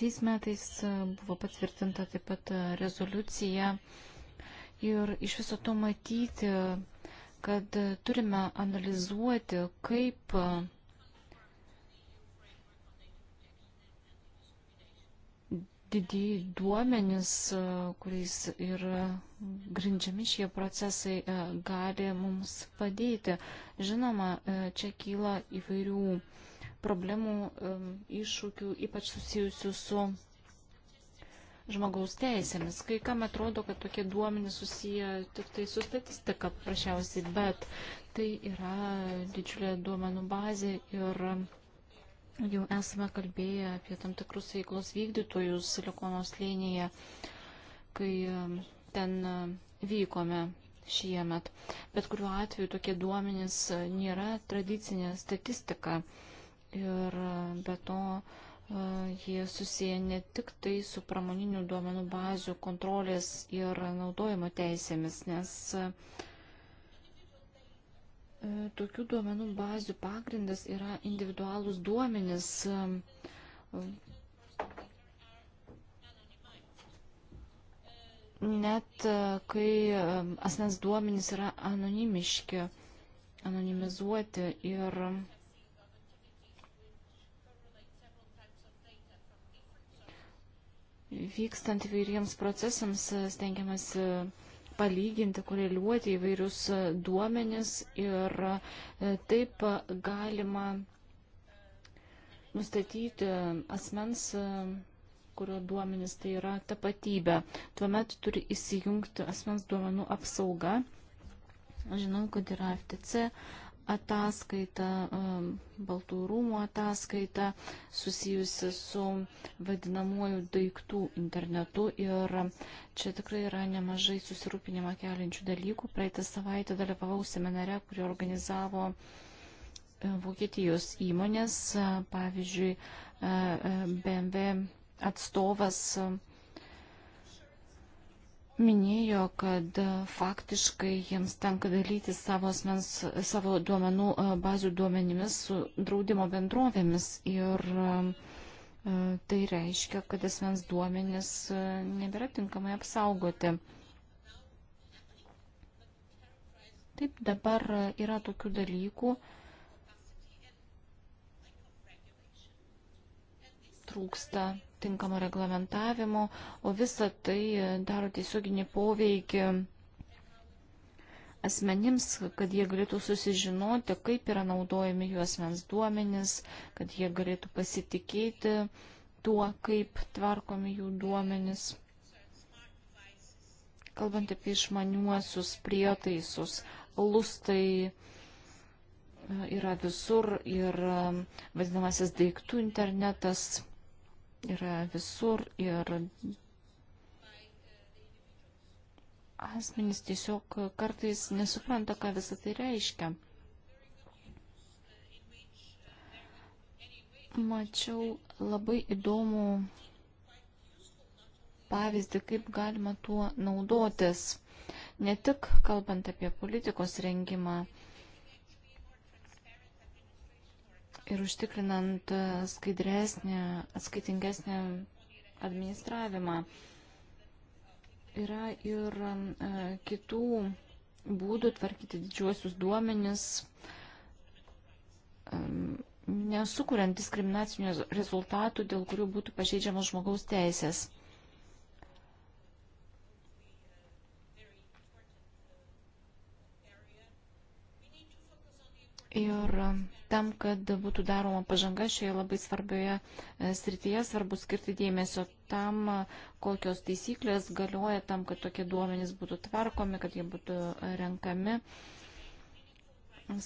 Šiais metais e, buvo patvirtinta taip pat e, rezoliucija ir iš viso to matyti, kad e, turime analizuoti, kaip didieji duomenys, kuriais ir grindžiami šie procesai, gali mums padėti. Žinoma, čia kyla įvairių problemų, iššūkių, ypač susijusių su žmogaus teisėmis. Kai kam atrodo, kad tokie duomenys susiję tik tai su statistika paprasčiausiai, bet tai yra didžiulė duomenų bazė ir jau esame kalbėję apie tam tikrus veiklos vykdytojus Silikono slėnyje, kai ten vykome šiemet. Bet kuriuo atveju tokie duomenys nėra tradicinė statistika ir e, be to e, jie susiję ne tik tai su pramoninių duomenų bazių kontrolės ir naudojimo teisėmis, nes e, tokių duomenų bazių pagrindas yra individualūs duomenys net kai asmens duomenys yra anonimiški, anonimizuoti ir Vykstant įvairiems procesams e, stengiamasi e, palyginti, koreliuoti įvairius e, duomenis ir taip galima nustatyti asmens, kurio duomenis tai yra tapatybė. Tuomet turi įsijungti asmens duomenų apsauga. Žinau, kad yra FTC ataskaita, um, Baltų rūmų ataskaita susijusi su vadinamuoju daiktų internetu ir čia tikrai yra nemažai susirūpinimą keliančių dalykų. Praeitą savaitę dalyvavau seminare, kurį organizavo uh, Vokietijos įmonės, pavyzdžiui, uh, uh, BMW atstovas um, minėjo, kad faktiškai jiems tenka dalyti savo, asmens, savo duomenų e, bazių duomenimis su draudimo bendrovėmis ir e, tai reiškia, kad asmens duomenys e, nebėra tinkamai apsaugoti. Taip dabar yra tokių dalykų, trūksta tinkamo reglamentavimo, o visa tai daro tiesioginį poveikį asmenims, kad jie galėtų susižinoti, kaip yra naudojami jų asmens duomenys, kad jie galėtų pasitikėti tuo, kaip tvarkomi jų duomenys. Kalbant apie išmaniuosius prietaisus, lustai, e, yra visur ir e, vadinamasis daiktų internetas yra visur ir asmenys tiesiog kartais nesupranta, ką visą tai reiškia. Mačiau labai įdomų pavyzdį, kaip galima tuo naudotis. Ne tik kalbant apie politikos rengimą, ir užtikrinant e, skaidresnį, atskaitingesnį administravimą. Yra ir e, kitų būdų tvarkyti didžiuosius duomenis, e, nesukuriant diskriminacinių rezultatų, dėl kurių būtų pažeidžiamos žmogaus teisės. Ir Tam, kad būtų daroma pažanga šioje labai svarbioje e, srityje, svarbu skirti dėmesio tam, e, kokios taisyklės galioja tam, kad tokie duomenys būtų tvarkomi, kad jie būtų e, renkami.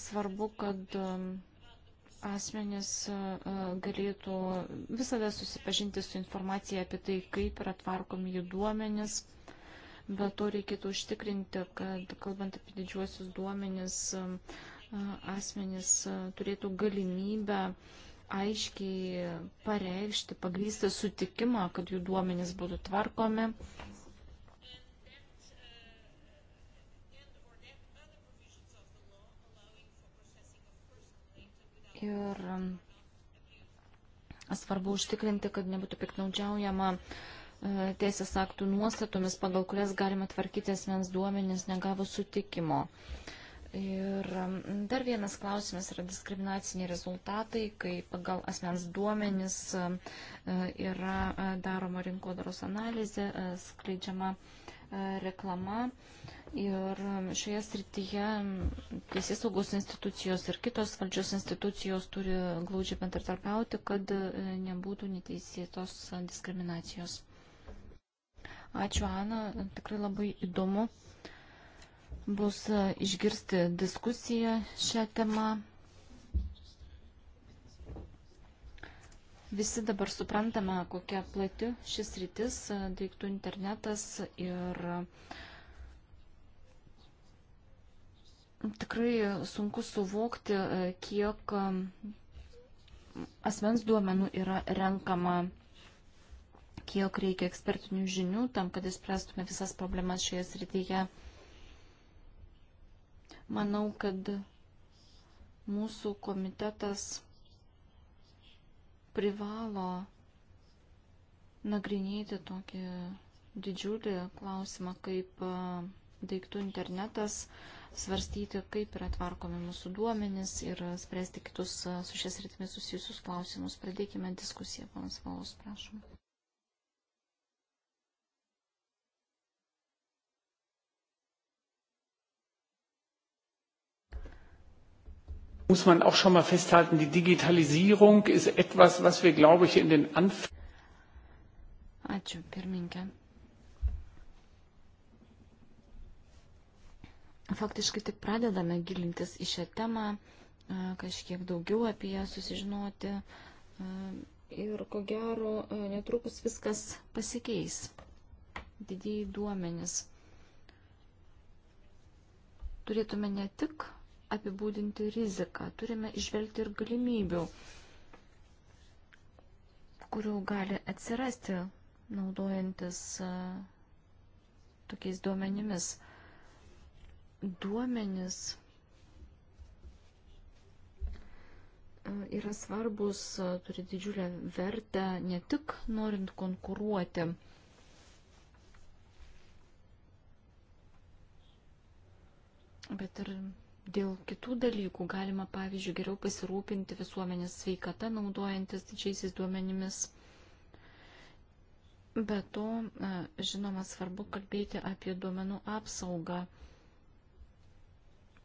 Svarbu, kad asmenys galėtų visada susipažinti su informacija apie tai, kaip yra tvarkomi jų duomenys. Be to reikėtų užtikrinti, kad kalbant apie didžiuosius duomenys, asmenys turėtų galimybę aiškiai pareikšti, pagrysti sutikimą, kad jų duomenys būtų tvarkomi. Ir svarbu užtikrinti, kad nebūtų piknaudžiaujama teisės aktų nuostatomis, pagal kurias galima tvarkyti asmens duomenis negavus sutikimo. Uh, Ir dar vienas klausimas yra diskriminaciniai rezultatai, kai pagal asmens duomenis e, yra e, daroma rinkodaros analizė, e, skleidžiama reklama. Ir šioje srityje teisės saugos institucijos ir kitos valdžios institucijos turi glaudžiai bendradarbiauti, kad nebūtų neteisėtos diskriminacijos. Ačiū, Ana, tikrai labai įdomu bus e, išgirsti diskusiją šią temą. Visi dabar suprantame, kokia plati šis rytis, e, daiktų internetas ir e, tikrai sunku suvokti, kiek asmens duomenų yra renkama, kiek reikia ekspertinių žinių tam, kad įspręstume visas problemas šioje srityje. Manau, kad mūsų komitetas privalo nagrinėti tokį didžiulį klausimą, kaip daiktų internetas, svarstyti, kaip yra tvarkomi mūsų duomenys ir spręsti kitus su šias rytimis susijusius klausimus. Pradėkime diskusiją, panas Valos, prašom. Muss man auch schon mal festhalten, die Digitalisierung ist etwas, was wir, glaube ich, in den Anfängen. Ačiū, pirminkė. Faktiškai tik pradedame gilintis į šią temą, e, kažkiek daugiau apie ją susižinoti e, ir ko gero e, netrukus viskas pasikeis. Didieji duomenys. Turėtume ne tik apibūdinti riziką, turime išvelgti ir galimybių, kurių gali atsirasti naudojantis e, tokiais duomenimis. Duomenis e, yra svarbus, e, turi didžiulę vertę ne tik norint konkuruoti, bet ir Dėl kitų dalykų galima, pavyzdžiui, geriau pasirūpinti visuomenės sveikata, naudojantis didžiaisiais duomenimis. Be to, e, žinoma, svarbu kalbėti apie duomenų apsaugą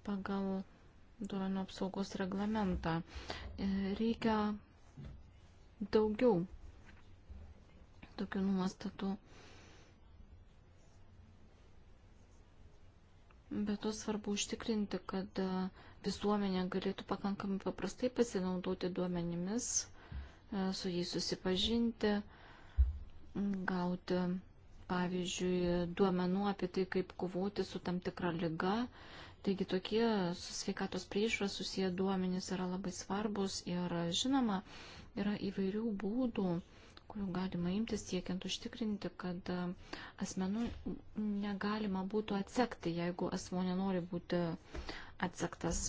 pagal duomenų apsaugos reglamentą. E, reikia daugiau tokių nuostatų. Bet to svarbu užtikrinti, kad e, visuomenė galėtų pakankamai paprastai pasinaudoti duomenimis, e, su jais susipažinti, gauti, pavyzdžiui, duomenų apie tai, kaip kovoti su tam tikra lyga. Taigi tokie su sveikatos priežiūra susiję duomenys yra labai svarbus ir žinoma, yra įvairių būdų kurių galima imtis siekiant užtikrinti, kad e, asmenų negalima būtų atsekti, jeigu asmo nenori būti atsektas.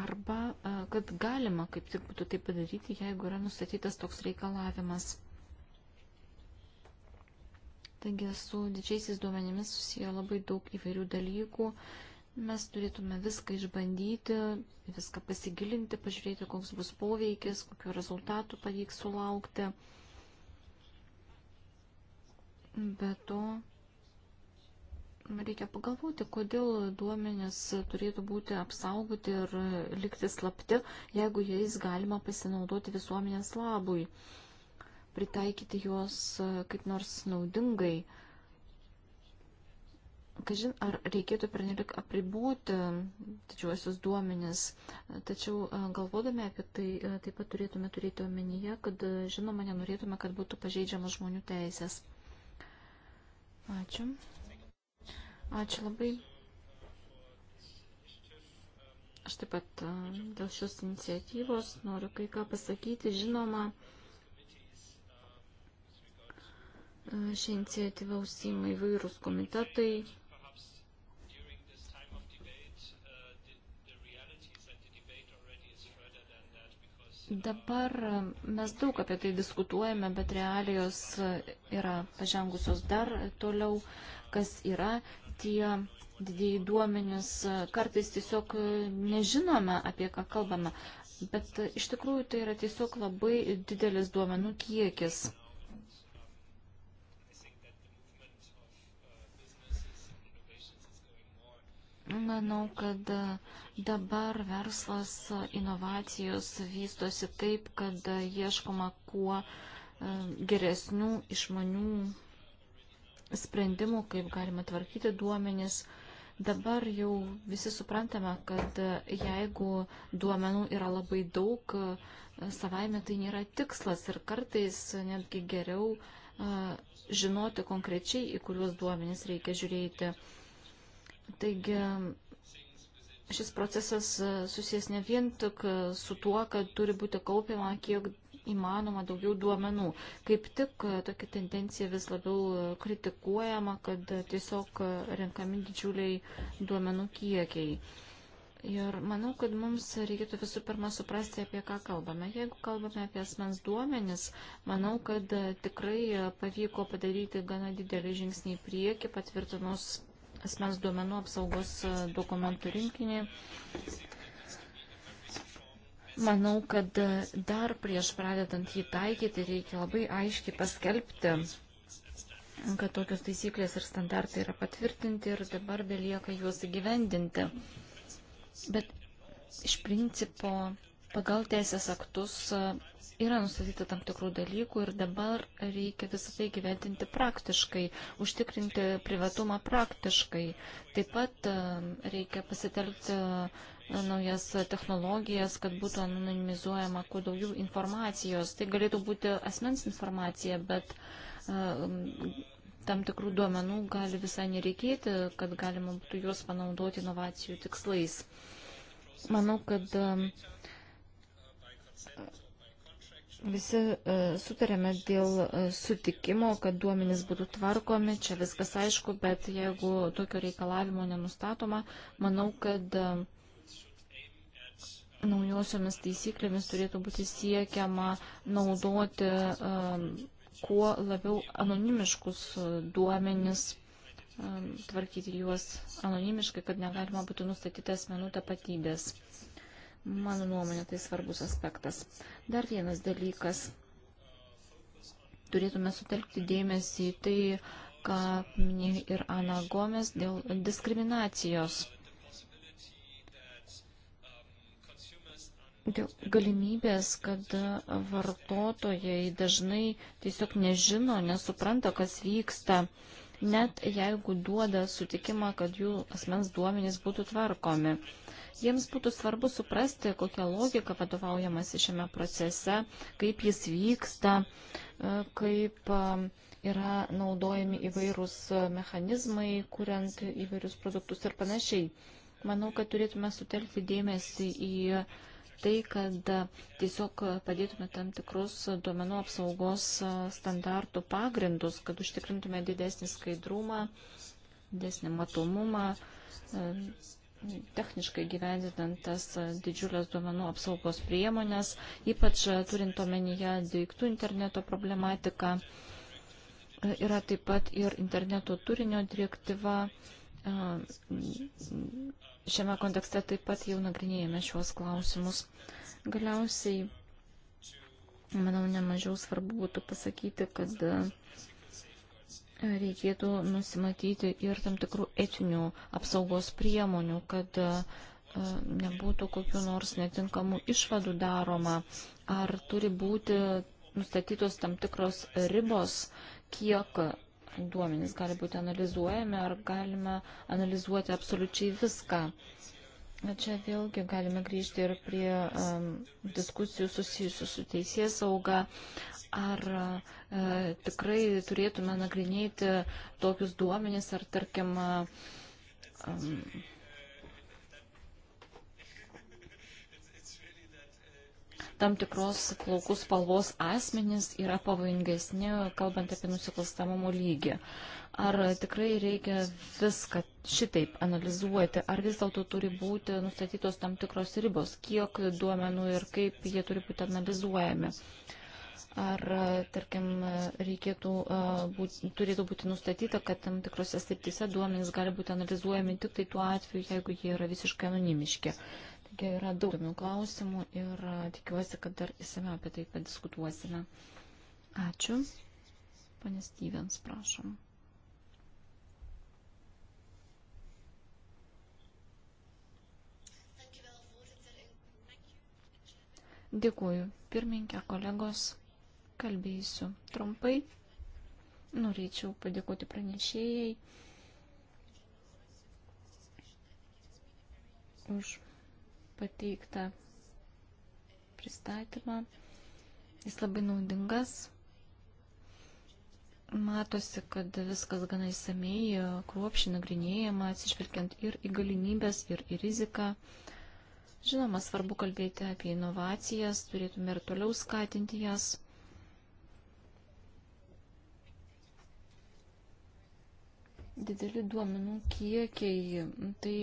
Arba e, kad galima kaip tik būtų tai padaryti, jeigu yra nustatytas toks reikalavimas. Taigi su didžiaisiais duomenimis susiję labai daug įvairių dalykų Mes turėtume viską išbandyti, viską pasigilinti, pažiūrėti, koks bus poveikis, kokiu rezultatu pavyks sulaukti. Be to, reikia pagalvoti, kodėl duomenės turėtų būti apsaugoti ir likti slapti, jeigu jais galima pasinaudoti visuomenės labui, pritaikyti juos kaip nors naudingai Kažin, ar reikėtų pernelik apribūti didžiuosius duomenis, tačiau e, galvodami apie tai e, taip pat turėtume turėti omenyje, kad e, žinoma nenorėtume, kad būtų pažeidžiamas žmonių teisės. Ačiū. Ačiū labai. Aš taip pat dėl šios iniciatyvos noriu kai ką pasakyti. Žinoma, Šią iniciatyvą užsima įvairūs komitetai, Dabar e, mes daug apie tai diskutuojame, bet realijos e, yra pažengusios dar toliau, kas yra tie didieji duomenys. E, kartais tiesiog nežinome, apie ką kalbame, bet iš tikrųjų tai yra tiesiog labai didelis duomenų kiekis. Manau, kad dabar verslas inovacijos vystosi taip, kad ieškoma kuo e, geresnių išmanių sprendimų, kaip galima tvarkyti duomenis. Dabar jau visi suprantame, kad jeigu duomenų yra labai daug, e, savaime tai nėra tikslas ir kartais netgi geriau e, žinoti konkrečiai, į kuriuos duomenys reikia žiūrėti. Taigi šis procesas e, susijęs ne vien tik e, su tuo, kad turi būti kaupiama kiek įmanoma daugiau duomenų. Kaip tik e, tokia tendencija vis labiau kritikuojama, kad tiesiog renkami didžiuliai duomenų kiekiai. Ir manau, kad mums reikėtų visų pirma suprasti, apie ką kalbame. Jeigu kalbame apie asmens duomenis, manau, kad tikrai pavyko padaryti gana didelį žingsnį į priekį, patvirtinus asmens duomenų apsaugos e, dokumentų rinkinį. Manau, kad e, dar prieš pradedant jį taikyti reikia labai aiškiai paskelbti, kad tokios taisyklės ir standartai yra patvirtinti ir dabar belieka juos įgyvendinti. Bet iš principo pagal teisės aktus e, yra nustatyti tam tikrų dalykų ir dabar reikia visą tai gyventinti praktiškai, užtikrinti privatumą praktiškai. Taip pat e, reikia pasitelkti e, naujas technologijas, kad būtų anonimizuojama kuo daugiau informacijos. Tai galėtų būti asmens informacija, bet tam tikrų duomenų gali visai nereikėti, kad galima būtų juos panaudoti inovacijų tikslais. Manau, kad uh, Visi e, sutarėme dėl e, sutikimo, kad duomenys būtų tvarkomi, čia viskas aišku, bet jeigu tokio reikalavimo nenustatoma, manau, kad e, naujosiomis taisyklėmis turėtų būti siekiama naudoti kuo labiau anonimiškus duomenis, tvarkyti juos anonimiškai, kad negalima būtų nustatyti asmenų tapatybės. Mano nuomonė tai svarbus aspektas. Dar vienas dalykas. Turėtume sutelkti dėmesį į tai, ką minėjo ir Ana Gomes dėl diskriminacijos. Dėl galimybės, kad vartotojai dažnai tiesiog nežino, nesupranta, kas vyksta. Uh, net jeigu duoda sutikimą, kad jų asmens duomenys būtų tvarkomi. Jiems būtų svarbu suprasti, kokią logiką vadovaujamasi šiame procese, kaip jis vyksta, e, kaip e, yra naudojami įvairūs e, mechanizmai, kuriant įvairius produktus ir panašiai. Manau, kad turėtume sutelkti dėmesį į tai, kad tiesiog padėtume tam tikrus duomenų apsaugos standartų pagrindus, kad užtikrintume didesnį skaidrumą, didesnį matomumą, techniškai gyvendinant tas didžiulės duomenų apsaugos priemonės, ypač turint omenyje daiktų interneto problematiką. Yra taip pat ir interneto turinio direktyva šiame kontekste taip pat jau nagrinėjame šiuos klausimus. Galiausiai, manau, nemažiau svarbu būtų pasakyti, kad reikėtų nusimatyti ir tam tikrų etinių apsaugos priemonių, kad nebūtų kokiu nors netinkamų išvadų daroma, ar turi būti nustatytos tam tikros ribos, kiek duomenys gali būti analizuojami ar galime analizuoti absoliučiai viską. Čia vėlgi galime grįžti ir prie um, diskusijų susijusių su teisės sauga. Ar e, tikrai turėtume nagrinėti tokius duomenys, ar tarkim. Um, tam tikros plaukų spalvos asmenys yra pavojingesni, kalbant apie nusikalstamumo lygį. Ar tikrai reikia viską šitaip analizuoti, ar vis dėlto turi būti nustatytos tam tikros ribos, kiek duomenų ir kaip jie turi būti analizuojami. Ar, tarkim, reikėtų, būt, turėtų būti nustatyta, kad tam tikrose srityse duomenys gali būti analizuojami tik tai tuo atveju, jeigu jie yra visiškai anonimiški yra daug įdomių klausimų ir tikiuosi, kad dar įsame apie tai padiskutuosime. Ačiū. Pane Stevens, prašom. Dėkuoju. Pirminkė kolegos, kalbėsiu trumpai. Norėčiau padėkoti pranešėjai už pateiktą pristatymą. Jis labai naudingas. Matosi, kad viskas gana įsamei, kruopšiai nagrinėjama, atsižvelgiant ir į galimybės, ir į riziką. Žinoma, svarbu kalbėti apie inovacijas, turėtume ir toliau skatinti jas. Dideli duomenų kiekiai, tai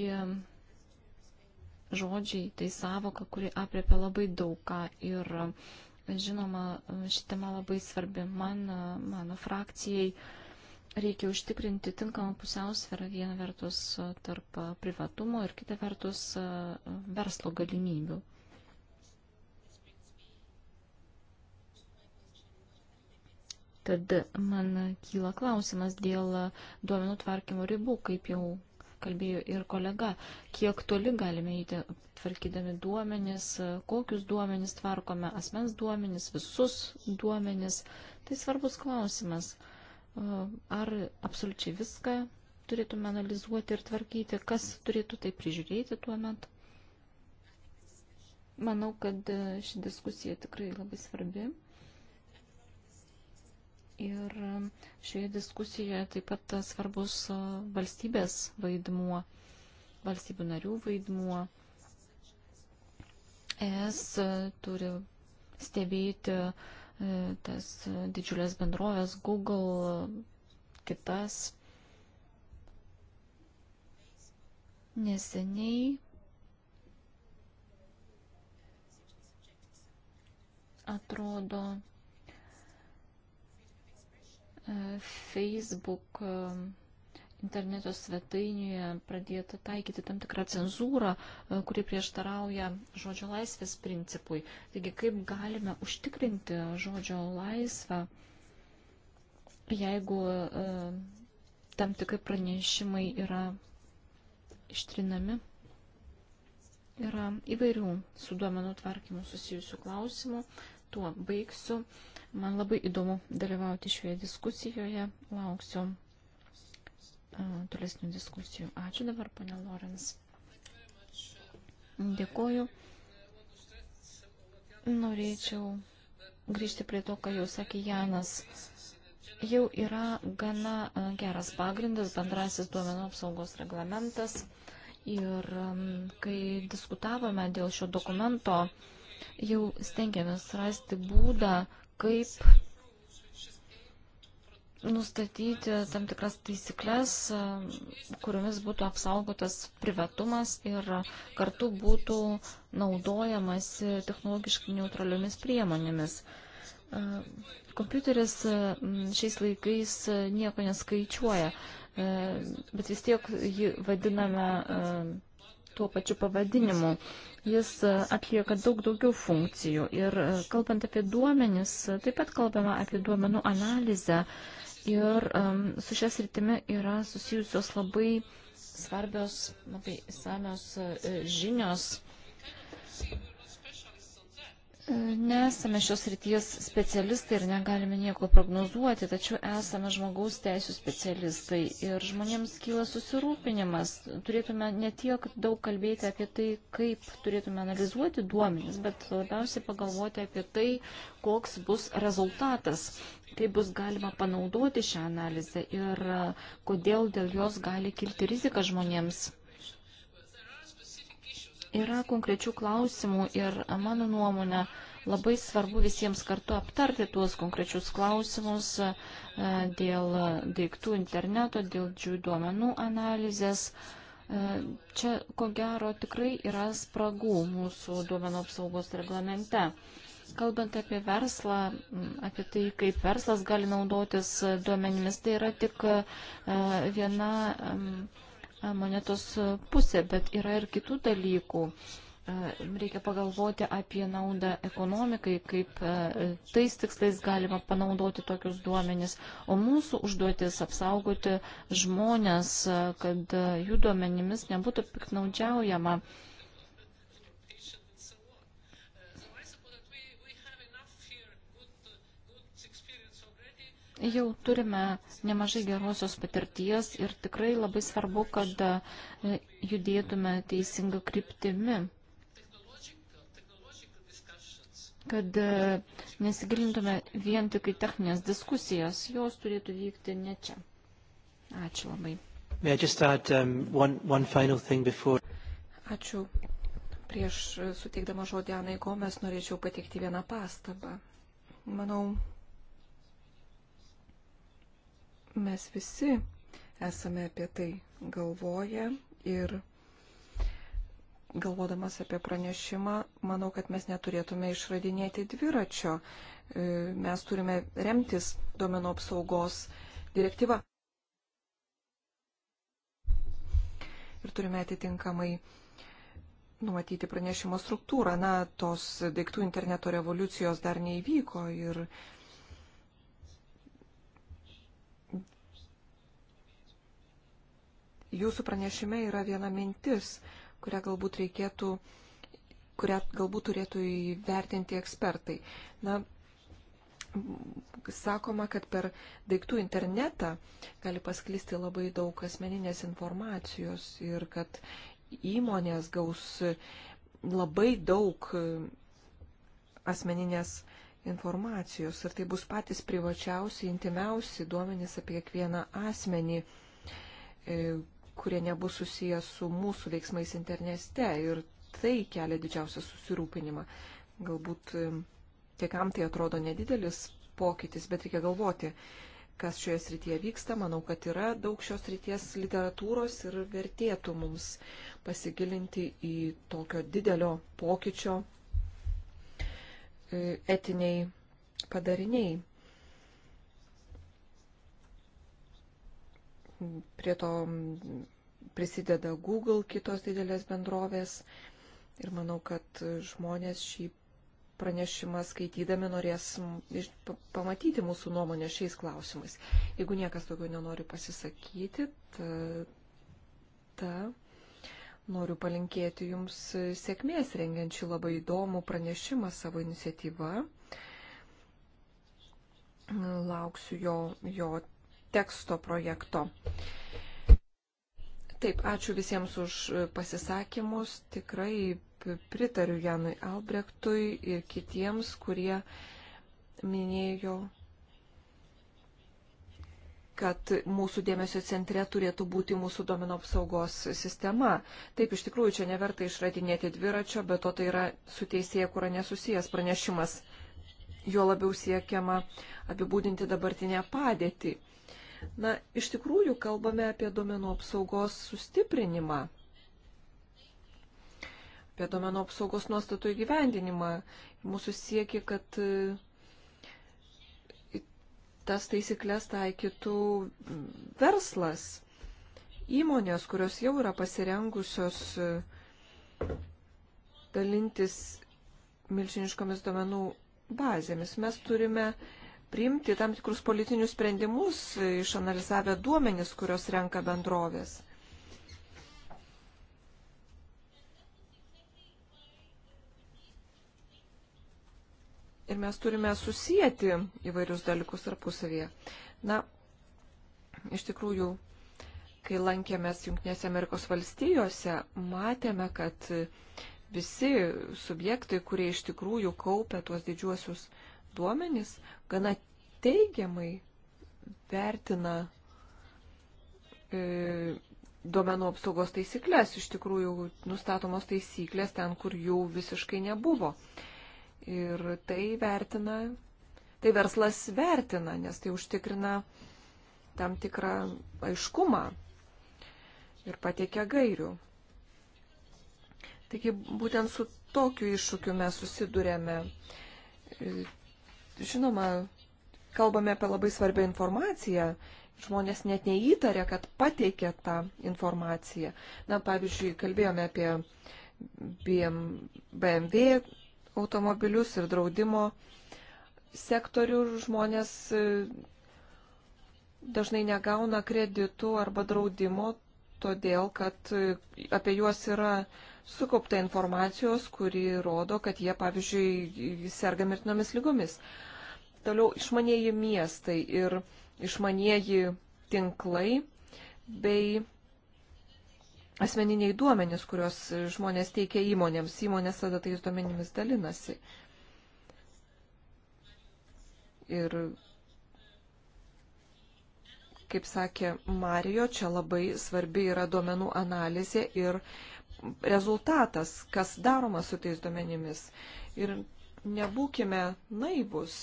žodžiai, tai savoka, kuri apriepia labai daugą ir žinoma, ši tema labai svarbi man, mano frakcijai. Reikia užtikrinti tinkamą pusiausvyrą vieną vertus tarp privatumo ir kitą vertus verslo galimybių. Tad man kyla klausimas dėl duomenų tvarkymo ribų, kaip jau kalbėjo ir kolega, kiek toli galime įti tvarkydami duomenis, kokius duomenis tvarkome, asmens duomenis, visus duomenis. Tai svarbus klausimas. E, ar absoliučiai viską turėtume analizuoti ir tvarkyti, kas turėtų tai prižiūrėti tuo metu? Manau, kad e, ši diskusija tikrai labai svarbi. Ir šioje diskusijoje taip pat svarbus valstybės vaidmuo, valstybių narių vaidmuo. ES turi stebėti tas didžiulės bendrovės Google, kitas. Neseniai atrodo E, Facebook e, interneto svetainėje pradėta taikyti tam tikrą cenzūrą, e, kuri prieštarauja žodžio laisvės principui. Taigi, kaip galime užtikrinti žodžio laisvę, jeigu tam tikri pranešimai yra ištrinami? Yra įvairių su duomenų tvarkymu susijusių klausimų. Tuo baigsiu. Man labai įdomu dalyvauti šioje diskusijoje. Lauksiu tolesnių diskusijų. Ačiū dabar, pane Lorenz. Dėkoju. Norėčiau grįžti prie to, ką jau sakė Janas. Jau yra gana geras pagrindas, bendrasis duomenų apsaugos reglamentas. Ir kai diskutavome dėl šio dokumento, jau stengiamės rasti būdą, kaip nustatyti tam tikras taisyklės, kuriomis būtų apsaugotas privatumas ir kartu būtų naudojamas technologiškai neutraliomis priemonėmis. Kompiuteris mm, šiais laikais nieko neskaičiuoja, e, bet vis tiek jį vadiname e, tuo pačiu pavadinimu. Jis e, atlieka daug daugiau funkcijų. Ir e, kalbant apie duomenis, e, taip pat kalbama apie duomenų analizę. Ir um, su šias rytimi yra susijusios labai svarbios, labai samios žinios Nesame šios ryties specialistai ir negalime nieko prognozuoti, tačiau esame žmogaus teisų specialistai ir žmonėms kyla susirūpinimas. Turėtume ne tiek daug kalbėti apie tai, kaip turėtume analizuoti duomenis, bet labiausiai pagalvoti apie tai, koks bus rezultatas, kaip bus galima panaudoti šią analizę ir kodėl dėl jos gali kilti rizika žmonėms. Yra konkrečių klausimų ir mano nuomonė labai svarbu visiems kartu aptarti tuos konkrečius klausimus e, dėl daiktų interneto, dėl džių duomenų analizės. E, čia, ko gero, tikrai yra spragų mūsų duomenų apsaugos reglamente. Kalbant apie verslą, apie tai, kaip verslas gali naudotis duomenimis, tai yra tik e, viena monetos pusė, bet yra ir kitų dalykų. Reikia pagalvoti apie naudą ekonomikai, kaip tais tikslais galima panaudoti tokius duomenis. O mūsų užduotis apsaugoti žmonės, kad jų duomenimis nebūtų piknaudžiaujama. Jau turime nemažai gerosios patirties ir tikrai labai svarbu, kad e, judėtume teisinga kryptimi kad e, nesigilintume vien tik į techninės diskusijas, jos turėtų vykti ne čia. Ačiū labai. Add, um, one, one Ačiū. Prieš e, suteikdama žodį Anai Gomes norėčiau pateikti vieną pastabą. Manau, Mes visi esame apie tai galvoję ir galvodamas apie pranešimą, manau, kad mes neturėtume išradinėti dviračio. E, mes turime remtis duomenų apsaugos direktyva. Ir turime atitinkamai numatyti pranešimo struktūrą. Na, tos daiktų interneto revoliucijos dar neįvyko ir Jūsų pranešime yra viena mintis, kurią galbūt reikėtų, kurią galbūt turėtų įvertinti ekspertai. Na, sakoma, kad per daiktų internetą gali pasklisti labai daug asmeninės informacijos ir kad įmonės gaus labai daug asmeninės informacijos ir tai bus patys privačiausi, intimiausi duomenys apie kiekvieną asmenį, e, kurie nebus susijęs su mūsų veiksmais internete ir tai kelia didžiausią susirūpinimą. Galbūt tiekam tai atrodo nedidelis pokytis, bet reikia galvoti, kas šioje srityje vyksta. Manau, kad yra daug šios srities literatūros ir vertėtų mums pasigilinti į tokio didelio pokyčio e, etiniai padariniai. prie to prisideda Google, kitos didelės bendrovės. Ir manau, kad žmonės šį pranešimą skaitydami norės pamatyti mūsų nuomonę šiais klausimais. Jeigu niekas daugiau nenori pasisakyti, ta, ta noriu palinkėti Jums sėkmės rengiančių labai įdomų pranešimą savo iniciatyvą. Lauksiu jo, jo teksto projekto. Taip, ačiū visiems už pasisakymus. Tikrai pritariu Janui Albrechtui ir kitiems, kurie minėjo, kad mūsų dėmesio centre turėtų būti mūsų domino apsaugos sistema. Taip, iš tikrųjų, čia neverta išradinėti dviračio, bet to tai yra su teisėje, kur nesusijęs pranešimas. Jo labiau siekiama apibūdinti dabartinę padėtį. Na, iš tikrųjų kalbame apie domenų apsaugos sustiprinimą, apie domenų apsaugos nuostatų įgyvendinimą. Mūsų siekia, kad e, tas taisyklės taikytų verslas, įmonės, kurios jau yra pasirengusios e, dalintis milžiniškomis domenų bazėmis. Mes turime priimti tam tikrus politinius sprendimus, išanalizavę duomenis, kurios renka bendrovės. Ir mes turime susijęti įvairius dalykus tarpusavyje. Na, iš tikrųjų, kai lankėmės Junktinėse Amerikos valstijose, matėme, kad visi subjektai, kurie iš tikrųjų kaupia tuos didžiuosius duomenys gana teigiamai vertina e, duomenų apsaugos taisyklės, iš tikrųjų nustatomos taisyklės ten, kur jų visiškai nebuvo. Ir tai vertina, tai verslas vertina, nes tai užtikrina tam tikrą aiškumą ir pateikia gairių. Taigi būtent su tokiu iššūkiu mes susidurėme e, žinoma, kalbame apie labai svarbią informaciją. Žmonės net neįtarė, kad pateikė tą informaciją. Na, pavyzdžiui, kalbėjome apie BMW automobilius ir draudimo sektorių žmonės e, dažnai negauna kreditų arba draudimo, todėl kad e, apie juos yra sukaupta informacijos, kuri rodo, kad jie, pavyzdžiui, serga mirtinomis lygomis. Toliau išmanieji miestai ir išmanieji tinklai bei asmeniniai duomenys, kuriuos žmonės teikia įmonėms. Įmonės tada tais duomenimis dalinasi. Ir kaip sakė Marijo, čia labai svarbi yra duomenų analizė ir uh, rezultatas, kas daroma su tais duomenimis. Ir nebūkime naivus,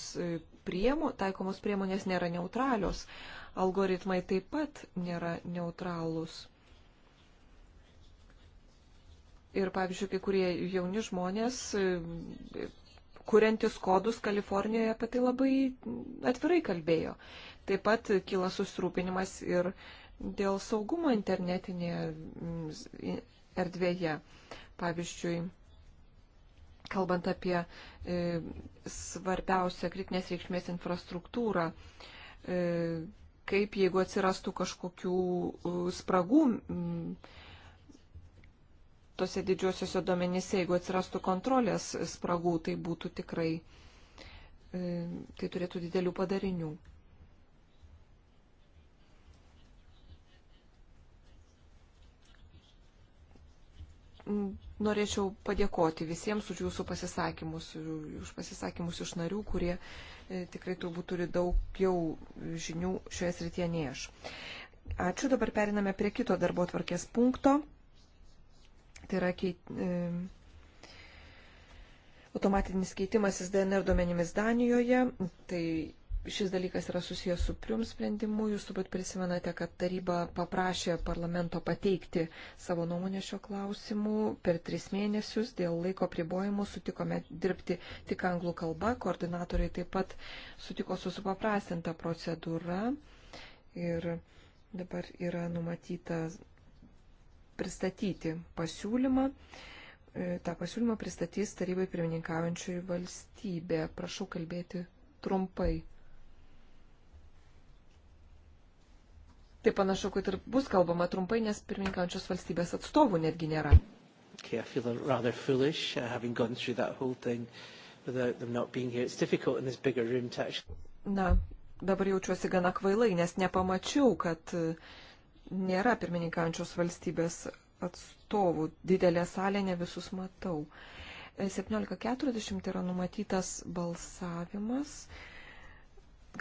priemo, taikomos priemonės nėra neutralios, algoritmai taip pat nėra neutralūs. Ir pavyzdžiui, kai kurie jauni žmonės, kuriantis kodus Kalifornijoje, apie tai labai atvirai kalbėjo. Taip pat kyla susirūpinimas ir dėl saugumo internetinėje erdvėje. Pavyzdžiui, kalbant apie e, svarbiausią kritinės reikšmės infrastruktūrą, e, kaip jeigu atsirastų kažkokių spragų tose didžiosiuose domenyse, jeigu atsirastų kontrolės spragų, tai būtų tikrai, e, tai turėtų didelių padarinių. norėčiau padėkoti visiems už jūsų pasisakymus, už pasisakymus iš narių, kurie e, tikrai turbūt turi daugiau žinių šioje srityje nei aš. Ačiū, dabar periname prie kito darbo tvarkės punkto. Tai yra keit, e, automatinis keitimasis DNR duomenimis Danijoje. Tai šis dalykas yra susijęs su prium sprendimu. Jūs turbūt prisimenate, kad taryba paprašė parlamento pateikti savo nuomonę šio klausimu. Per tris mėnesius dėl laiko pribojimų sutikome dirbti tik anglų kalba. Koordinatoriai taip pat sutiko su supaprastinta procedūra. Ir dabar yra numatyta pristatyti pasiūlymą. E, Ta pasiūlymą pristatys tarybai pirmininkaujančioji valstybė. Prašau kalbėti trumpai. Tai panašu, kad ir bus kalbama trumpai, nes pirmininkančios valstybės atstovų netgi nėra. Okay, I feel rather foolish uh, having gone through that whole thing without them not being here. It's difficult in this bigger room to actually. Na, dabar jaučiuosi gana kvailai, nes nepamačiau, kad uh, nėra pirmininkančios valstybės atstovų. Didelė salė, ne visus matau. 17.40 e, yra numatytas balsavimas.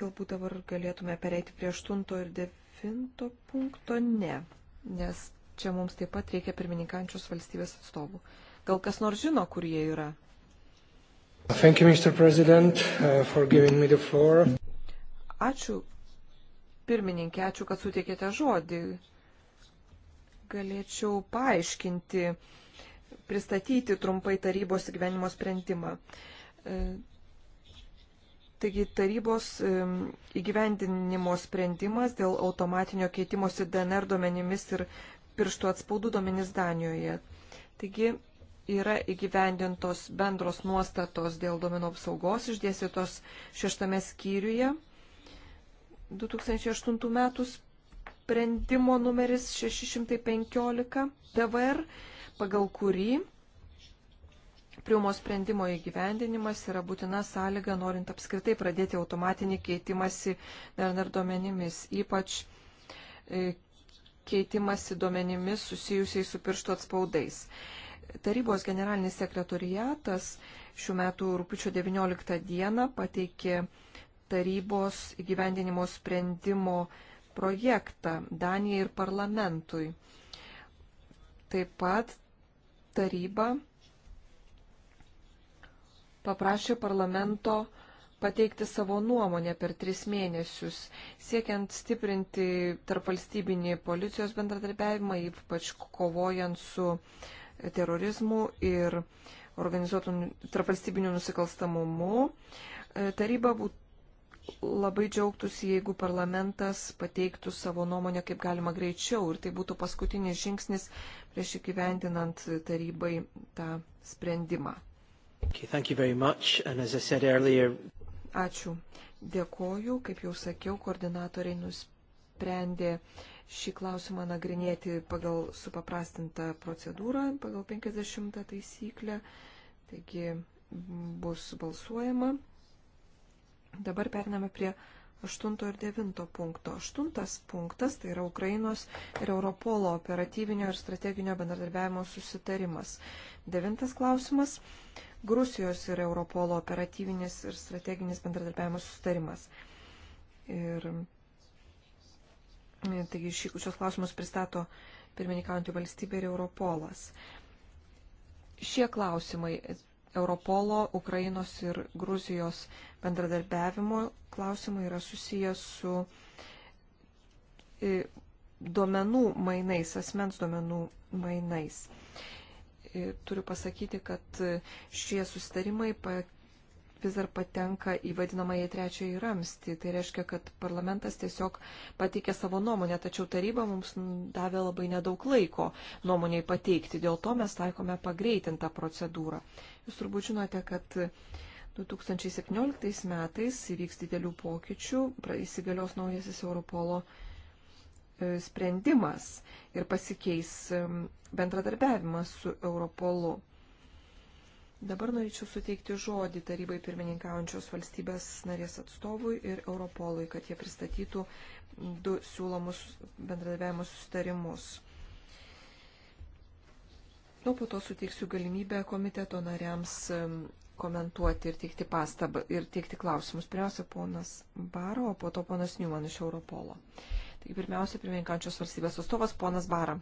Galbūt dabar galėtume pereiti prie 8 ir 9 devinto punkto ne, nes čia mums taip pat reikia pirmininkančios valstybės atstovų. Gal kas nors žino, kur jie yra? Thank you, Mr. President, uh, for giving me the floor. Ačiū, pirmininkė, ačiū, kad suteikėte žodį. Galėčiau paaiškinti, pristatyti trumpai tarybos gyvenimo sprendimą. Uh, Taigi tarybos įgyvendinimo sprendimas dėl automatinio keitimosi DNR duomenimis ir pirštų atspaudų duomenis Danijoje. Taigi yra įgyvendintos bendros nuostatos dėl duomenų apsaugos išdėstytos šeštame skyriuje 2008 metų sprendimo numeris 615 TVR, pagal kurį Priumo sprendimo įgyvendinimas yra būtina sąlyga, norint apskritai pradėti automatinį keitimąsi DNR duomenimis, ypač e, keitimąsi duomenimis susijusiai su piršto atspaudais. Tarybos generalinis sekretoriatas šių metų rūpiučio 19 dieną pateikė tarybos įgyvendinimo sprendimo projektą Danijai ir parlamentui. Taip pat taryba paprašė parlamento pateikti savo nuomonę per tris mėnesius, siekiant stiprinti tarpvalstybinį policijos bendradarbiavimą, ypač kovojant su terorizmu ir organizuotų tarpvalstybinių nusikalstamumu. E, taryba būtų labai džiaugtųsi, jeigu parlamentas pateiktų savo nuomonę kaip galima greičiau ir tai būtų paskutinis žingsnis prieš įgyvendinant tarybai tą sprendimą. Okay, earlier... Ačiū. Dėkoju, kaip jau sakiau, koordinatoriai nusprendė šį klausimą nagrinėti pagal supaprastintą procedūrą, pagal 50 taisyklę. Taigi bus balsuojama. Dabar pername prie 8 ir 9 punkto. 8 punktas tai yra Ukrainos ir Europolo operatyvinio ir strateginio bendradarbiavimo susitarimas. 9 klausimas. Grusijos ir Europolo operatyvinis ir strateginis bendradarbiavimo sustarimas. Ir e, taigi šios klausimus pristato pirmininkaujantį valstybę ir Europolas. Šie klausimai e, Europolo, Ukrainos ir Gruzijos bendradarbiavimo klausimai yra susijęs su e, duomenų mainais, asmens duomenų mainais. Ir e, turiu pasakyti, kad šie sustarimai vis dar patenka į vadinamąjį trečiąjį ramstį. Tai reiškia, kad parlamentas tiesiog pateikė savo nuomonę, tačiau taryba mums davė labai nedaug laiko nuomoniai pateikti. Dėl to mes taikome pagreitintą procedūrą. Jūs turbūt žinote, kad 2017 metais įvyks didelių pokyčių, įsigalios naujasis Europolo E, sprendimas ir pasikeis bendradarbiavimas su Europolu. Dabar norėčiau suteikti žodį tarybai pirmininkaujančios valstybės narės atstovui ir Europolui, kad jie pristatytų du siūlomus bendradarbiavimo susitarimus. Nu, po to suteiksiu galimybę komiteto nariams komentuoti ir teikti pastabą ir teikti klausimus. Pirmiausia, ponas Baro, o po to ponas Niuman iš Europolo. Taigi pirmiausia, pirmininkančios valstybės atstovas ponas Bara.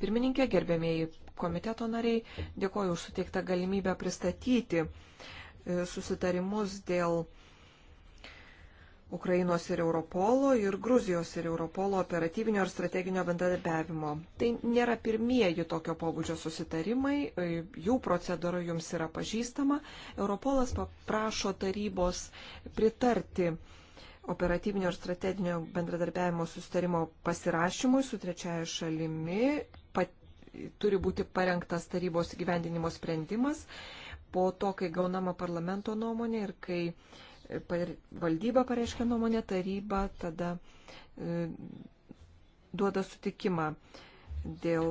Pirmininkė, gerbėmėjai komiteto nariai, dėkoju už suteiktą galimybę pristatyti e, susitarimus dėl Ukrainos ir Europolo ir Gruzijos ir Europolo operatyvinio ir strateginio bendradarbiavimo. Tai nėra pirmieji tokio pobūdžio susitarimai, e, jų procedūra jums yra pažįstama. Europolas paprašo tarybos pritarti operatyvinio ir strateginio bendradarbiavimo susitarimo pasirašymui su trečiaja šalimi. Pat, turi būti parengtas tarybos gyvendinimo sprendimas po to, kai gaunama parlamento nuomonė ir kai uh, valdyba pareiškia nuomonę, taryba tada e, duoda sutikimą dėl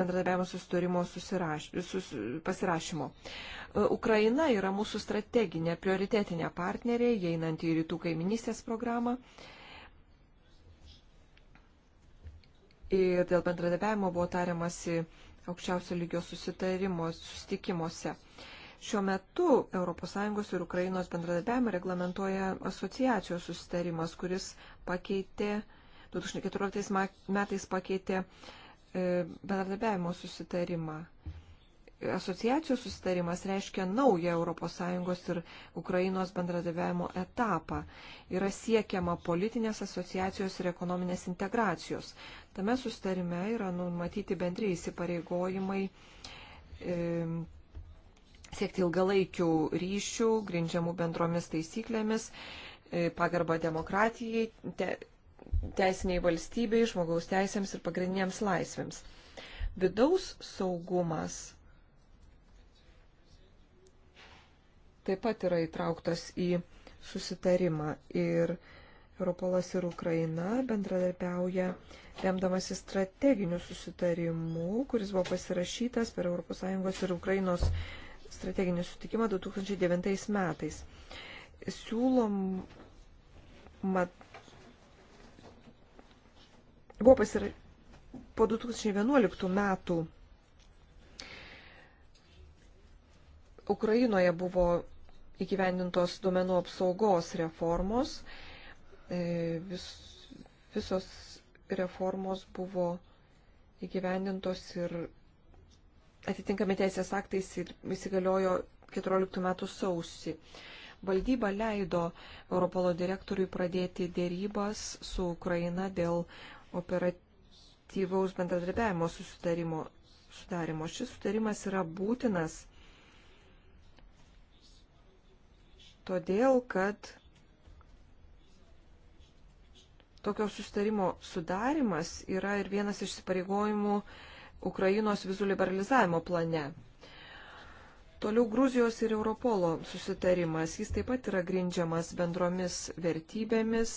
bendradarbiavimo susitarimo susiraš... sus... pasirašymo. E, Ukraina yra mūsų strateginė, prioritetinė partnerė, einanti į rytų kaiminystės programą. Ir dėl bendradarbiavimo buvo tariamasi aukščiausio lygio susitarimo, sustikimuose. Uh, Šiuo metu ES ir Ukrainos bendradarbiavimą reglamentoja asociacijos susitarimas, kuris pakeitė, 2014 metais pakeitė e, bendradarbiavimo susitarimą. Asociacijos susitarimas reiškia naują ES ir Ukrainos bendradarbiavimo etapą. Yra siekiama politinės asociacijos ir ekonominės integracijos. Tame susitarime yra numatyti bendrai įsipareigojimai. E, siekti ilgalaikių ryšių, grindžiamų bendromis taisyklėmis, e, pagarba demokratijai, te, teisiniai valstybei, žmogaus teisėms ir pagrindiniams laisvėms. Vidaus saugumas taip pat yra įtrauktas į susitarimą ir Europolas ir Ukraina bendradarbiauja remdamasi strateginiu susitarimu, kuris buvo pasirašytas per ES ir Ukrainos strateginį sutikimą 2009 metais. Siūloma buvo pasira... po 2011 metų Ukrainoje buvo įgyvendintos duomenų apsaugos reformos. E, vis, visos reformos buvo įgyvendintos ir atitinkami teisės aktais įsigaliojo 14 metų sausi. Valdyba leido Europolo direktoriui pradėti dėrybas su Ukraina dėl operatyvaus bendradarbiavimo susitarimo. Sudarimo. Šis sutarimas yra būtinas todėl, kad tokio susitarimo sudarimas yra ir vienas iš įsipareigojimų uh, Ukrainos vizų liberalizavimo plane. Toliau Gruzijos ir Europolo susitarimas. Jis taip pat yra grindžiamas bendromis vertybėmis,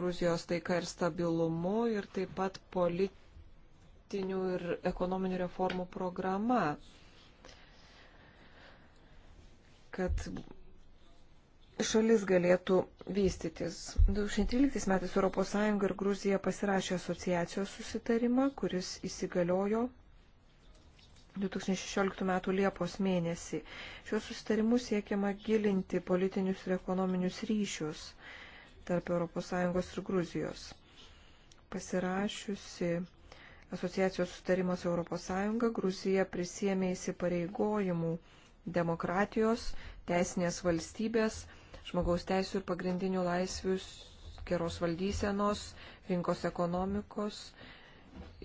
Gruzijos taika ir stabilumu ir taip pat politinių ir ekonominių reformų programa. Kad šalis galėtų vystytis. 2013 metais ES ir Gruzija pasirašė asociacijos susitarimą, kuris įsigaliojo 2016 m. Liepos mėnesį. Šiuo susitarimu siekiama gilinti politinius ir ekonominius ryšius tarp ES ir Gruzijos. Pasirašiusi asociacijos sutarimas ES, Gruzija prisėmė įsipareigojimų demokratijos, teisinės valstybės, žmogaus teisų ir pagrindinių laisvius, geros valdysenos, rinkos ekonomikos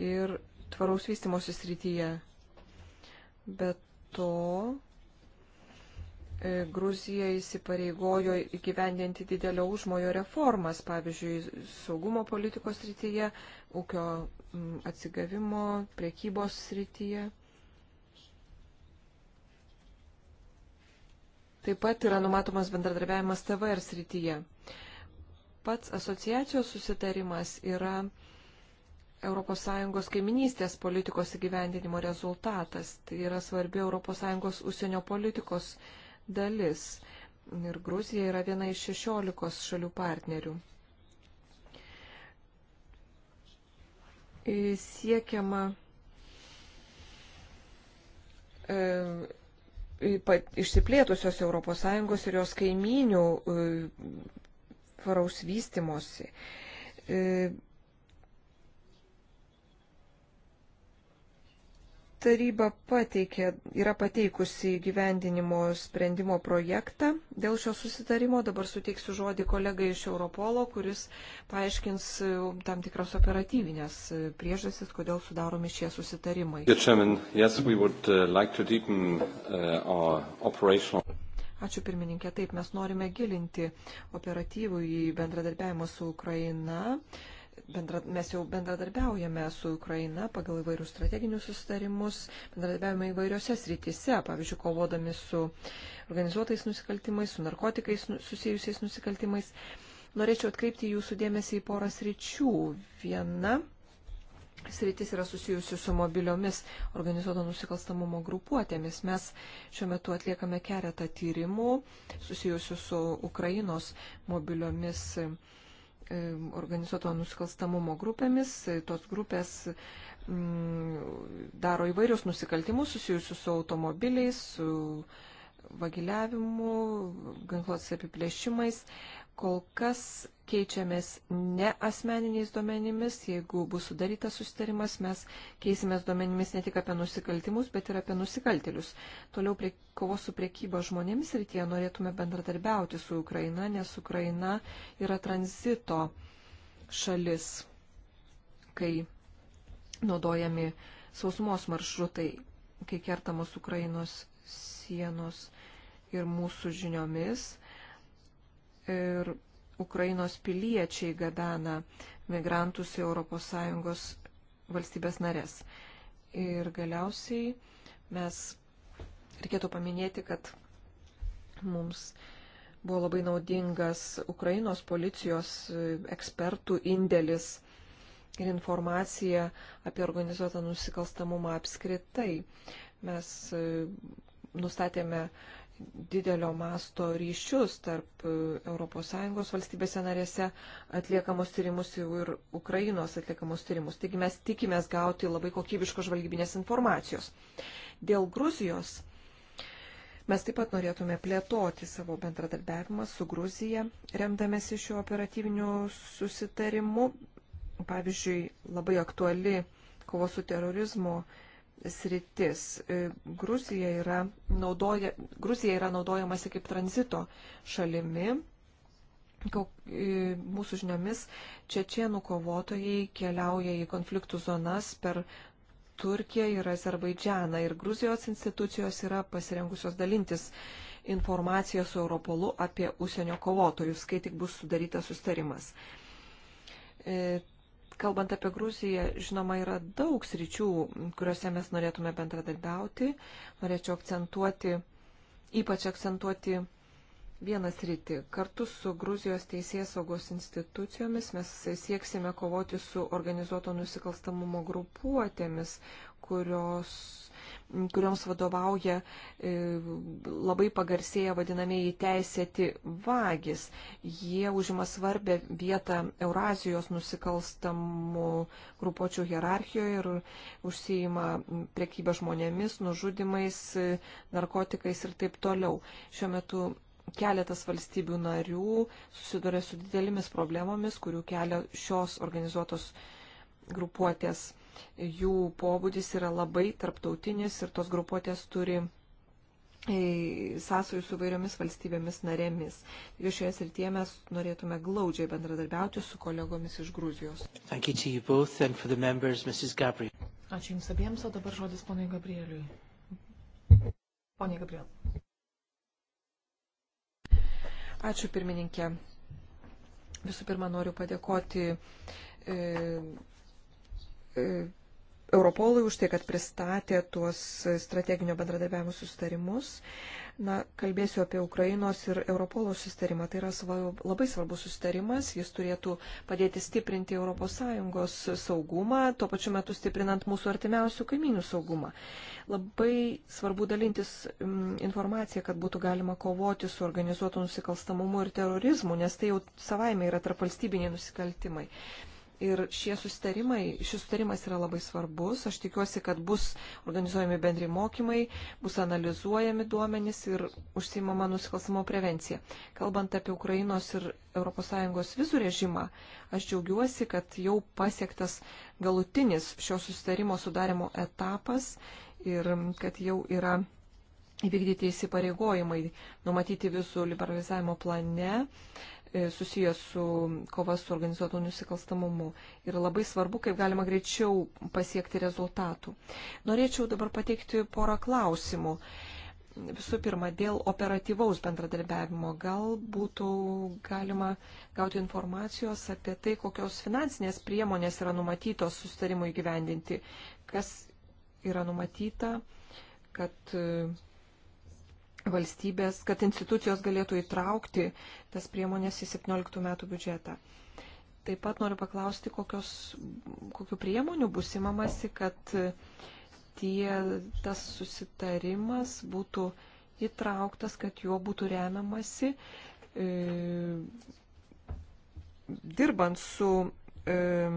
ir tvaraus vystimosi srityje. Be to, e, Gruzija įsipareigojo įgyvendinti didelio užmojo reformas, pavyzdžiui, saugumo politikos srityje, ūkio atsigavimo, priekybos srityje. Taip pat yra numatomas bendradarbiavimas TVR srityje. Pats asociacijos susitarimas yra ES kaiminystės politikos įgyvendinimo rezultatas. Tai yra svarbi ES užsienio politikos dalis. Ir Gruzija yra viena iš 16 šalių partnerių. Siekiama e, išsiplėtusios ES ir jos kaimynių e, varaus vystimosi. E, taryba pateikė, yra pateikusi gyvendinimo sprendimo projektą dėl šio susitarimo. Dabar suteiksiu žodį kolegai iš Europolo, kuris paaiškins um, tam tikras operatyvinės uh, priežasis, kodėl sudaromi šie susitarimai. Uh, uh, Ačiū pirmininkė, taip mes norime gilinti operatyvų į bendradarbiavimą su Ukraina. Uh, bendra, mes jau bendradarbiaujame su Ukraina pagal įvairius strateginius sustarimus, bendradarbiaujame įvairiose srityse, pavyzdžiui, kovodami su organizuotais nusikaltimais, su narkotikais nu, susijusiais nusikaltimais. Norėčiau atkreipti jūsų dėmesį į porą sričių. Viena sritis yra susijusi su mobiliomis organizuoto nusikalstamumo grupuotėmis. Mes šiuo metu atliekame keletą tyrimų susijusių su Ukrainos mobiliomis organizuotomis organizuoto nusikalstamumo grupėmis. Tos grupės daro įvairius nusikaltimus susijusius su automobiliais, su vagiliavimu, ginkluotės apiplėšimais. Kol kas keičiamės ne asmeniniais duomenimis. Jeigu bus sudarytas susitarimas, mes keisimės duomenimis ne tik apie nusikaltimus, bet ir apie nusikaltelius. Toliau prie kovos su priekyba žmonėmis rytyje norėtume bendradarbiauti su Ukraina, nes Ukraina yra tranzito šalis, kai naudojami sausumos maršrutai, kai kertamos Ukrainos sienos ir mūsų žiniomis. Ir Ukrainos piliečiai gabena migrantus į ES valstybės narės. Ir galiausiai mes reikėtų paminėti, kad mums buvo labai naudingas Ukrainos policijos e, ekspertų indėlis ir informacija apie organizuotą nusikalstamumą apskritai. Mes e, nustatėme uh, didelio masto ryšius tarp ES valstybėse narėse atliekamos tyrimus ir Ukrainos atliekamos tyrimus. Taigi mes tikimės gauti labai kokybiškos žvalgybinės informacijos. Dėl Gruzijos mes taip pat norėtume plėtoti savo bendradarbiavimą su Gruzija, remdamėsi šiuo operatyviniu susitarimu. Pavyzdžiui, labai aktuali kovo su terorizmu sritis. E, Gruzija yra, naudoja, Gruzija yra naudojamasi kaip tranzito šalimi. E, mūsų žiniomis čečienų kovotojai keliauja į konfliktų zonas per Turkiją ir Azerbaidžianą. Ir Gruzijos institucijos yra pasirengusios dalintis informaciją su Europolu apie užsienio kovotojus, kai tik bus sudarytas sustarimas. E, kalbant apie Gruziją, žinoma, yra daug sričių, kuriuose mes norėtume bendradarbiauti. Norėčiau akcentuoti, ypač akcentuoti vieną sritį. Kartu su Gruzijos teisės saugos institucijomis mes sieksime kovoti su organizuoto nusikalstamumo grupuotėmis, kurios kurioms vadovauja e, labai pagarsėję vadinamieji teisėti vagys. Jie užima svarbę vietą Eurazijos nusikalstamų grupuočių hierarchijoje ir užsijima priekybę žmonėmis, nužudimais, e, narkotikais ir taip toliau. Šiuo metu keletas valstybių narių susiduria su didelėmis problemomis, kurių kelia šios organizuotos grupuotės jų pobūdis yra labai tarptautinis ir tos grupuotės turi e, sąsajų su vairiomis valstybėmis narėmis. Ir šioje srityje mes norėtume glaudžiai bendradarbiauti su kolegomis iš Gruzijos. Members, Ačiū Jums abiems, o dabar žodis ponui Gabrieliui. Pone Gabriel. Ačiū pirmininkė. Visų pirma, noriu padėkoti e, E, Europolui už tai, kad pristatė tuos strateginio bendradarbiavimo sustarimus. Na, kalbėsiu apie Ukrainos ir Europolo sustarimą. Tai yra svab, labai svarbus sustarimas. Jis turėtų padėti stiprinti ES saugumą, tuo pačiu metu stiprinant mūsų artimiausių kaiminių saugumą. Labai svarbu dalintis m, informaciją, kad būtų galima kovoti su organizuotu nusikalstamumu ir terorizmu, nes tai jau savaime yra tarpvalstybiniai nusikaltimai. Ir šie sustarimai, šis sustarimas yra labai svarbus. Aš tikiuosi, kad bus organizuojami bendri mokymai, bus analizuojami duomenys ir užsimama nusikalstamo prevencija. Kalbant apie Ukrainos ir ES vizų režimą, aš džiaugiuosi, kad jau pasiektas galutinis šio sustarimo sudarimo etapas ir kad jau yra įvykdyti įsipareigojimai numatyti visų liberalizavimo plane. E, susijęs su kova su organizuotu nusikalstamumu. Ir labai svarbu, kaip galima greičiau pasiekti rezultatų. Norėčiau dabar pateikti porą klausimų. Visų pirma, dėl operatyvaus bendradarbiavimo. Gal būtų galima gauti informacijos apie tai, kokios finansinės priemonės yra numatytos sustarimui gyvendinti, kas yra numatyta, kad e, valstybės, kad institucijos galėtų įtraukti tas priemonės į 17 metų biudžetą. Taip pat noriu paklausti, kokios, kokiu priemonių bus įmamasi, kad tie, tas susitarimas būtų įtrauktas, kad juo būtų remiamasi, e, dirbant su e,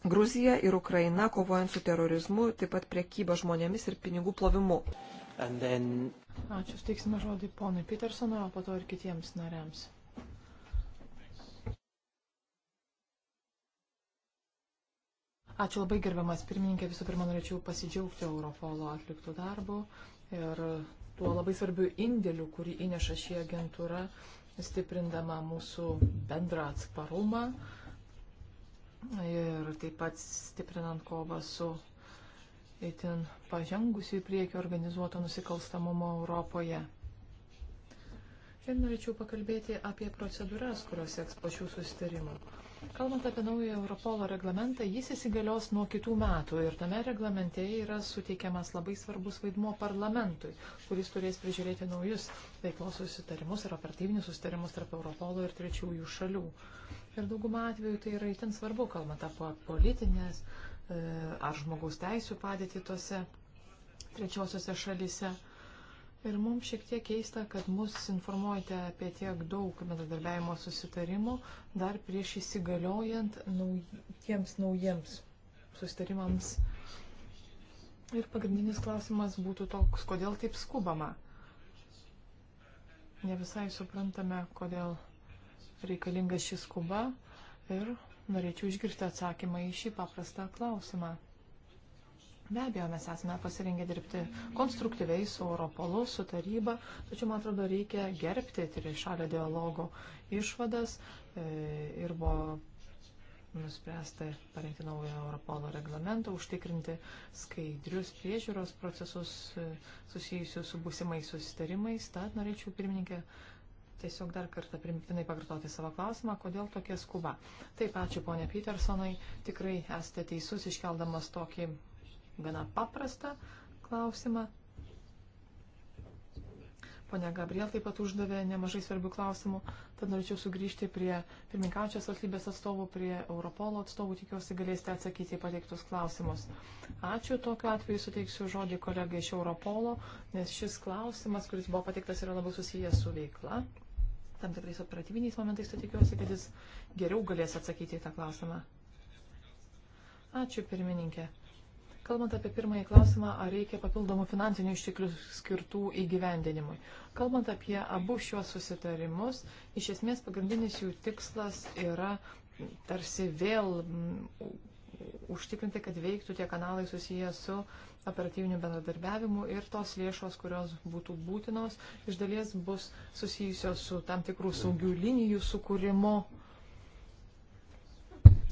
Gruzija ir Ukraina, kovojant su terorizmu, taip pat priekyba žmonėmis ir pinigų plovimu then... Ačiū, steiksime žodį ponui Petersonui, o po to ir kitiems nariams. Ačiū labai gerbiamas pirmininkė. Visų pirma, norėčiau pasidžiaugti Europolo atliktų darbų ir tuo labai svarbiu indėliu, kurį įneša šį agentūrą, stiprindama mūsų bendrą atsparumą ir taip pat stiprinant kovą su itin pažengusi į priekį organizuoto nusikalstamumo Europoje. Ir norėčiau pakalbėti apie procedūras, kurios seks po šių susitarimų. Kalbant apie naują Europolo reglamentą, jis įsigalios nuo kitų metų ir tame reglamente yra suteikiamas labai svarbus vaidmuo parlamentui, kuris turės prižiūrėti naujus veiklos susitarimus ir operatyvinius susitarimus tarp Europolo ir trečiųjų šalių. Ir dauguma atveju tai yra itin svarbu, kalbant apie politinės E, ar žmogaus teisų padėti tose trečiosiose šalise. Ir mums šiek tiek keista, kad mus informuojate apie tiek daug bendradarbiavimo susitarimų dar prieš įsigaliojant nauj, tiems naujiems susitarimams. Ir pagrindinis klausimas būtų toks, kodėl taip skubama. Ne visai suprantame, kodėl reikalinga ši skuba ir Norėčiau išgirsti atsakymą į šį paprastą klausimą. Be abejo, mes esame pasirengę dirbti konstruktyviai su Europolu, su taryba, tačiau, man atrodo, reikia gerbti trišalio dialogo išvadas e, ir buvo nuspręsta parengti naują Europolo reglamentą, užtikrinti skaidrius priežiūros procesus e, susijusius su būsimais susitarimais. Tad norėčiau, pirmininkė, tiesiog dar kartą primtinai pakartoti savo klausimą, kodėl tokia skuba. Taip, ačiū ponė Petersonai, tikrai esate teisus iškeldamas tokį gana paprastą klausimą. Pone Gabriel taip pat uždavė nemažai svarbių klausimų, tad norėčiau sugrįžti prie pirmininkaučios atlybės atstovų, prie Europolo atstovų, tikiuosi galėsite atsakyti į pateiktus klausimus. Ačiū, tokiu atveju suteiksiu žodį kolegai iš Europolo, nes šis klausimas, kuris buvo pateiktas, yra labai susijęs su veikla tam tikrais operatyviniais momentais, tai tikiuosi, kad jis geriau galės atsakyti į tą klausimą. Ačiū, pirmininkė. Kalbant apie pirmąjį klausimą, ar reikia papildomų finansinių išteklių skirtų įgyvendinimui. Kalbant apie abu šiuos susitarimus, iš esmės pagrindinis jų tikslas yra tarsi vėl užtikrinti, kad veiktų tie kanalai susiję su operatyviniu bendradarbiavimu ir tos lėšos, kurios būtų būtinos, iš dalies bus susijusios su tam tikrų saugių linijų sukūrimu.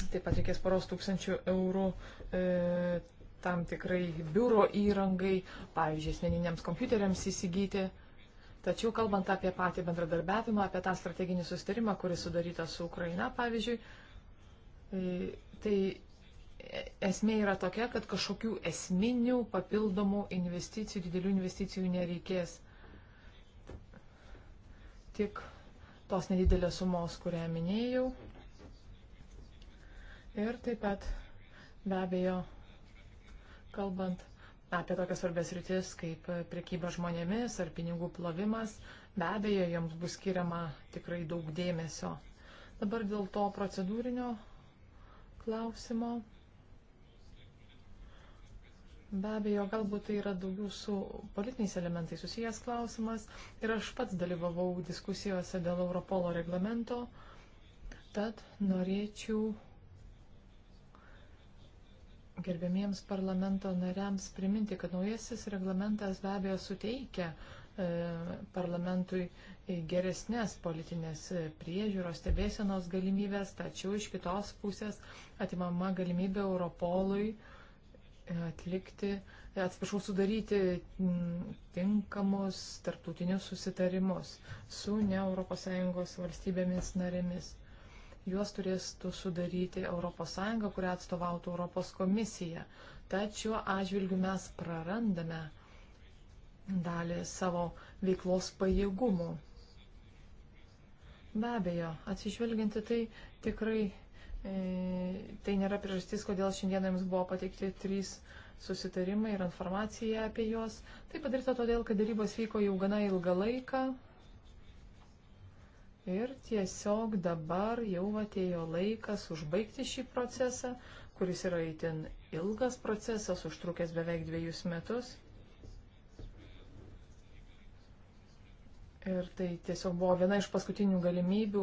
Taip pat reikės poros tūkstančių eurų e, tam tikrai biuro įrangai, pavyzdžiui, asmeniniams kompiuteriams įsigyti. Tačiau kalbant apie patį bendradarbiavimą, apie tą strateginį sustarimą, kuris sudarytas su Ukraina, pavyzdžiui, e, tai esmė yra tokia, kad kažkokių esminių papildomų investicijų, didelių investicijų nereikės. Tik tos nedidelės sumos, kurią minėjau. Ir taip pat be abejo, kalbant apie tokias svarbės rytis kaip priekyba žmonėmis ar pinigų plovimas, be abejo, joms bus skiriama tikrai daug dėmesio. Dabar dėl to procedūrinio klausimo. Be abejo, galbūt tai yra daugiau su politiniais elementais susijęs klausimas ir aš pats dalyvavau diskusijose dėl Europolo reglamento, tad norėčiau gerbėmiems parlamento nariams priminti, kad naujasis reglamentas be abejo suteikia e, parlamentui geresnės politinės e, priežiūros stebėsenos galimybės, tačiau iš kitos pusės atimama galimybė Europolui uh, atlikti, atsiprašau, sudaryti mm, tinkamus tarptautinius susitarimus su ne ES valstybėmis narėmis. Juos turės sudaryti ES, kurią atstovautų Europos komisija. Tačiau atžvilgiu mes prarandame dalį savo veiklos pajėgumų. Be abejo, atsižvelginti tai tikrai E, tai nėra priežastis, kodėl šiandieną jums buvo pateikti trys susitarimai ir informacija apie juos. Tai padaryta todėl, kad darybos vyko jau gana ilgą laiką. Ir tiesiog dabar jau atėjo laikas užbaigti šį procesą, kuris yra įtin ilgas procesas, užtrukęs beveik dviejus metus. Ir tai tiesiog buvo viena iš paskutinių galimybių,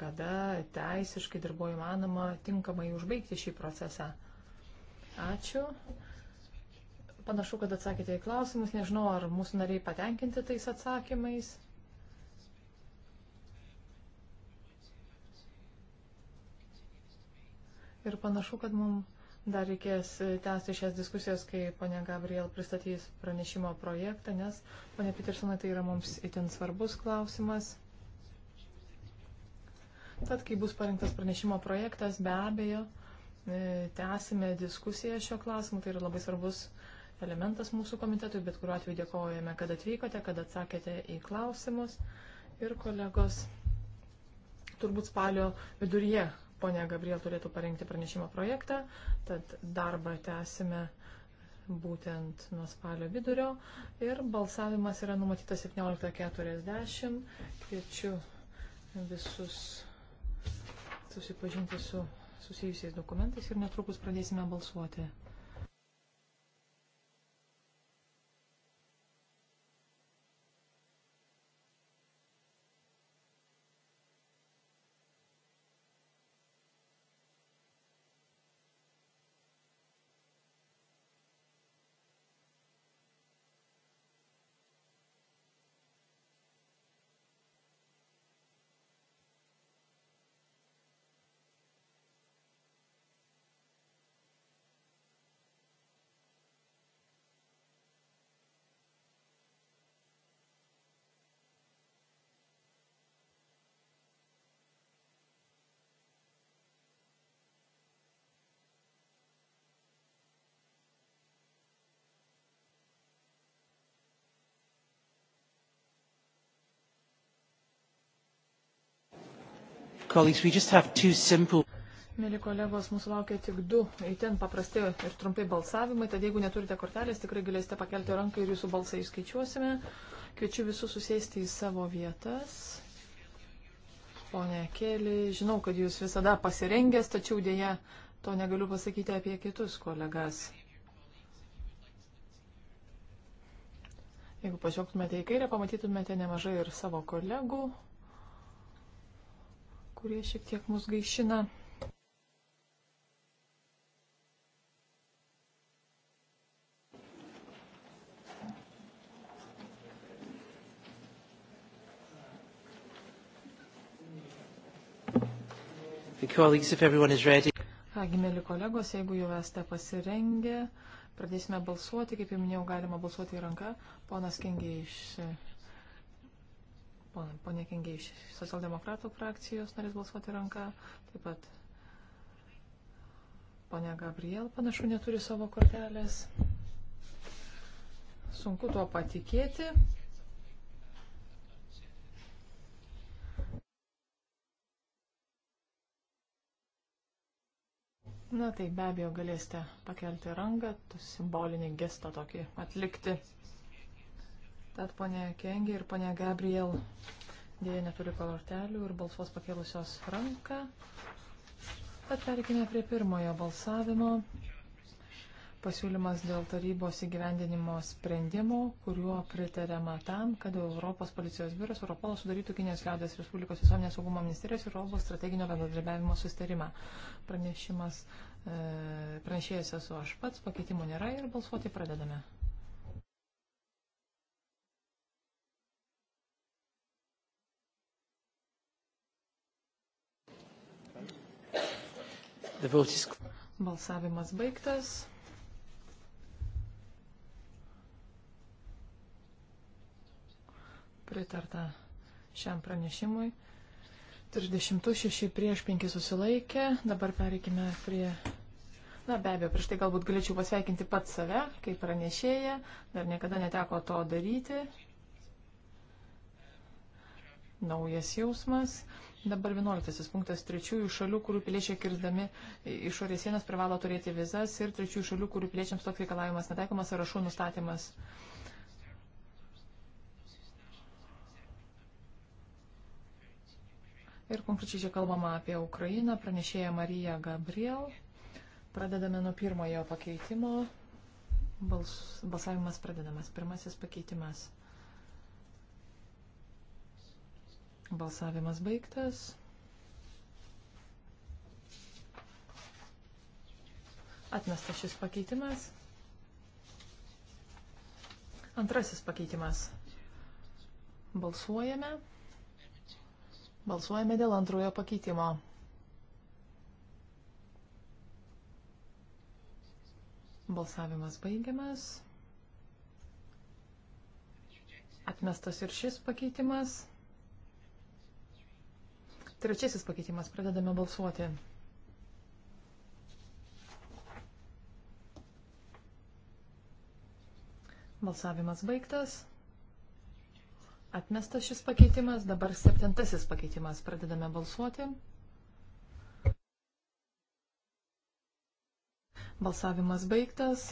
kada teisiškai dar buvo įmanoma tinkamai užbaigti šį procesą. Ačiū. Panašu, kad atsakėte į klausimus. Nežinau, ar mūsų nariai patenkinti tais atsakymais. Ir panašu, kad mums Dar reikės e, tęsti šias diskusijas, kai ponia Gabriel pristatys pranešimo projektą, nes ponia Petersonai tai yra mums itin svarbus klausimas. Tad, kai bus parinktas pranešimo projektas, be abejo, e, tęsime diskusiją šio klausimu. Tai yra labai svarbus elementas mūsų komitetui, bet kuriuo atveju dėkojame, kad atvykote, kad atsakėte į klausimus. Ir kolegos, turbūt spalio viduryje Pone Gabriel turėtų parengti pranešimo projektą, tad darbą tęsime būtent nuo spalio vidurio ir balsavimas yra numatytas 17.40. Kviečiu visus susipažinti su susijusiais dokumentais ir netrukus pradėsime balsuoti. colleagues, we just have two simple. Mėly kolegos, mūsų laukia tik du įten paprasti ir trumpai balsavimai, tad jeigu neturite kortelės, tikrai galėsite pakelti ranką ir jūsų balsą įskaičiuosime. Kviečiu visus susėsti į savo vietas. Pone Kėlį, žinau, kad jūs visada pasirengęs, tačiau dėja to negaliu pasakyti apie kitus kolegas. Jeigu pažiūrėtumėte į kairę, pamatytumėte nemažai ir savo kolegų, kurie šiek tiek mus gaišina. Kągi, mėly kolegos, jeigu jau esate pasirengę, pradėsime balsuoti. Kaip jau minėjau, galima balsuoti į ranką. Ponas Kengiai iš Pone Kengiai iš socialdemokratų frakcijos norės balsuoti ranką. Taip pat ponia Gabriel panašu neturi savo kortelės. Sunku tuo patikėti. Na tai be abejo galėsite pakelti ranką, simbolinį gestą tokį atlikti. Tad ponė Kengė ir ponė Gabriel dėja neturi kolortelių ir balsuos pakėlusios ranką. Tad perikime prie pirmojo balsavimo. Pasiūlymas dėl tarybos įgyvendinimo sprendimo, kuriuo pritariama tam, kad Europos policijos biuras Europolas sudarytų Kinijos liaudės Respublikos visuomenės saugumo ministerijos ir Europos strateginio bendradarbiavimo sustarimą. Pranešimas, e, pranešėjęs esu aš pats, pakeitimų nėra ir balsuoti pradedame. Balsavimas baigtas. Pritarta šiam pranešimui. 36 prieš 5 susilaikė. Dabar pereikime prie. Na be abejo, prieš tai galbūt galėčiau pasveikinti pat save, kaip pranešėja. Dar niekada neteko to daryti. Naujas jausmas. Dabar 11 punktas. Trečiųjų šalių, kurių piliečiai kirsdami išorės sienas privalo turėti vizas ir trečiųjų šalių, kurių piliečiams toks reikalavimas netaikomas, sąrašų nustatymas. Ir konkrečiai čia kalbama apie Ukrainą, pranešėja Marija Gabriel. Pradedame nuo pirmojo pakeitimo. Bals, balsavimas pradedamas. Pirmasis pakeitimas. Balsavimas baigtas. Atmestas šis pakeitimas. Antrasis pakeitimas. Balsuojame. Balsuojame dėl antrojo pakeitimo. Balsavimas baigiamas. Atmestas ir šis pakeitimas. Trečiasis pakeitimas. Pradedame balsuoti. Balsavimas baigtas. Atmestas šis pakeitimas. Dabar septintasis pakeitimas. Pradedame balsuoti. Balsavimas baigtas.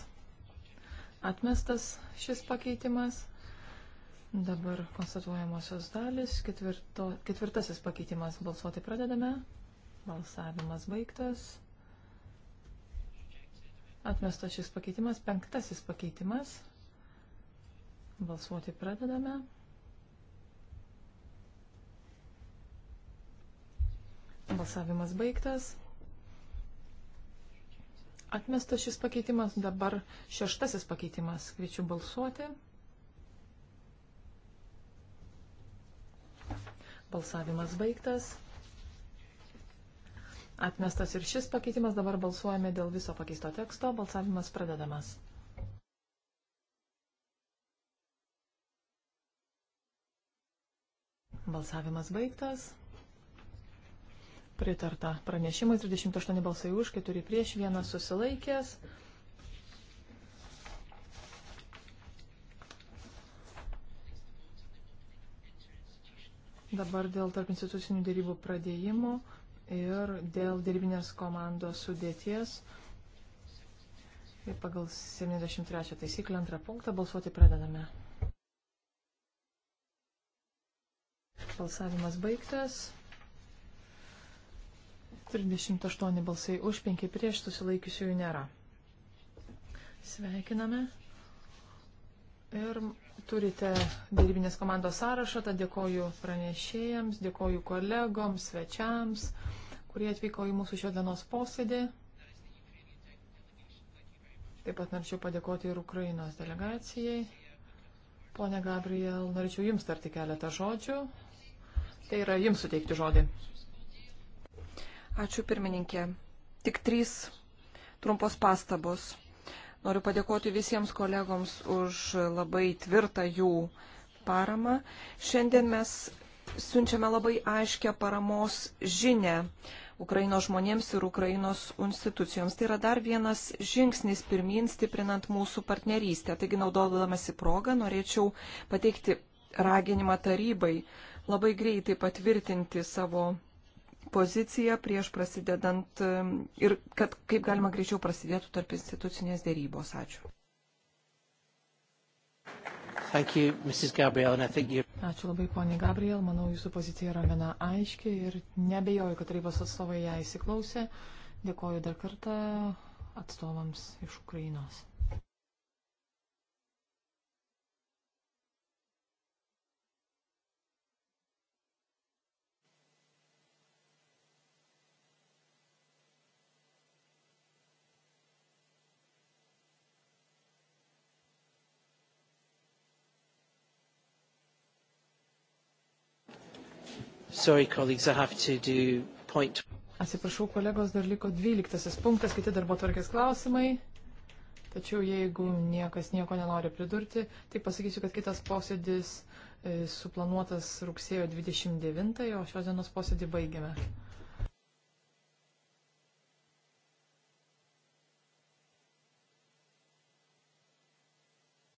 Atmestas šis pakeitimas. Dabar konstatuojamosios dalis, ketvirto, ketvirtasis pakeitimas balsuoti pradedame, balsavimas baigtas, atmestas šis pakeitimas, penktasis pakeitimas, balsuoti pradedame, balsavimas baigtas. Atmestas šis pakeitimas, dabar šeštasis pakeitimas. Kviečiu balsuoti. Balsavimas baigtas. Atmestas ir šis pakeitimas. Dabar balsuojame dėl viso pakeisto teksto. Balsavimas pradedamas. Balsavimas baigtas. Pritarta pranešimui 38 balsai už, 4 prieš, 1 susilaikęs. Dabar dėl tarp institucinių dėrybų pradėjimo ir dėl dėrybinės komandos sudėties. Ir pagal 73 taisyklę antrą punktą balsuoti pradedame. Balsavimas baigtas. 38 balsai už, 5 prieš, susilaikiusiųjų nėra. Sveikiname. Ir Turite dėrybinės komandos sąrašą, tad dėkoju pranešėjams, dėkoju kolegoms, svečiams, kurie atvyko į mūsų šios dienos posėdį. Taip pat norėčiau padėkoti ir Ukrainos delegacijai. Pone Gabriel, norėčiau Jums tarti keletą žodžių. Tai yra Jums suteikti žodį. Ačiū pirmininkė. Tik trys trumpos pastabos. Noriu padėkoti visiems kolegoms už labai tvirtą jų paramą. Šiandien mes siunčiame labai aiškę paramos žinę Ukrainos žmonėms ir Ukrainos institucijoms. Tai yra dar vienas žingsnis pirmin stiprinant mūsų partnerystę. Taigi, naudodamasi progą, norėčiau pateikti raginimą tarybai labai greitai patvirtinti savo poziciją prieš prasidedant ir kad kaip galima greičiau prasidėtų tarp institucinės dėrybos. Ačiū. Thank you, Mrs. Gabriel, and I think you... Ačiū labai, ponė Gabriel. Manau, jūsų pozicija yra gana aiški ir nebejoju, kad tarybos atstovai ją įsiklausė. Dėkoju dar kartą atstovams iš Ukrainos. Sorry, colleagues, I have to do point. Atsiprašau, kolegos, dar liko 12 punktas, kiti darbo tvarkės klausimai. Tačiau jeigu niekas nieko nenori pridurti, tai pasakysiu, kad kitas posėdis e, suplanuotas rugsėjo 29, o šios dienos posėdį baigiame.